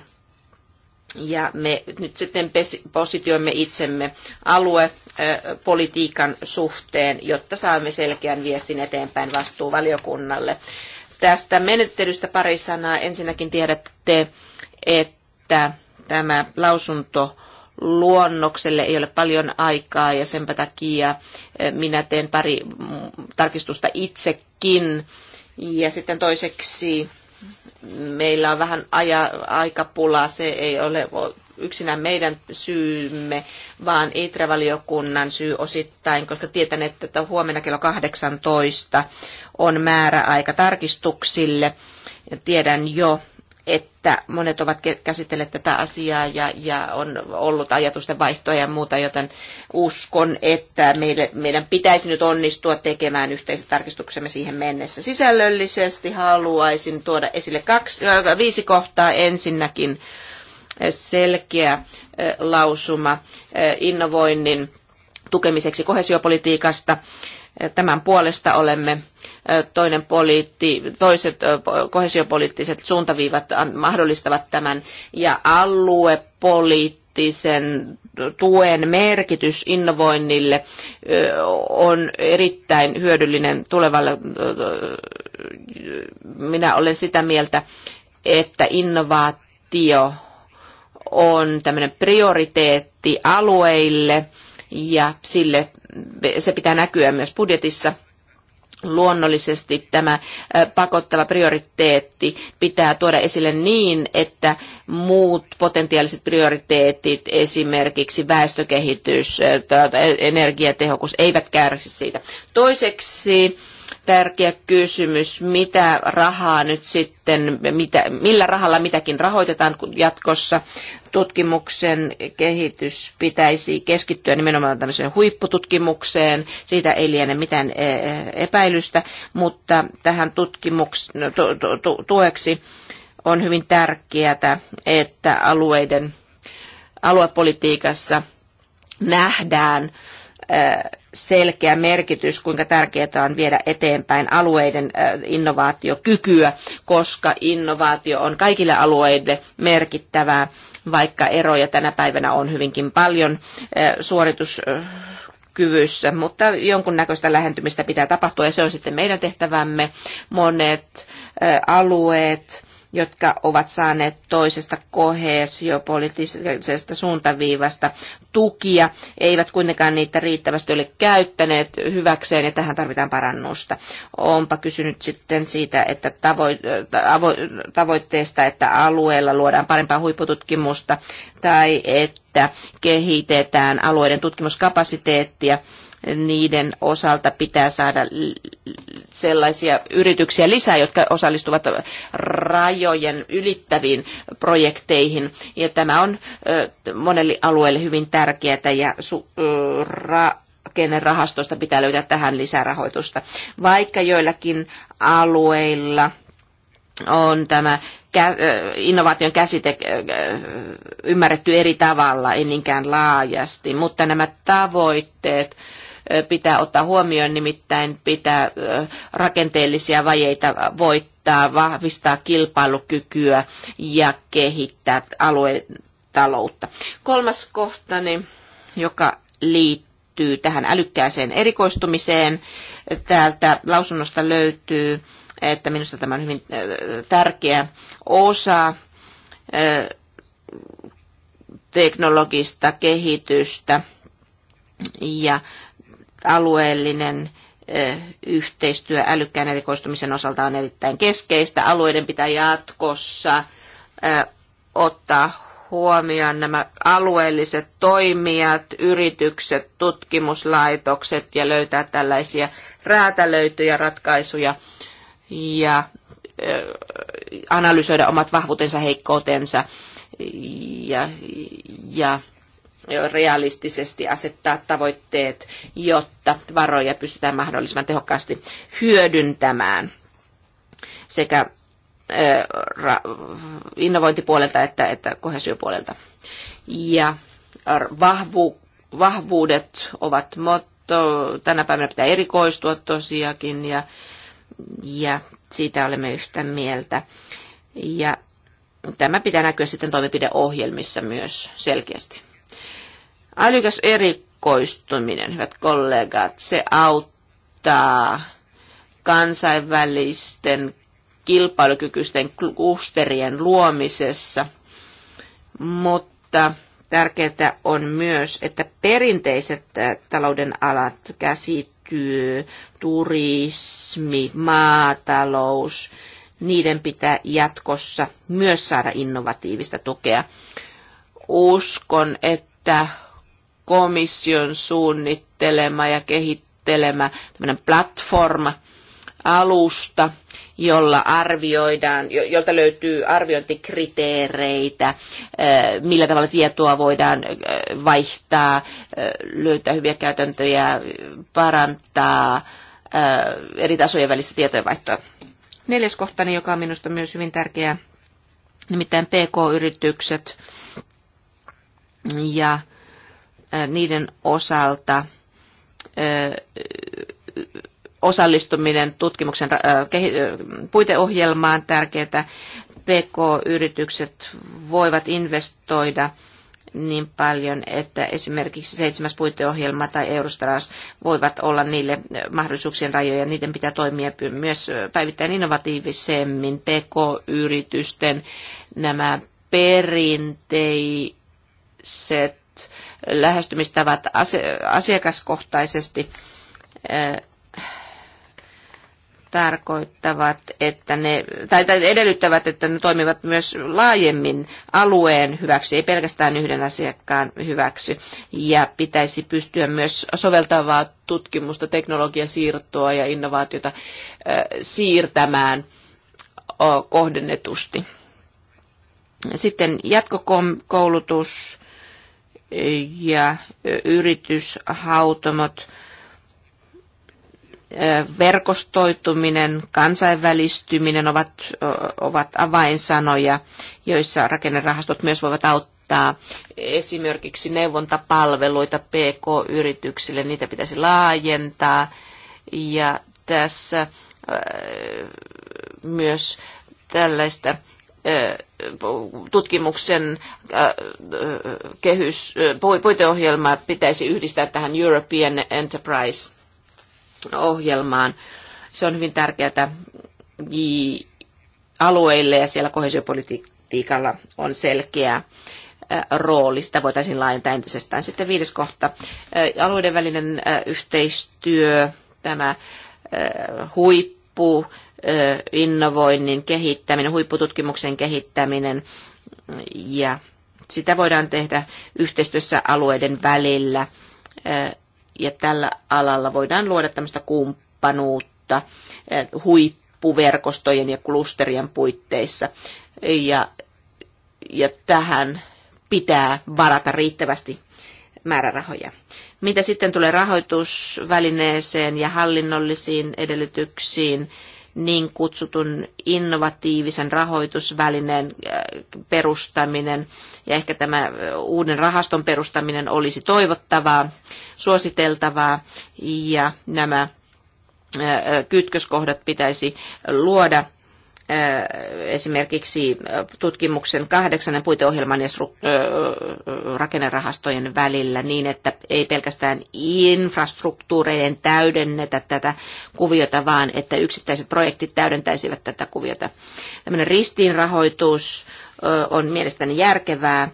ja me nyt sitten positioimme itsemme aluepolitiikan suhteen, jotta saamme selkeän viestin eteenpäin vastuuvaliokunnalle. Tästä menettelystä pari sanaa. Ensinnäkin tiedätte, että tämä lausunto luonnokselle ei ole paljon aikaa ja senpä takia minä teen pari tarkistusta itsekin. Ja sitten toiseksi meillä on vähän aja, aikapulaa, se ei ole yksinään meidän syymme, vaan ITRE-valiokunnan syy osittain, koska tietän, että huomenna kello 18 on määräaika tarkistuksille. Ja tiedän jo, että monet ovat käsitelleet tätä asiaa ja, ja on ollut ajatusten vaihtoja ja muuta, joten uskon, että meille, meidän pitäisi nyt onnistua tekemään yhteiset tarkistuksemme siihen mennessä. Sisällöllisesti haluaisin tuoda esille kaksi, äh, viisi kohtaa ensinnäkin äh, selkeä äh, lausuma innovoinnin tukemiseksi kohesiopolitiikasta. Tämän puolesta olemme toinen poliitti, toiset kohesiopoliittiset suuntaviivat mahdollistavat tämän ja aluepoliittisen tuen merkitys innovoinnille on erittäin hyödyllinen tulevalle. Minä olen sitä mieltä, että innovaatio on tämmöinen prioriteetti alueille ja sille, se pitää näkyä myös budjetissa – luonnollisesti tämä pakottava prioriteetti pitää tuoda esille niin, että muut potentiaaliset prioriteetit, esimerkiksi väestökehitys, tuota, energiatehokkuus, eivät kärsi siitä. Toiseksi tärkeä kysymys, mitä rahaa nyt sitten, mitä, millä rahalla mitäkin rahoitetaan jatkossa. Tutkimuksen kehitys pitäisi keskittyä nimenomaan tämmöiseen huippututkimukseen, siitä ei liene mitään e, e, epäilystä, mutta tähän tutkimuksen no, tu, tu, tueksi on hyvin tärkeää, että alueiden aluepolitiikassa nähdään e, selkeä merkitys, kuinka tärkeää on viedä eteenpäin alueiden innovaatiokykyä, koska innovaatio on kaikille alueille merkittävää, vaikka eroja tänä päivänä on hyvinkin paljon suoritus mutta jonkunnäköistä lähentymistä pitää tapahtua ja se on sitten meidän tehtävämme. Monet alueet jotka ovat saaneet toisesta koheesiopoliittisesta suuntaviivasta tukia, eivät kuitenkaan niitä riittävästi ole käyttäneet hyväkseen ja tähän tarvitaan parannusta. Onpa kysynyt sitten siitä, että tavoitteesta, että alueella luodaan parempaa huippututkimusta tai että kehitetään alueiden tutkimuskapasiteettia niiden osalta pitää saada sellaisia yrityksiä lisää, jotka osallistuvat rajojen ylittäviin projekteihin. Ja tämä on monelle alueelle hyvin tärkeää ja rahastosta pitää löytää tähän lisärahoitusta. Vaikka joillakin alueilla on tämä innovaation käsite ymmärretty eri tavalla, ei niinkään laajasti, mutta nämä tavoitteet pitää ottaa huomioon, nimittäin pitää rakenteellisia vajeita voittaa, vahvistaa kilpailukykyä ja kehittää taloutta. Kolmas kohtani, joka liittyy tähän älykkääseen erikoistumiseen, täältä lausunnosta löytyy, että minusta tämä on hyvin tärkeä osa teknologista kehitystä ja alueellinen yhteistyö älykkään erikoistumisen osalta on erittäin keskeistä. Alueiden pitää jatkossa ottaa huomioon nämä alueelliset toimijat, yritykset, tutkimuslaitokset ja löytää tällaisia räätälöityjä ratkaisuja ja analysoida omat vahvuutensa, heikkoutensa ja, ja realistisesti asettaa tavoitteet, jotta varoja pystytään mahdollisimman tehokkaasti hyödyntämään sekä innovointipuolelta että, että kohesiopuolelta. Ja vahvu, vahvuudet ovat motto. Tänä päivänä pitää erikoistua tosiakin ja, ja siitä olemme yhtä mieltä. Ja tämä pitää näkyä sitten toimenpideohjelmissa myös selkeästi. Älykäs erikoistuminen, hyvät kollegat, se auttaa kansainvälisten kilpailukykyisten klusterien luomisessa, mutta tärkeää on myös, että perinteiset talouden alat käsityö, turismi, maatalous, niiden pitää jatkossa myös saada innovatiivista tukea. Uskon, että komission suunnittelema ja kehittelemä tämmöinen platforma, alusta, jolla arvioidaan, jolta löytyy arviointikriteereitä, millä tavalla tietoa voidaan vaihtaa, löytää hyviä käytäntöjä, parantaa eri tasojen välistä tietojenvaihtoa. Neljäs kohtani, joka on minusta myös hyvin tärkeä, nimittäin PK-yritykset ja niiden osalta osallistuminen tutkimuksen puiteohjelmaan tärkeää. PK-yritykset voivat investoida niin paljon, että esimerkiksi seitsemäs puiteohjelma tai Eurostaras voivat olla niille mahdollisuuksien rajoja. Niiden pitää toimia myös päivittäin innovatiivisemmin. PK-yritysten nämä perinteiset lähestymistavat asiakaskohtaisesti äh, tarkoittavat, että ne, tai, edellyttävät, että ne toimivat myös laajemmin alueen hyväksi, ei pelkästään yhden asiakkaan hyväksi. Ja pitäisi pystyä myös soveltavaa tutkimusta, teknologiasiirtoa ja innovaatiota äh, siirtämään äh, kohdennetusti. Sitten jatkokoulutus ja yrityshautomot, verkostoituminen, kansainvälistyminen ovat, ovat avainsanoja, joissa rakennerahastot myös voivat auttaa esimerkiksi neuvontapalveluita PK-yrityksille, niitä pitäisi laajentaa ja tässä myös tällaista tutkimuksen kehys, puiteohjelma pitäisi yhdistää tähän European Enterprise-ohjelmaan. Se on hyvin tärkeää alueille ja siellä kohesiopolitiikalla on selkeä rooli. Sitä voitaisiin laajentaa entisestään. Sitten viides kohta, alueiden välinen yhteistyö, tämä huippu, innovoinnin kehittäminen, huippututkimuksen kehittäminen ja sitä voidaan tehdä yhteistyössä alueiden välillä ja tällä alalla voidaan luoda tämmöistä kumppanuutta huippuverkostojen ja klusterien puitteissa ja, ja tähän pitää varata riittävästi määrärahoja. Mitä sitten tulee rahoitusvälineeseen ja hallinnollisiin edellytyksiin, niin kutsutun innovatiivisen rahoitusvälineen äh, perustaminen ja ehkä tämä äh, uuden rahaston perustaminen olisi toivottavaa, suositeltavaa ja nämä äh, kytköskohdat pitäisi luoda Äh, esimerkiksi äh, tutkimuksen kahdeksannen puiteohjelman ja äh, rakennerahastojen välillä niin, että ei pelkästään infrastruktuureiden täydennetä tätä kuviota, vaan että yksittäiset projektit täydentäisivät tätä kuviota. Tällainen ristiinrahoitus on mielestäni järkevää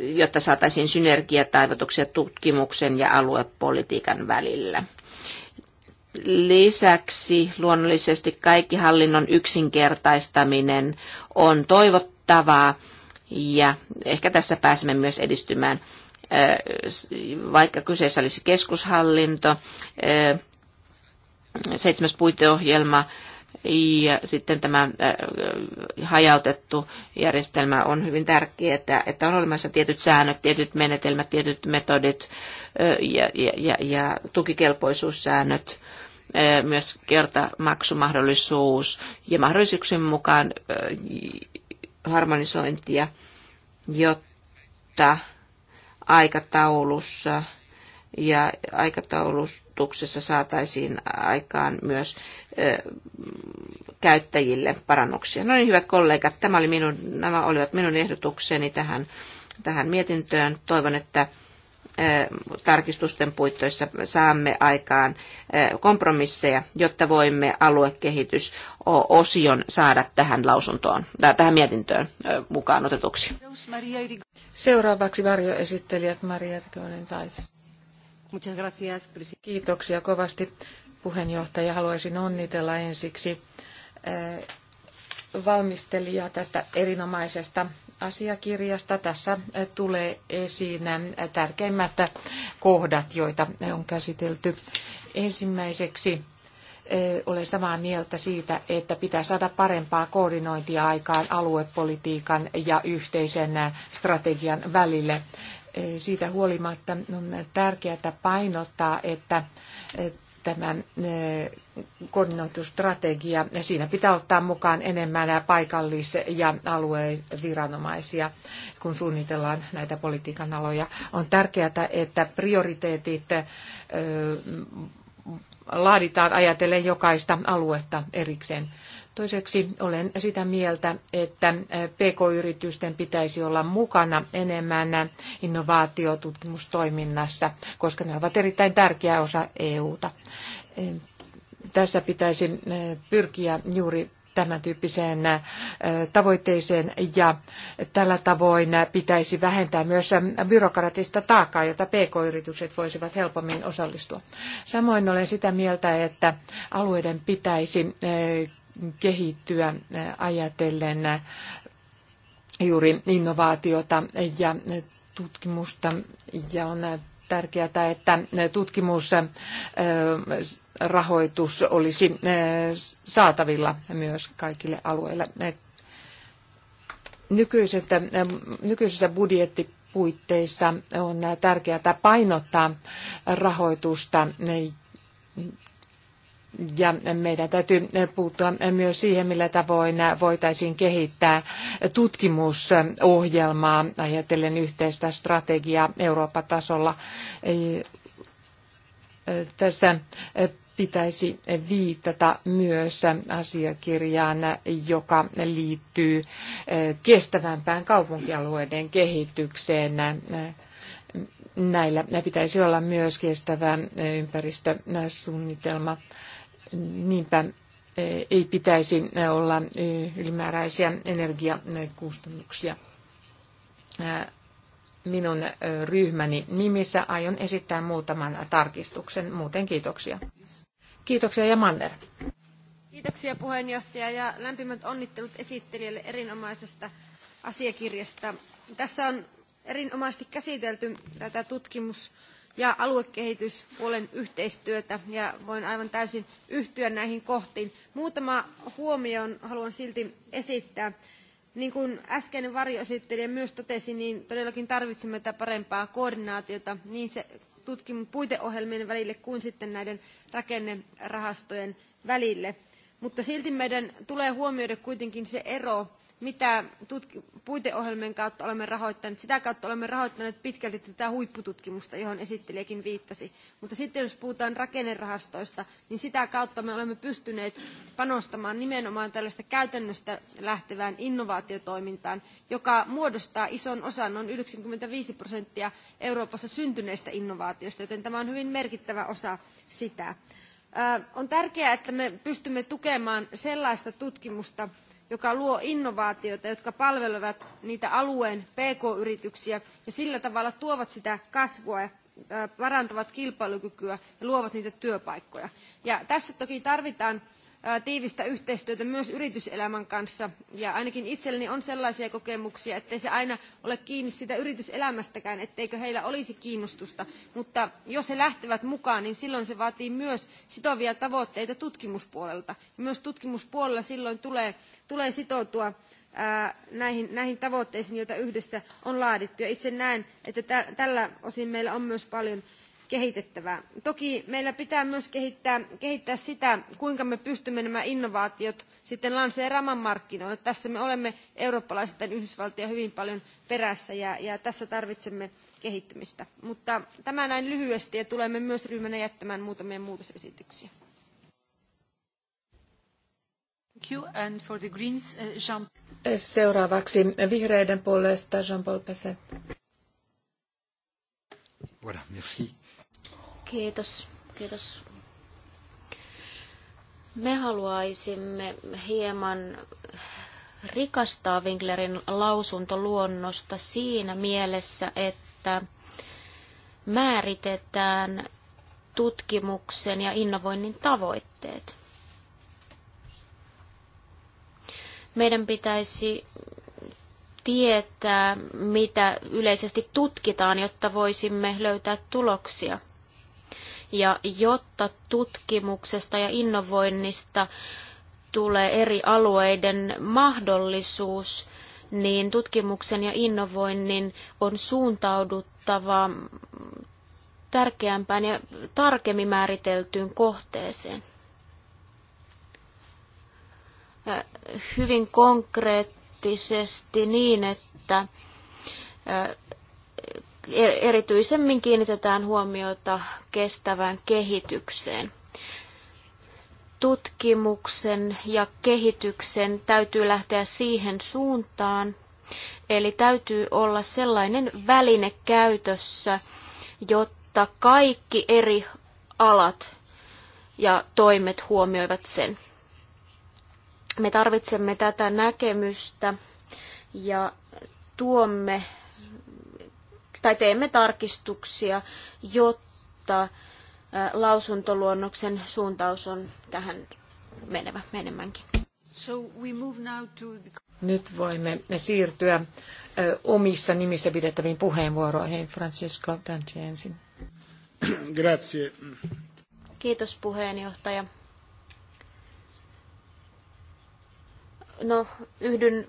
jotta saataisiin synergiataivotuksia tutkimuksen ja aluepolitiikan välillä. Lisäksi luonnollisesti kaikki hallinnon yksinkertaistaminen on toivottavaa ja ehkä tässä pääsemme myös edistymään, vaikka kyseessä olisi keskushallinto, seitsemäs puiteohjelma ja sitten tämä hajautettu järjestelmä on hyvin tärkeää, että on olemassa tietyt säännöt, tietyt menetelmät, tietyt metodit ja, ja, ja, ja tukikelpoisuussäännöt myös kertamaksumahdollisuus ja mahdollisuuksien mukaan harmonisointia, jotta aikataulussa ja aikataulutuksessa saataisiin aikaan myös käyttäjille parannuksia. No niin, hyvät kollegat, tämä oli minun, nämä olivat minun ehdotukseni tähän, tähän mietintöön. Toivon, että tarkistusten puitteissa saamme aikaan kompromisseja, jotta voimme aluekehitysosion saada tähän lausuntoon tähän mietintöön mukaan otetuksi. Seuraavaksi varjoesittelijät Maria Tkönen Tais. Kiitoksia kovasti puheenjohtaja. Haluaisin onnitella ensiksi valmistelijaa tästä erinomaisesta asiakirjasta. Tässä tulee esiin tärkeimmät kohdat, joita on käsitelty. Ensimmäiseksi olen samaa mieltä siitä, että pitää saada parempaa koordinointia aikaan aluepolitiikan ja yhteisen strategian välille. Siitä huolimatta on tärkeää painottaa, että tämä eh, koordinoitustrategia. Siinä pitää ottaa mukaan enemmän paikallis- ja alueviranomaisia, kun suunnitellaan näitä politiikan aloja. On tärkeää, että prioriteetit eh, laaditaan ajatellen jokaista aluetta erikseen. Toiseksi olen sitä mieltä, että PK-yritysten pitäisi olla mukana enemmän innovaatiotutkimustoiminnassa, koska ne ovat erittäin tärkeä osa EUta. Tässä pitäisi pyrkiä juuri tämän tyyppiseen tavoitteeseen ja tällä tavoin pitäisi vähentää myös byrokratista taakkaa, jota pk-yritykset voisivat helpommin osallistua. Samoin olen sitä mieltä, että alueiden pitäisi kehittyä ajatellen juuri innovaatiota ja tutkimusta. Ja on tärkeää, että tutkimusrahoitus olisi saatavilla myös kaikille alueille. Nykyiset, budjetti budjettipuitteissa on tärkeää painottaa rahoitusta ja meidän täytyy puuttua myös siihen, millä tavoin voitaisiin kehittää tutkimusohjelmaa ajatellen yhteistä strategiaa Eurooppa-tasolla. Tässä pitäisi viitata myös asiakirjaan, joka liittyy kestävämpään kaupunkialueiden kehitykseen näillä pitäisi olla myös kestävä ympäristösuunnitelma. Niinpä e, ei pitäisi e, olla e, ylimääräisiä energiakustannuksia. Minun ryhmäni nimissä aion esittää muutaman tarkistuksen. Muuten kiitoksia. Kiitoksia ja Manner. Kiitoksia puheenjohtaja ja lämpimät onnittelut esittelijälle erinomaisesta asiakirjasta. Tässä on erinomaisesti käsitelty tätä tutkimus- ja aluekehityspuolen yhteistyötä ja voin aivan täysin yhtyä näihin kohtiin. Muutama huomio haluan silti esittää. Niin kuin äskeinen varjoesittelijä myös totesi, niin todellakin tarvitsemme tätä parempaa koordinaatiota niin se tutkimus puiteohjelmien välille kuin sitten näiden rakennerahastojen välille. Mutta silti meidän tulee huomioida kuitenkin se ero, mitä tutki- puiteohjelmien kautta olemme rahoittaneet. Sitä kautta olemme rahoittaneet pitkälti tätä huippututkimusta, johon esittelijäkin viittasi. Mutta sitten jos puhutaan rakennerahastoista, niin sitä kautta me olemme pystyneet panostamaan nimenomaan tällaista käytännöstä lähtevään innovaatiotoimintaan, joka muodostaa ison osan, noin 95 prosenttia Euroopassa syntyneistä innovaatioista, joten tämä on hyvin merkittävä osa sitä. On tärkeää, että me pystymme tukemaan sellaista tutkimusta, joka luo innovaatioita, jotka palvelevat niitä alueen pk-yrityksiä ja sillä tavalla tuovat sitä kasvua ja parantavat kilpailukykyä ja luovat niitä työpaikkoja. Ja tässä toki tarvitaan tiivistä yhteistyötä myös yrityselämän kanssa ja ainakin itselläni on sellaisia kokemuksia ettei se aina ole kiinni siitä yrityselämästäkään etteikö heillä olisi kiinnostusta mutta jos he lähtevät mukaan niin silloin se vaatii myös sitovia tavoitteita tutkimuspuolelta myös tutkimuspuolella silloin tulee, tulee sitoutua ää, näihin, näihin tavoitteisiin joita yhdessä on laadittu ja itse näen että tä, tällä osin meillä on myös paljon kehitettävää. Toki meillä pitää myös kehittää, kehittää sitä, kuinka me pystymme nämä innovaatiot sitten lanseeraamaan markkinoille. Tässä me olemme eurooppalaisittain Yhdysvaltoja hyvin paljon perässä ja, ja tässä tarvitsemme kehittymistä. Mutta tämä näin lyhyesti ja tulemme myös ryhmänä jättämään muutamia muutosesityksiä. Greens, uh, Jean... Seuraavaksi vihreiden puolesta Jean-Paul Pesset. Voilà, merci. Kiitos. Kiitos. Me haluaisimme hieman rikastaa Winklerin lausuntoluonnosta siinä mielessä, että määritetään tutkimuksen ja innovoinnin tavoitteet. Meidän pitäisi tietää, mitä yleisesti tutkitaan, jotta voisimme löytää tuloksia – ja jotta tutkimuksesta ja innovoinnista tulee eri alueiden mahdollisuus, niin tutkimuksen ja innovoinnin on suuntauduttava tärkeämpään ja tarkemmin määriteltyyn kohteeseen. Hyvin konkreettisesti niin, että Er- erityisemmin kiinnitetään huomiota kestävään kehitykseen. Tutkimuksen ja kehityksen täytyy lähteä siihen suuntaan, eli täytyy olla sellainen väline käytössä, jotta kaikki eri alat ja toimet huomioivat sen. Me tarvitsemme tätä näkemystä ja tuomme tai teemme tarkistuksia, jotta lausuntoluonnoksen suuntaus on tähän menevä menemmänkin. So we move now to the... Nyt voimme siirtyä omissa nimissä pidettäviin puheenvuoroihin. Francisco Tanci ensin. Grazie. Kiitos puheenjohtaja. No, yhdyn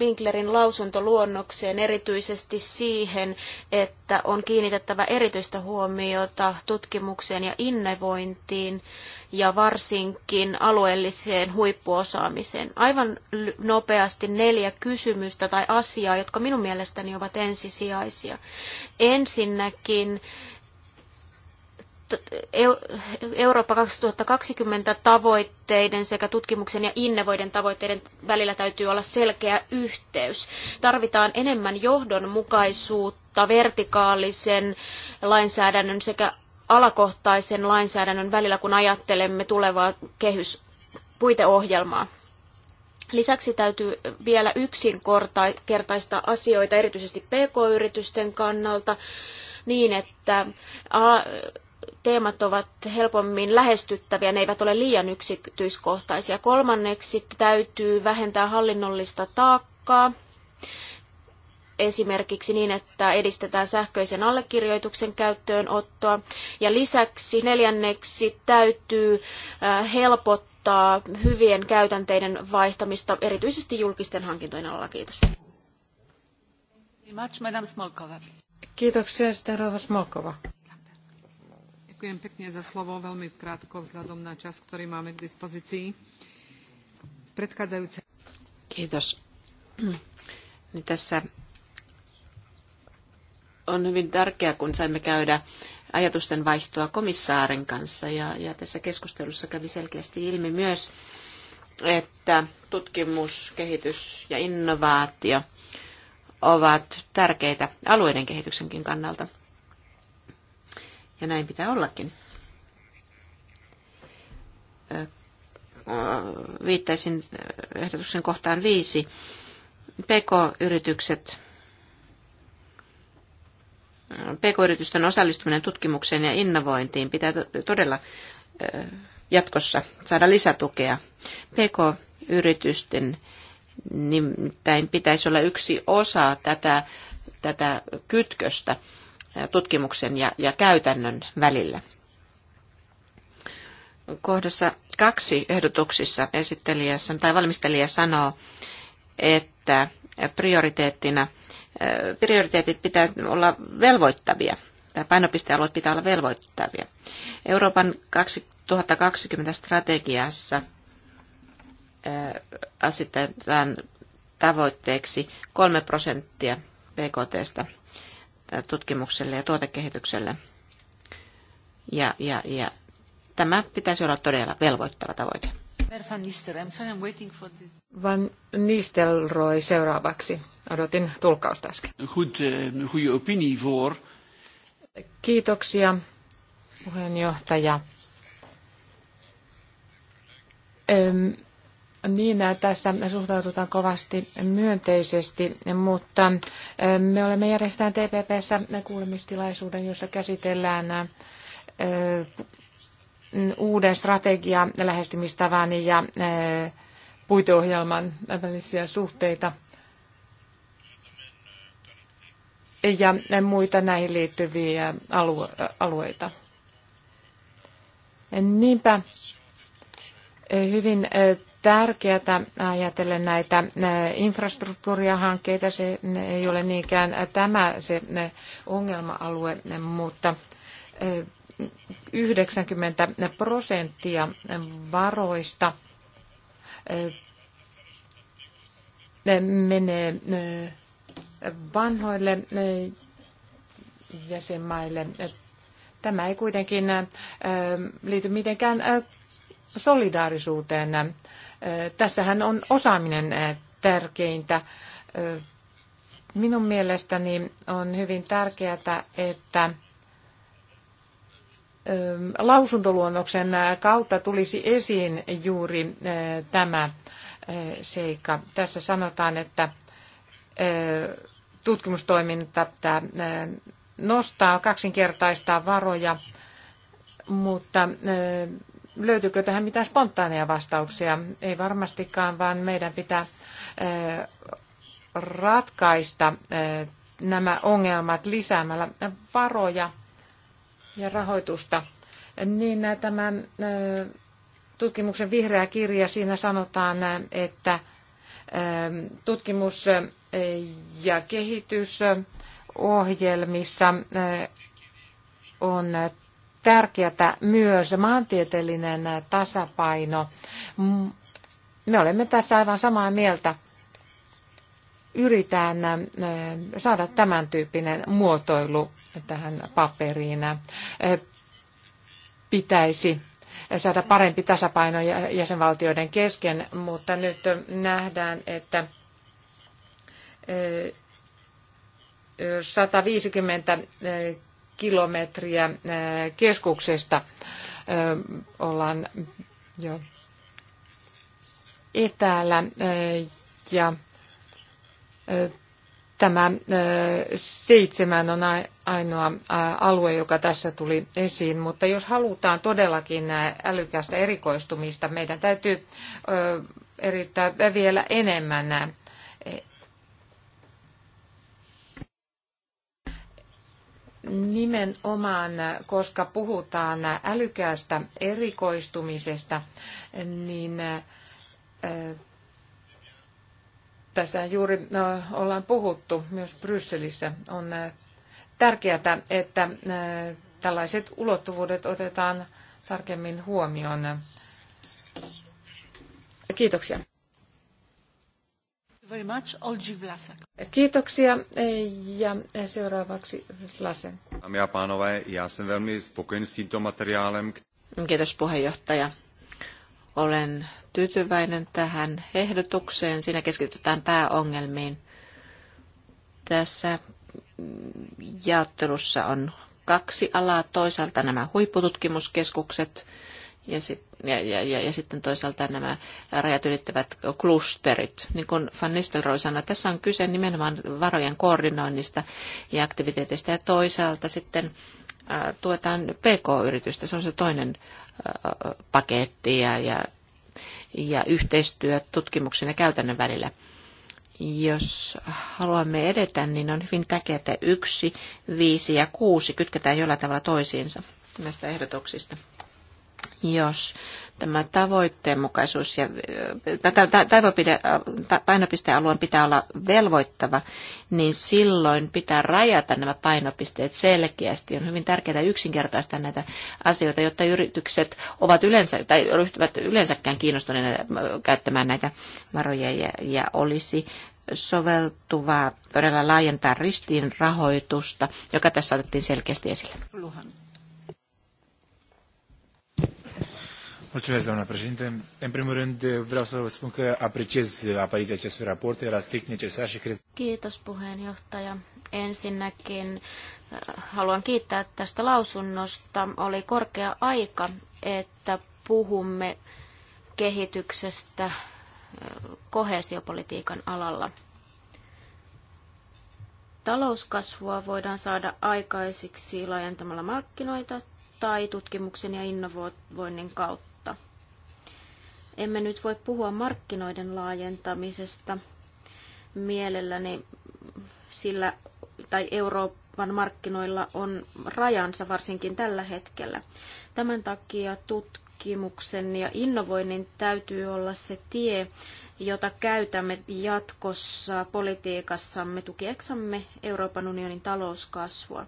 Winklerin lausuntoluonnokseen erityisesti siihen, että on kiinnitettävä erityistä huomiota tutkimukseen ja innovointiin ja varsinkin alueelliseen huippuosaamiseen. Aivan nopeasti neljä kysymystä tai asiaa, jotka minun mielestäni ovat ensisijaisia. Ensinnäkin Eurooppa 2020 tavoitteiden sekä tutkimuksen ja innovoiden tavoitteiden välillä täytyy olla selkeä yhteys. Tarvitaan enemmän johdonmukaisuutta vertikaalisen lainsäädännön sekä alakohtaisen lainsäädännön välillä, kun ajattelemme tulevaa kehyspuiteohjelmaa. Lisäksi täytyy vielä yksinkertaista asioita erityisesti pk-yritysten kannalta niin, että teemat ovat helpommin lähestyttäviä, ne eivät ole liian yksityiskohtaisia. Kolmanneksi täytyy vähentää hallinnollista taakkaa, esimerkiksi niin, että edistetään sähköisen allekirjoituksen käyttöönottoa. Ja lisäksi neljänneksi täytyy helpottaa hyvien käytänteiden vaihtamista, erityisesti julkisten hankintojen alalla. Kiitos. Kiitoksia, Smolkova. Ďakujem pekne za slovo, veľmi krátko vzhľadom na čas, ktorý máme k dispozícii. Predchádzajúce... Kiitos. Niin tässä on hyvin tärkeää, kun saimme käydä ajatusten vaihtoa komissaaren kanssa. Ja, ja tässä keskustelussa kävi selkeästi ilmi myös, että tutkimus, kehitys ja innovaatio ovat tärkeitä alueiden kehityksenkin kannalta. Ja näin pitää ollakin. Viittaisin ehdotuksen kohtaan viisi. PK-yritykset PK-yritysten osallistuminen tutkimukseen ja innovointiin pitää todella jatkossa saada lisätukea. PK-yritysten nimittäin pitäisi olla yksi osa tätä, tätä kytköstä tutkimuksen ja, ja käytännön välillä. Kohdassa kaksi ehdotuksissa esittelijässä tai valmistelija sanoo, että prioriteettina, eh, prioriteetit pitää olla velvoittavia tai painopistealueet pitää olla velvoittavia. Euroopan 2020 strategiassa eh, asetetaan tavoitteeksi 3 prosenttia BKTstä tutkimukselle ja tuotekehitykselle. Ja, ja, ja tämä pitäisi olla todella velvoittava tavoite. Van Nistelrooy seuraavaksi. Odotin tulkkausta äsken. Good, eh, goede Kiitoksia, puheenjohtaja. Öm, ehm, niin, tässä suhtaudutaan kovasti myönteisesti, mutta eh, me olemme järjestäneet TPPssä e kuulemistilaisuuden, jossa käsitellään eh, uuden strategia lähestymistavan ja eh, puiteohjelman välisiä suhteita ja muita näihin liittyviä alueita. Niinpä hyvin tärkeätä ajatellen näitä infrastruktuurihankkeita. Se ei ole niinkään tämä se ongelma-alue, mutta 90 prosenttia varoista menee vanhoille jäsenmaille. Tämä ei kuitenkin liity mitenkään solidaarisuuteen Tässähän on osaaminen tärkeintä. Minun mielestäni on hyvin tärkeää, että lausuntoluonnoksen kautta tulisi esiin juuri tämä seikka. Tässä sanotaan, että tutkimustoiminta nostaa, kaksinkertaistaa varoja, mutta löytyykö tähän mitään spontaaneja vastauksia? Ei varmastikaan, vaan meidän pitää eh, ratkaista eh, nämä ongelmat lisäämällä varoja ja rahoitusta. Niin eh, tämän tutkimuksen vihreä kirja, siinä sanotaan, että tutkimus- ja kehitysohjelmissa on tärkeää myös maantieteellinen tasapaino. Me olemme tässä aivan samaa mieltä. Yritän äh, saada tämän tyyppinen muotoilu tähän paperiin. Äh, pitäisi saada parempi tasapaino jäsenvaltioiden kesken, mutta nyt nähdään, että 150 äh, kilometriä äh, keskuksesta äh, ollaan jo etäällä äh, ja tämä seitsemän on ainoa alue, joka tässä tuli esiin, mutta jos halutaan todellakin älykästä erikoistumista, meidän täytyy eriyttää vielä enemmän nimenomaan, koska puhutaan älykäästä erikoistumisesta, niin tässä juuri ollaan puhuttu myös Brysselissä. On tärkeää, että tällaiset ulottuvuudet otetaan tarkemmin huomioon. Kiitoksia. Very much, Olgi Vlasak. Kiitoksia ja seuraavaksi Lasen. Dámy a pánové, já jsem velmi spokojen s tímto materiálem. Kiitos puheenjohtaja. Olen tyytyväinen tähän ehdotukseen. Siinä keskitytään pääongelmiin. Tässä jaottelussa on kaksi alaa. Toisaalta nämä huippututkimuskeskukset ja sitten ja, ja, ja, ja sitten toisaalta nämä rajat ylittävät klusterit. Niin kuin Van Nistelrooy sanoi, tässä on kyse nimenomaan varojen koordinoinnista ja aktiviteeteista ja toisaalta sitten ää, tuetaan PK-yritystä, se on se toinen paketti ja, ja, ja yhteistyö tutkimuksen ja käytännön välillä jos haluamme edetä, niin on hyvin tärkeää, että yksi, viisi ja kuusi kytketään jollain tavalla toisiinsa näistä ehdotuksista jos tämä tavoitteenmukaisuus ja painopistealueen pitää olla velvoittava, niin silloin pitää rajata nämä painopisteet selkeästi. On hyvin tärkeää yksinkertaistaa näitä asioita, jotta yritykset ovat yleensä, tai ryhtyvät yleensäkään kiinnostuneena käyttämään näitä varoja ja, ja olisi soveltuvaa todella laajentaa ristiin rahoitusta, joka tässä otettiin selkeästi esille. Luhan. Mulțumesc, doamna președinte. În primul rând, vreau să vă spun că apreciez apariția acestui raport, era strict necesar și cred... Kiitos, puheenjohtaja. Ensinnäkin eh, haluan kiittää tästä lausunnosta. Oli korkea aika, että puhumme kehityksestä eh, kohesiopolitiikan alalla. Talouskasvua voidaan saada aikaisiksi laajentamalla markkinoita tai tutkimuksen ja innovoinnin kautta. Emme nyt voi puhua markkinoiden laajentamisesta mielelläni, sillä tai Euroopan markkinoilla on rajansa varsinkin tällä hetkellä. Tämän takia tutkimuksen ja innovoinnin täytyy olla se tie, jota käytämme jatkossa politiikassamme tukieksamme Euroopan unionin talouskasvua.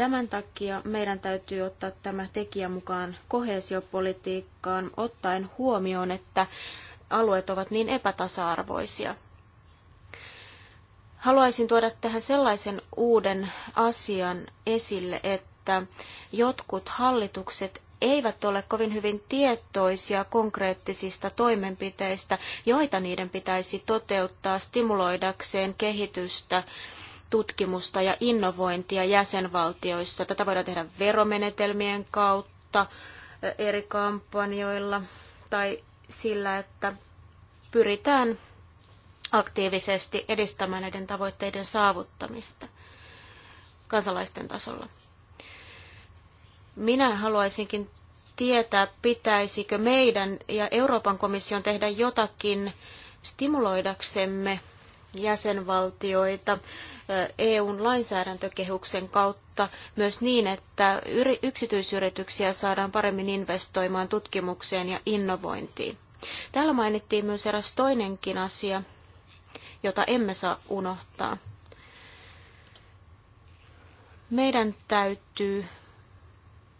Tämän takia meidän täytyy ottaa tämä tekijä mukaan kohesiopolitiikkaan, ottaen huomioon, että alueet ovat niin epätasa-arvoisia. Haluaisin tuoda tähän sellaisen uuden asian esille, että jotkut hallitukset eivät ole kovin hyvin tietoisia konkreettisista toimenpiteistä, joita niiden pitäisi toteuttaa stimuloidakseen kehitystä tutkimusta ja innovointia jäsenvaltioissa. Tätä voidaan tehdä veromenetelmien kautta, eri kampanjoilla tai sillä, että pyritään aktiivisesti edistämään näiden tavoitteiden saavuttamista kansalaisten tasolla. Minä haluaisinkin tietää, pitäisikö meidän ja Euroopan komission tehdä jotakin stimuloidaksemme jäsenvaltioita EUn lainsäädäntökehyksen kautta myös niin, että yksityisyrityksiä saadaan paremmin investoimaan tutkimukseen ja innovointiin. Täällä mainittiin myös eräs toinenkin asia, jota emme saa unohtaa. Meidän täytyy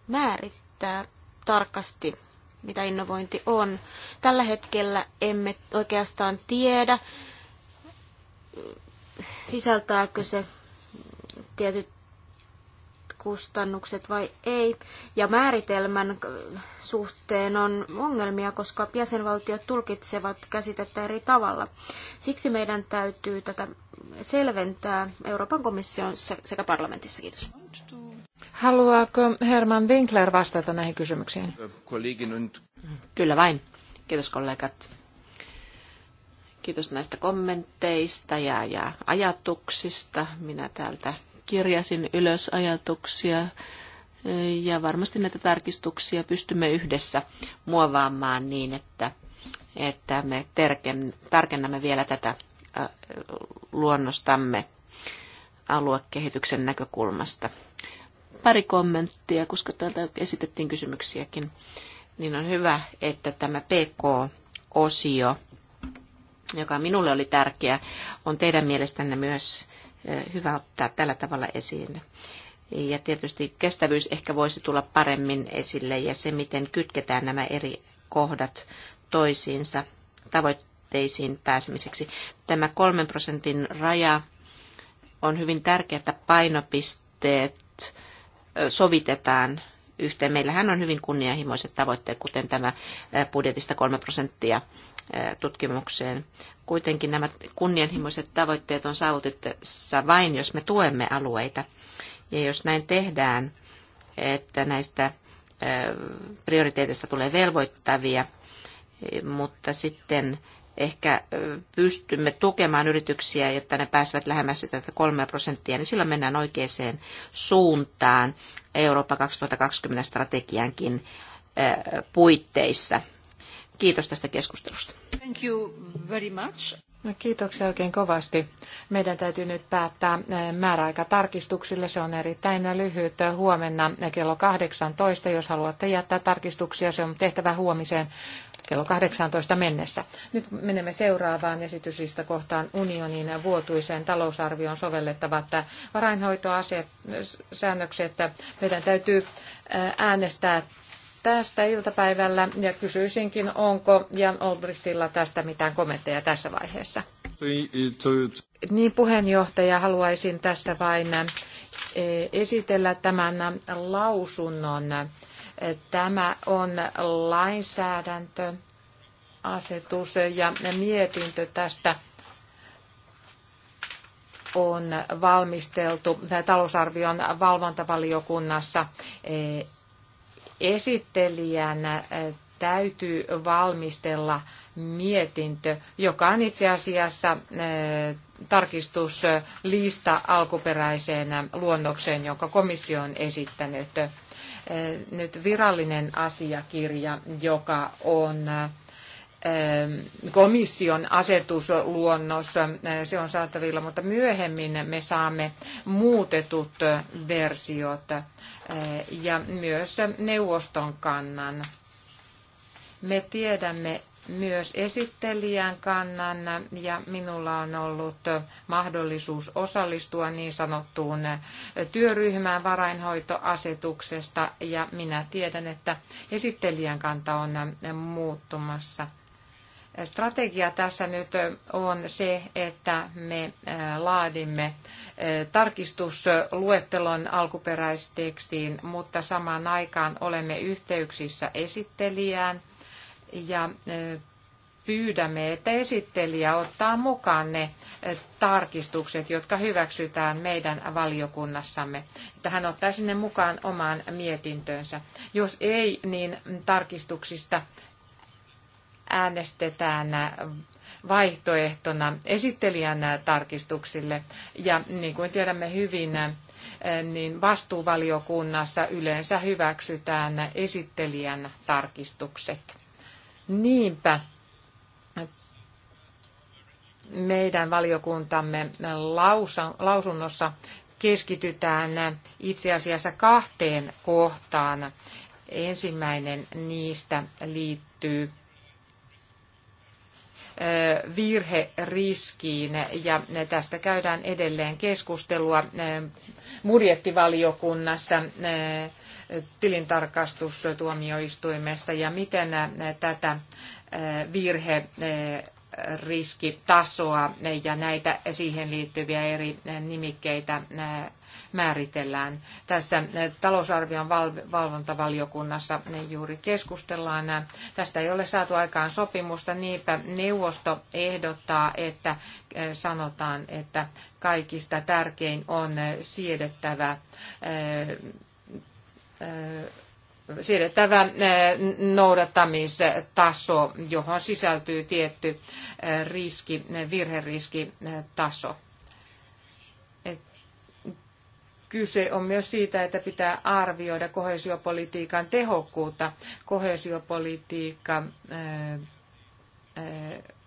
määrittää tarkasti, mitä innovointi on. Tällä hetkellä emme oikeastaan tiedä, sisältääkö se tietyt kustannukset vai ei. Ja määritelmän suhteen on ongelmia, koska jäsenvaltiot tulkitsevat käsitettä eri tavalla. Siksi meidän täytyy tätä selventää Euroopan komission sekä parlamentissa. Kiitos. Haluaako Herman Winkler vastata näihin kysymyksiin? Kyllä vain. Kiitos kollegat. Kiitos näistä kommenteista ja, ja ajatuksista. Minä täältä kirjasin ylös ajatuksia eh, ja varmasti näitä tarkistuksia pystymme yhdessä muovaamaan niin, että, että me tarkennamme vielä tätä eh, luonnostamme aluekehityksen näkökulmasta. Pari kommenttia, koska täältä esitettiin kysymyksiäkin, niin on hyvä, että tämä PK-osio – joka minulle oli tärkeä, on teidän mielestänne myös hyvä ottaa tällä tavalla esiin. Ja tietysti kestävyys ehkä voisi tulla paremmin esille ja se, miten kytketään nämä eri kohdat toisiinsa tavoitteisiin pääsemiseksi. Tämä kolmen prosentin raja on hyvin tärkeää, että painopisteet sovitetaan yhteen. Meillähän on hyvin kunnianhimoiset tavoitteet, kuten tämä budjetista 3 prosenttia tutkimukseen. Kuitenkin nämä kunnianhimoiset tavoitteet on saavutettavissa vain, jos me tuemme alueita. Ja jos näin tehdään, että näistä prioriteeteista tulee velvoittavia, mutta sitten ehkä pystymme tukemaan yrityksiä, jotta ne pääsevät lähemmäs sitä kolmea prosenttia, niin silloin mennään oikeaan suuntaan Eurooppa 2020 strategiankin puitteissa. Kiitos tästä keskustelusta. Thank you very much. No, kiitoksia oikein kovasti. Meidän täytyy nyt päättää eh, määräaika tarkistuksille. Se on erittäin lyhyt huomenna kello 18. Jos haluatte jättää tarkistuksia, se on tehtävä huomiseen kello 18 mennessä. Nyt menemme seuraavaan esityslista kohtaan unionin ja vuotuiseen talousarvioon sovellettavat säännökset, Meidän täytyy eh, äänestää tästä iltapäivällä ja kysyisinkin, onko Jan Olbrichtilla tästä mitään kommentteja tässä vaiheessa. Niin puheenjohtaja, haluaisin tässä vain eh, esitellä tämän lausunnon. Tämä on lainsäädäntö, asetus ja mietintö tästä on valmisteltu talousarvion valvontavaliokunnassa eh, esittelijän äh, täytyy valmistella mietintö, joka on itse asiassa äh, tarkistuslista alkuperäiseen äh, luonnokseen, jonka komissio on esittänyt. Nyt virallinen asiakirja, joka on Ehm, komission asetusluonnos, ehm, se on saatavilla, mutta myöhemmin me saamme muutetut versiot ehm, ja myös neuvoston kannan. Me tiedämme myös esittelijän kannan ja minulla on ollut mahdollisuus osallistua niin sanottuun työryhmään varainhoitoasetuksesta ja minä tiedän, että esittelijän kanta on muuttumassa – Strategia tässä nyt on se, että me laadimme tarkistusluettelon alkuperäistekstiin, mutta samaan aikaan olemme yhteyksissä esittelijään ja pyydämme, että esittelijä ottaa mukaan ne tarkistukset, jotka hyväksytään meidän valiokunnassamme. Että hän ottaisi ne mukaan omaan mietintöönsä. Jos ei, niin tarkistuksista äänestetään vaihtoehtona esittelijän tarkistuksille. Ja niin kuin tiedämme hyvin, eh, niin vastuuvaliokunnassa yleensä hyväksytään esittelijän tarkistukset. Niinpä meidän valiokuntamme lausunnossa keskitytään itse asiassa kahteen kohtaan. Ensimmäinen niistä liittyy virheriskiin ja tästä käydään edelleen keskustelua budjettivaliokunnassa tilintarkastustuomioistuimessa ja miten tätä virhe riskitasoa ja näitä siihen liittyviä eri nimikkeitä määritellään. Tässä eh, talousarvion valvontavaliokunnassa ne juuri keskustellaan. Tästä ei ole saatu aikaan sopimusta, niinpä neuvosto ehdottaa, että eh, sanotaan, että kaikista tärkein on eh, siedettävä siedettävä noudattamistaso, johon sisältyy tietty riski, virheriskitaso. Kyse on myös siitä, että pitää arvioida kohesiopolitiikan tehokkuutta. Kohesiopolitiikka äh, äh,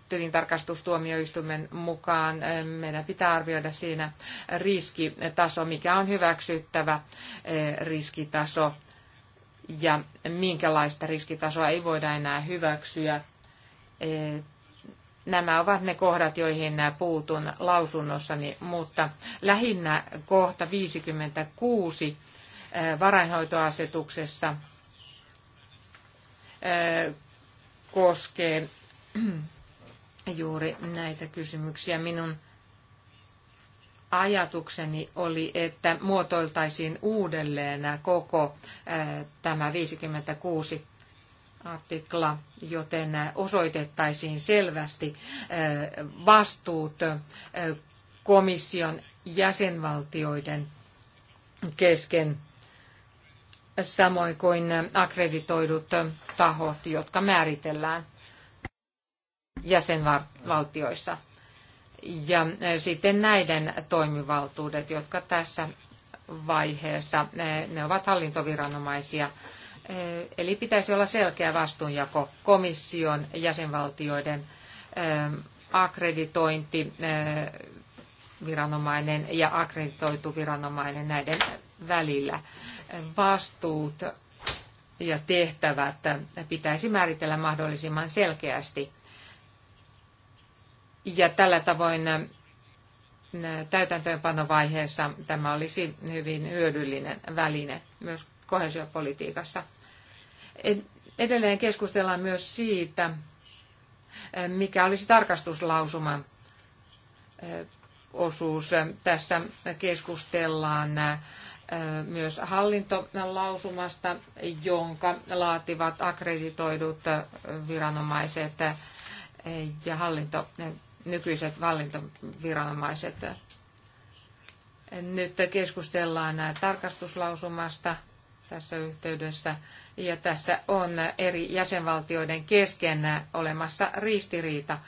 tilintarkastustuomioistuimen mukaan äh, meidän pitää arvioida siinä riskitaso, mikä on hyväksyttävä riskitaso ja minkälaista riskitasoa ei voida enää hyväksyä Nämä ovat ne kohdat, joihin puutun lausunnossani, mutta lähinnä kohta 56 eh, varainhoitoasetuksessa eh, koskee juuri näitä kysymyksiä. Minun ajatukseni oli, että muotoiltaisiin uudelleen koko eh, tämä 56 artikla, joten osoitettaisiin selvästi vastuut komission jäsenvaltioiden kesken, samoin kuin akkreditoidut tahot, jotka määritellään jäsenvaltioissa. Ja sitten näiden toimivaltuudet, jotka tässä vaiheessa, ne ovat hallintoviranomaisia Eli pitäisi olla selkeä vastuunjako komission, jäsenvaltioiden akkreditointi, viranomainen ja akkreditoitu viranomainen näiden välillä. Vastuut ja tehtävät pitäisi määritellä mahdollisimman selkeästi. Ja tällä tavoin täytäntöönpanovaiheessa tämä olisi hyvin hyödyllinen väline myös kohesiopolitiikassa. Edelleen keskustellaan myös siitä, mikä olisi tarkastuslausuman osuus. Tässä keskustellaan myös hallintolausumasta, jonka laativat akkreditoidut viranomaiset ja hallinto, nykyiset hallintoviranomaiset. Nyt keskustellaan tarkastuslausumasta tässä yhteydessä. Ja tässä on eri jäsenvaltioiden kesken olemassa ristiriita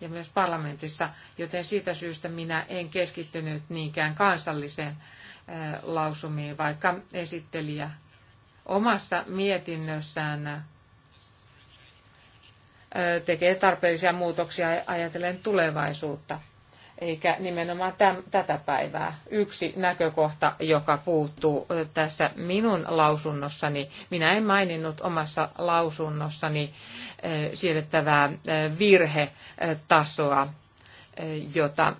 ja myös parlamentissa, joten siitä syystä minä en keskittynyt niinkään kansalliseen lausumiin, vaikka esittelijä omassa mietinnössään tekee tarpeellisia muutoksia ajatellen tulevaisuutta eikä nimenomaan täm, tätä päivää. Yksi näkökohta, joka puuttuu tässä minun lausunnossani, minä en maininnut omassa lausunnossani siirrettävää virhetasoa, jota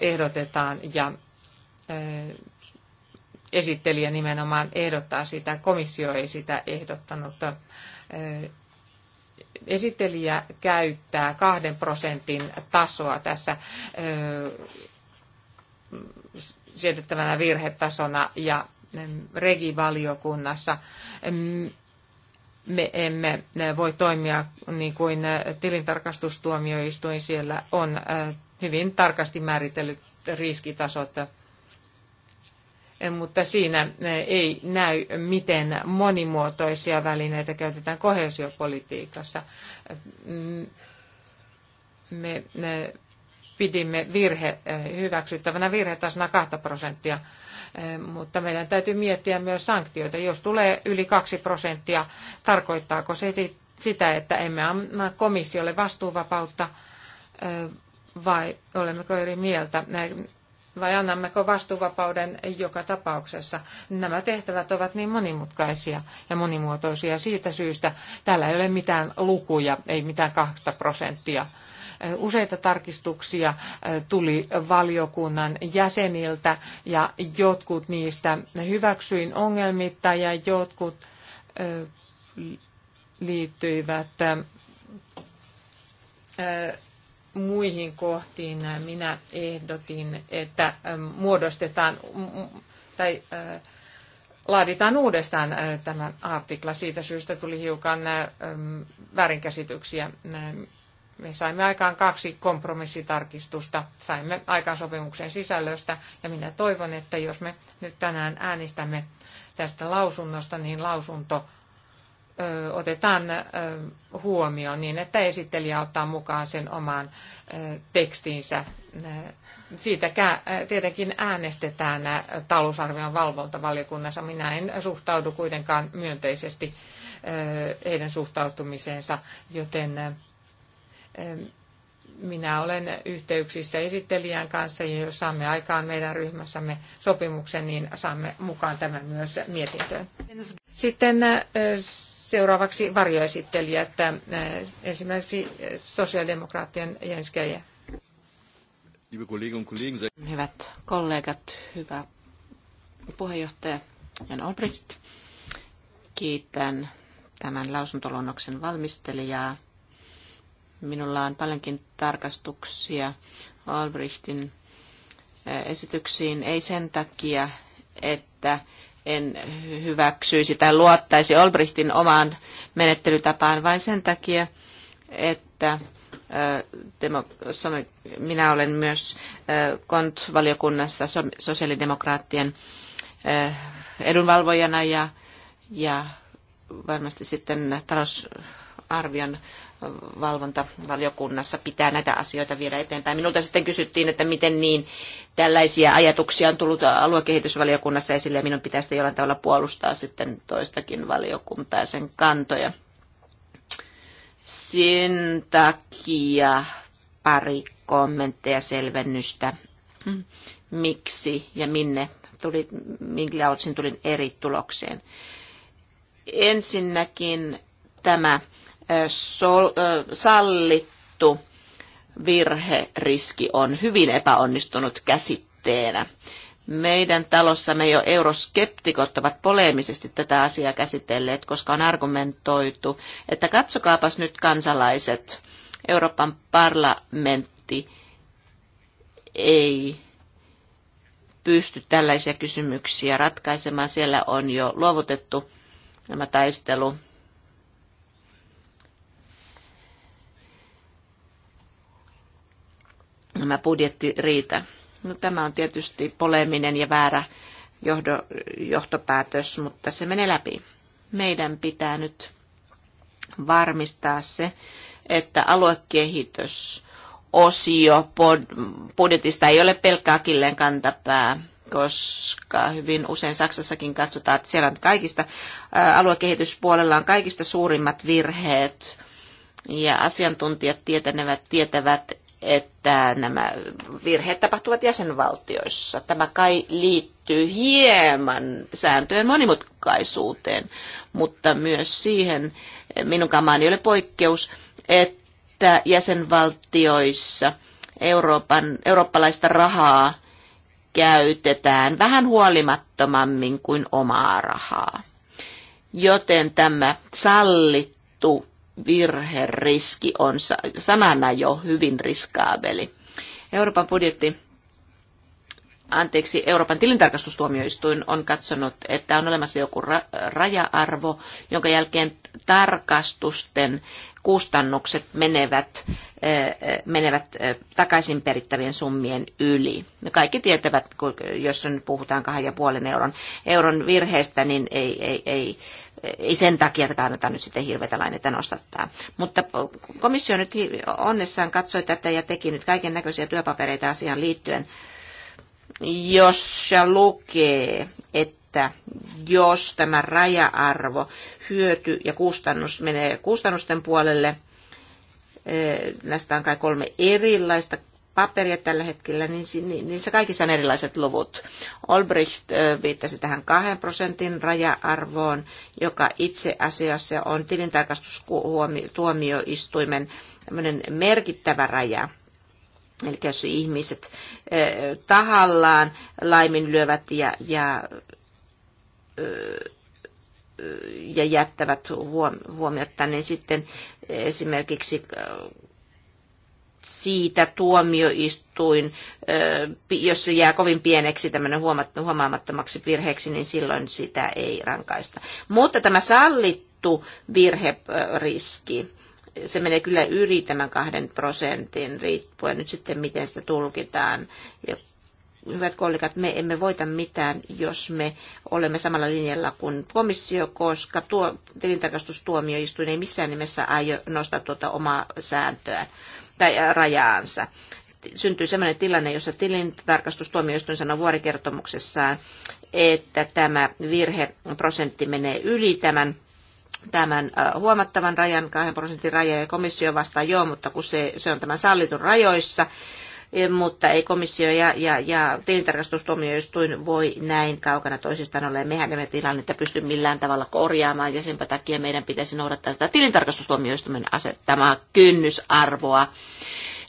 ehdotetaan ja esittelijä nimenomaan ehdottaa sitä, komissio ei sitä ehdottanut esittelijä käyttää kahden prosentin tasoa tässä siedettävänä virhetasona ja regivaliokunnassa me emme voi toimia niin kuin tilintarkastustuomioistuin siellä on hyvin tarkasti määritellyt riskitasot mutta siinä eh, ei näy, miten monimuotoisia välineitä käytetään kohesiopolitiikassa. Mm, me pidimme virhe, eh, hyväksyttävänä virhetasona 2 prosenttia, eh, mutta meidän täytyy miettiä myös sanktioita. Jos tulee yli 2 prosenttia, tarkoittaako se sitä, että emme anna komissiolle vastuuvapautta vai olemmeko eri mieltä? vai annammeko vastuuvapauden joka tapauksessa. Nämä tehtävät ovat niin monimutkaisia ja monimuotoisia siitä syystä. Täällä ei ole mitään lukuja, ei mitään kahta prosenttia. Useita tarkistuksia eh, tuli valiokunnan jäseniltä ja jotkut niistä hyväksyin ongelmitta ja jotkut eh, liittyivät eh, muihin kohtiin minä ehdotin, että ähm, muodostetaan tai äh, laaditaan uudestaan äh, tämä artikla. Siitä syystä tuli hiukan äh, ähm, väärinkäsityksiä. Me saimme aikaan kaksi kompromissitarkistusta, saimme aikaan sopimuksen sisällöstä ja minä toivon, että jos me nyt tänään äänestämme tästä lausunnosta, niin lausunto otetaan huomioon niin, että esittelijä ottaa mukaan sen omaan tekstiinsä. Siitä tietenkin äänestetään talousarvion valvontavaliokunnassa. Minä en suhtaudu kuitenkaan myönteisesti heidän suhtautumiseensa, joten minä olen yhteyksissä esittelijän kanssa ja jos saamme aikaan meidän ryhmässämme sopimuksen, niin saamme mukaan tämän myös mietintöön. Sitten Seuraavaksi että esimerkiksi sosiaalidemokraattien Jens Geijer. Hyvät kollegat, hyvä puheenjohtaja Jan Olbricht. Kiitän tämän lausuntoluonnoksen valmistelijaa. Minulla on paljonkin tarkastuksia Albrechtin esityksiin, ei sen takia, että en hyväksyisi tai luottaisi Olbrichtin omaan menettelytapaan vain sen takia, että minä olen myös KONT-valiokunnassa sosiaalidemokraattien edunvalvojana ja, ja varmasti sitten talousarvion valvontavaliokunnassa pitää näitä asioita viedä eteenpäin. Minulta sitten kysyttiin, että miten niin tällaisia ajatuksia on tullut aluekehitysvaliokunnassa esille ja minun pitää sitten jollain tavalla puolustaa sitten toistakin valiokuntaa ja sen kantoja. Sen takia pari kommentteja selvennystä, miksi ja minne tuli, minkä otsin tulin eri tulokseen. Ensinnäkin tämä sol, sallittu virheriski on hyvin epäonnistunut käsitteenä. Meidän talossamme jo euroskeptikot ovat poleemisesti tätä asiaa käsitelleet, koska on argumentoitu, että katsokaapas nyt kansalaiset, Euroopan parlamentti ei pysty tällaisia kysymyksiä ratkaisemaan. Siellä on jo luovutettu nämä taistelu nämä budjetti riitä. No, tämä on tietysti poleminen ja väärä johdo, johtopäätös, mutta se menee läpi. Meidän pitää nyt varmistaa se, että aluekehitys osio budjetista ei ole pelkkää killeen kantapää, koska hyvin usein Saksassakin katsotaan, että siellä on kaikista aluekehityspuolella on kaikista suurimmat virheet. Ja asiantuntijat tietävät, tietävät että nämä virheet tapahtuvat jäsenvaltioissa. Tämä kai liittyy hieman sääntöjen monimutkaisuuteen, mutta myös siihen, minunkaan maani ei ole poikkeus, että jäsenvaltioissa Euroopan, eurooppalaista rahaa käytetään vähän huolimattomammin kuin omaa rahaa. Joten tämä sallittu virheriski on sanana jo hyvin riskaabeli. Euroopan budjetti, anteeksi, Euroopan tilintarkastustuomioistuin on katsonut, että on olemassa joku ra- raja-arvo, jonka jälkeen tarkastusten kustannukset menevät, eh, eh, menevät eh, takaisin perittävien summien yli. No kaikki tietävät, jos nyt puhutaan 2,5 euron, euron virheestä, niin ei, ei, ei, ei sen takia että kannata nyt sitten hirveätä lainetta nostattaa. Mutta komissio nyt onnessaan katsoi tätä ja teki nyt kaiken näköisiä työpapereita asiaan liittyen, jossa lukee, että jos tämä raja-arvo, hyöty ja kustannus menee kustannusten puolelle, eh, näistä on kai kolme erilaista paperia tällä hetkellä, niin, niin niissä kaikissa on erilaiset luvut. Olbricht viittasi tähän kahden prosentin raja-arvoon, joka itse asiassa on tilintarkastustuomioistuimen merkittävä raja. Eli jos ihmiset tahallaan laiminlyövät ja, ja, ja jättävät huomiota, niin sitten esimerkiksi siitä tuomioistuin, jos se jää kovin pieneksi tämmöinen huomaamattomaksi virheeksi, niin silloin sitä ei rankaista. Mutta tämä sallittu virheriski, se menee kyllä yli tämän kahden prosentin, riippuen nyt sitten miten sitä tulkitaan. Ja hyvät kollegat, me emme voita mitään, jos me olemme samalla linjalla kuin komissio, koska tuo tilintarkastustuomioistuin ei missään nimessä aio nostaa tuota omaa sääntöä tai rajaansa. Syntyy sellainen tilanne, jossa tilintarkastustuomioistuin sanoo vuorikertomuksessaan, että tämä virheprosentti menee yli tämän tämän huomattavan rajan, 2 prosentin rajan, ja komissio vastaa joo, mutta kun se, se on tämän sallitun rajoissa, Eh, mutta ei komissio ja, ja, ja tilintarkastustuomioistuin voi näin kaukana toisistaan olla. Mehän emme tilannetta pysty millään tavalla korjaamaan ja sen takia meidän pitäisi noudattaa tätä tilintarkastustuomioistuimen asettamaa kynnysarvoa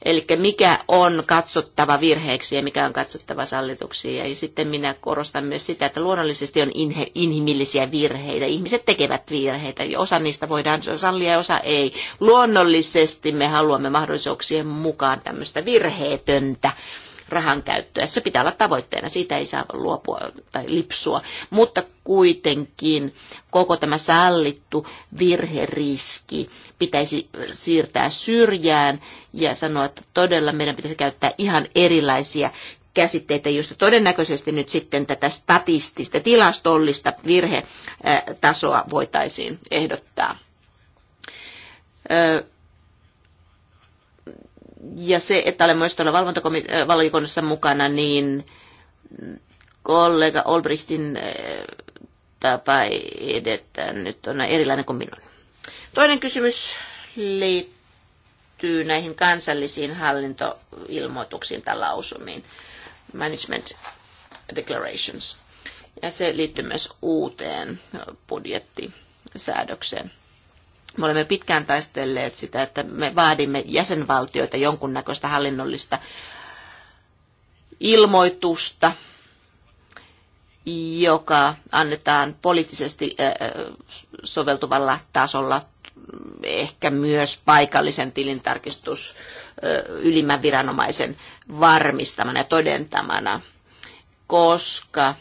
Eli mikä on katsottava virheeksi ja mikä on katsottava sallituksi. Ja sitten minä korostan myös sitä, että luonnollisesti on inhimillisiä virheitä. Ihmiset tekevät virheitä ja osa niistä voidaan sallia ja osa ei. Luonnollisesti me haluamme mahdollisuuksien mukaan tämmöistä virheetöntä rahan käyttöä. Se pitää olla tavoitteena, siitä ei saa luopua tai lipsua. Mutta kuitenkin koko tämä sallittu virheriski pitäisi siirtää syrjään ja sanoa, että todella meidän pitäisi käyttää ihan erilaisia käsitteitä, joista todennäköisesti nyt sitten tätä statistista, tilastollista virhetasoa voitaisiin ehdottaa ja se, että olen myös tuolla valvontavaliokunnassa äh, mukana, niin kollega Olbrichtin äh, tapa edetä nyt on erilainen kuin minun. Toinen kysymys liittyy näihin kansallisiin hallintoilmoituksiin tai lausumiin, management declarations. Ja se liittyy myös uuteen budjettisäädökseen. Me olemme pitkään taistelleet sitä, että me vaadimme jäsenvaltioita jonkunnäköistä hallinnollista ilmoitusta, joka annetaan poliittisesti äh, äh, soveltuvalla tasolla ehkä myös paikallisen tilintarkistus äh, ylimmän viranomaisen varmistamana ja todentamana, koska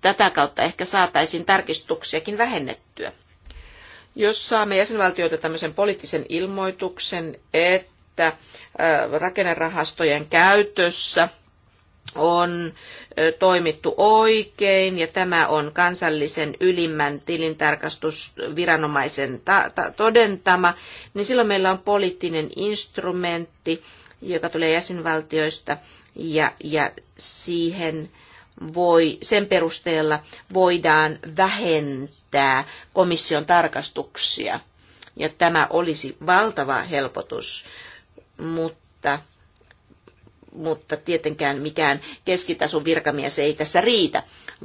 tätä kautta ehkä saataisiin tarkistuksiakin vähennettyä. Jos saamme jäsenvaltioita tämmöisen poliittisen ilmoituksen, että rakennerahastojen käytössä on toimittu oikein ja tämä on kansallisen ylimmän tilintarkastusviranomaisen todentama, niin silloin meillä on poliittinen instrumentti, joka tulee jäsenvaltioista ja, ja siihen voi, sen perusteella voidaan vähentää komission tarkastuksia. Ja tämä olisi valtava helpotus, mutta, mutta tietenkään mikään keskitason virkamies ei tässä riitä,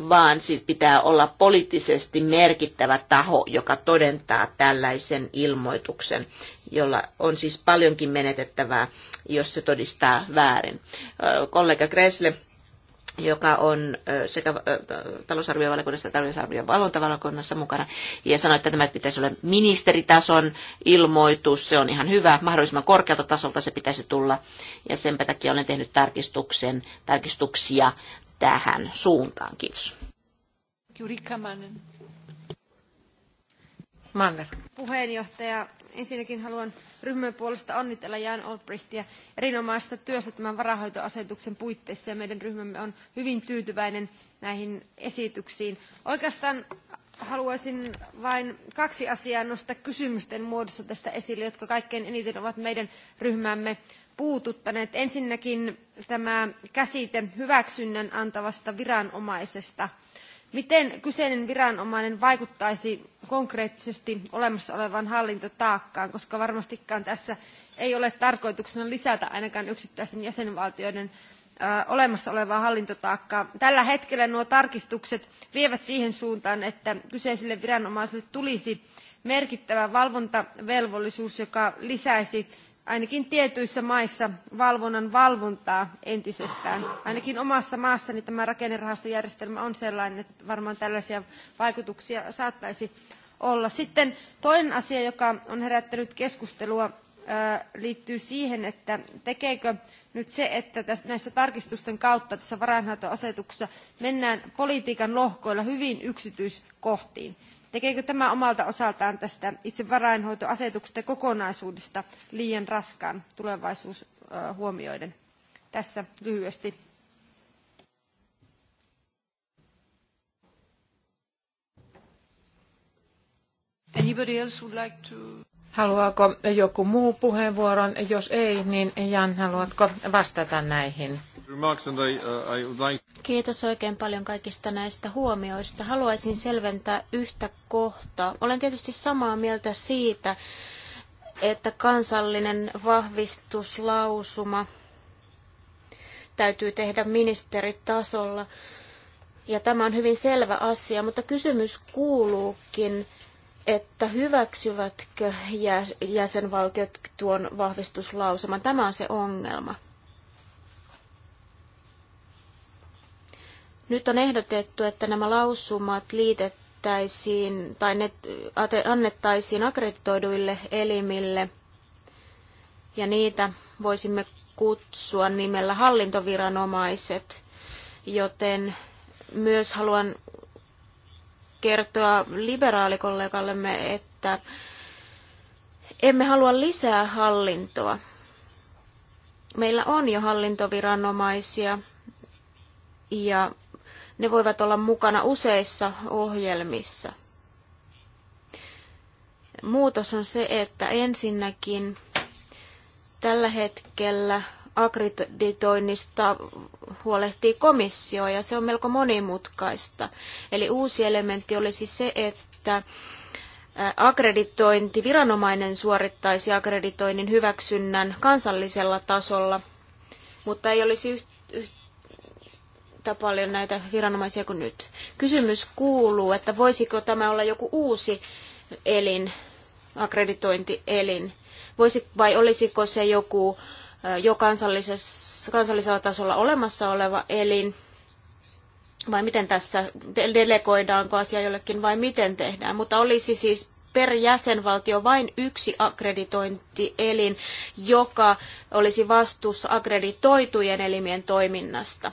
vaan siitä pitää olla poliittisesti merkittävä taho, joka todentaa tällaisen ilmoituksen, jolla on siis paljonkin menetettävää, jos se todistaa väärin. Kollega Kresle joka on sekä talousarviovalokunnassa että talousarvion valvontavaliokunnassa mukana, ja sanoi, että tämä pitäisi olla ministeritason ilmoitus, se on ihan hyvä, mahdollisimman korkealta tasolta se pitäisi tulla, ja sen takia olen tehnyt tarkistuksen, tarkistuksia tähän suuntaan. Kiitos. Manner. Puheenjohtaja, ensinnäkin haluan ryhmän puolesta onnitella Jan Olbrichtia erinomaisesta työstä tämän varahoitoasetuksen puitteissa ja meidän ryhmämme on hyvin tyytyväinen näihin esityksiin. Oikeastaan haluaisin vain kaksi asiaa nostaa kysymysten muodossa tästä esille, jotka kaikkein eniten ovat meidän ryhmämme puututtaneet. Ensinnäkin tämä käsite hyväksynnän antavasta viranomaisesta – Miten kyseinen viranomainen vaikuttaisi konkreettisesti olemassa olevaan hallintotaakkaan, koska varmastikaan tässä ei ole tarkoituksena lisätä ainakaan yksittäisten jäsenvaltioiden olemassa olevaa hallintotaakkaa. Tällä hetkellä nuo tarkistukset vievät siihen suuntaan, että kyseisille viranomaisille tulisi merkittävä valvontavelvollisuus, joka lisäisi ainakin tietyissä maissa valvonnan valvontaa entisestään. Ainakin omassa maassani tämä rakennerahastojärjestelmä on sellainen, että varmaan tällaisia vaikutuksia saattaisi olla. Sitten toinen asia, joka on herättänyt keskustelua, liittyy siihen, että tekeekö nyt se, että näissä tarkistusten kautta tässä varainhoitoasetuksessa mennään politiikan lohkoilla hyvin yksityiskohtiin. Tekeekö tämä omalta osaltaan tästä itse varainhoitoasetuksesta kokonaisuudesta liian raskaan tulevaisuus huomioiden? Tässä lyhyesti Anybody else would like to... Haluaako joku muu puheenvuoron? Jos ei, niin Jan, haluatko vastata näihin Uh, Kiitos oikein paljon kaikista näistä huomioista. Haluaisin selventää yhtä kohtaa. Olen tietysti samaa mieltä siitä, että kansallinen vahvistuslausuma täytyy tehdä ministeritasolla. Ja tämä on hyvin selvä asia, mutta kysymys kuuluukin, että hyväksyvätkö jäsenvaltiot tuon vahvistuslausuman. Tämä on se ongelma. Nyt on ehdotettu, että nämä lausumat liitettäisiin tai ne annettaisiin akkreditoiduille elimille ja niitä voisimme kutsua nimellä hallintoviranomaiset, joten myös haluan kertoa liberaalikollegallemme, että emme halua lisää hallintoa. Meillä on jo hallintoviranomaisia ja ne voivat olla mukana useissa ohjelmissa. Muutos on se, että ensinnäkin tällä hetkellä akkreditoinnista huolehtii komissio ja se on melko monimutkaista. Eli uusi elementti olisi se, että akkreditointi, viranomainen suorittaisi akkreditoinnin hyväksynnän kansallisella tasolla, mutta ei olisi yhtä paljon näitä viranomaisia kuin nyt. Kysymys kuuluu, että voisiko tämä olla joku uusi elin, akkreditointielin, Voisi, vai olisiko se joku jo kansallisella tasolla olemassa oleva elin, vai miten tässä delegoidaanko asia jollekin vai miten tehdään, mutta olisi siis per jäsenvaltio vain yksi akkreditointielin, joka olisi vastuussa akkreditoitujen elimien toiminnasta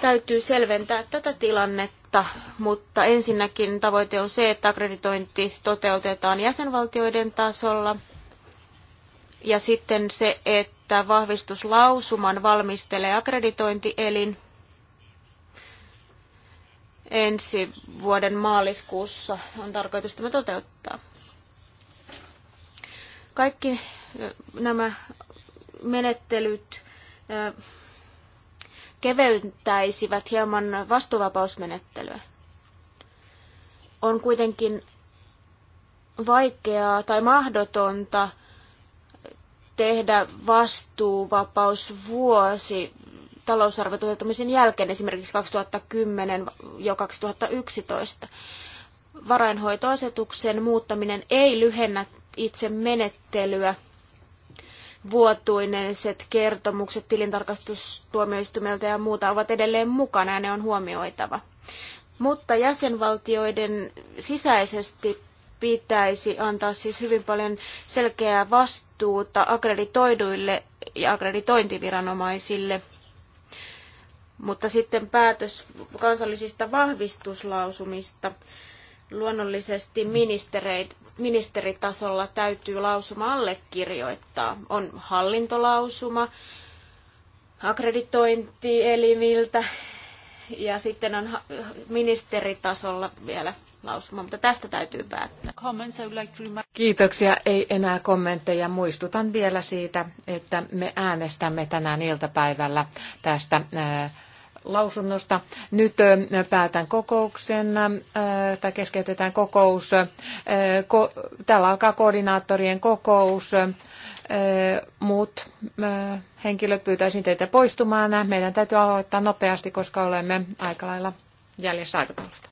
täytyy selventää tätä tilannetta, mutta ensinnäkin tavoite on se, että akkreditointi toteutetaan jäsenvaltioiden tasolla ja sitten se, että vahvistuslausuman valmistelee akkreditointielin ensi vuoden maaliskuussa on tarkoitus tämä toteuttaa. Kaikki nämä menettelyt keventäisivät hieman vastuvapausmenettelyä. On kuitenkin vaikeaa tai mahdotonta tehdä vastuuvapausvuosi vuosi toteuttamisen jälkeen, esimerkiksi 2010 ja 2011. Varainhoitoasetuksen muuttaminen ei lyhennä itse menettelyä – vuotuiset kertomukset tilintarkastustuomioistuimelta ja muuta ovat edelleen mukana ja ne on huomioitava. Mutta jäsenvaltioiden sisäisesti pitäisi antaa siis hyvin paljon selkeää vastuuta akkreditoiduille ja akkreditointiviranomaisille. Mutta sitten päätös kansallisista vahvistuslausumista luonnollisesti ministereiden ministeritasolla täytyy lausuma allekirjoittaa. On hallintolausuma akkreditointielimiltä ja sitten on ministeritasolla vielä lausuma, mutta tästä täytyy päättää. Kiitoksia, ei enää kommentteja. Muistutan vielä siitä, että me äänestämme tänään iltapäivällä tästä äh, lausunnosta. Nyt päätän kokouksen tai keskeytetään kokous. Täällä alkaa koordinaattorien kokous. Muut henkilöt pyytäisin teitä poistumaan. Meidän täytyy aloittaa nopeasti, koska olemme aika lailla jäljessä aikataulusta.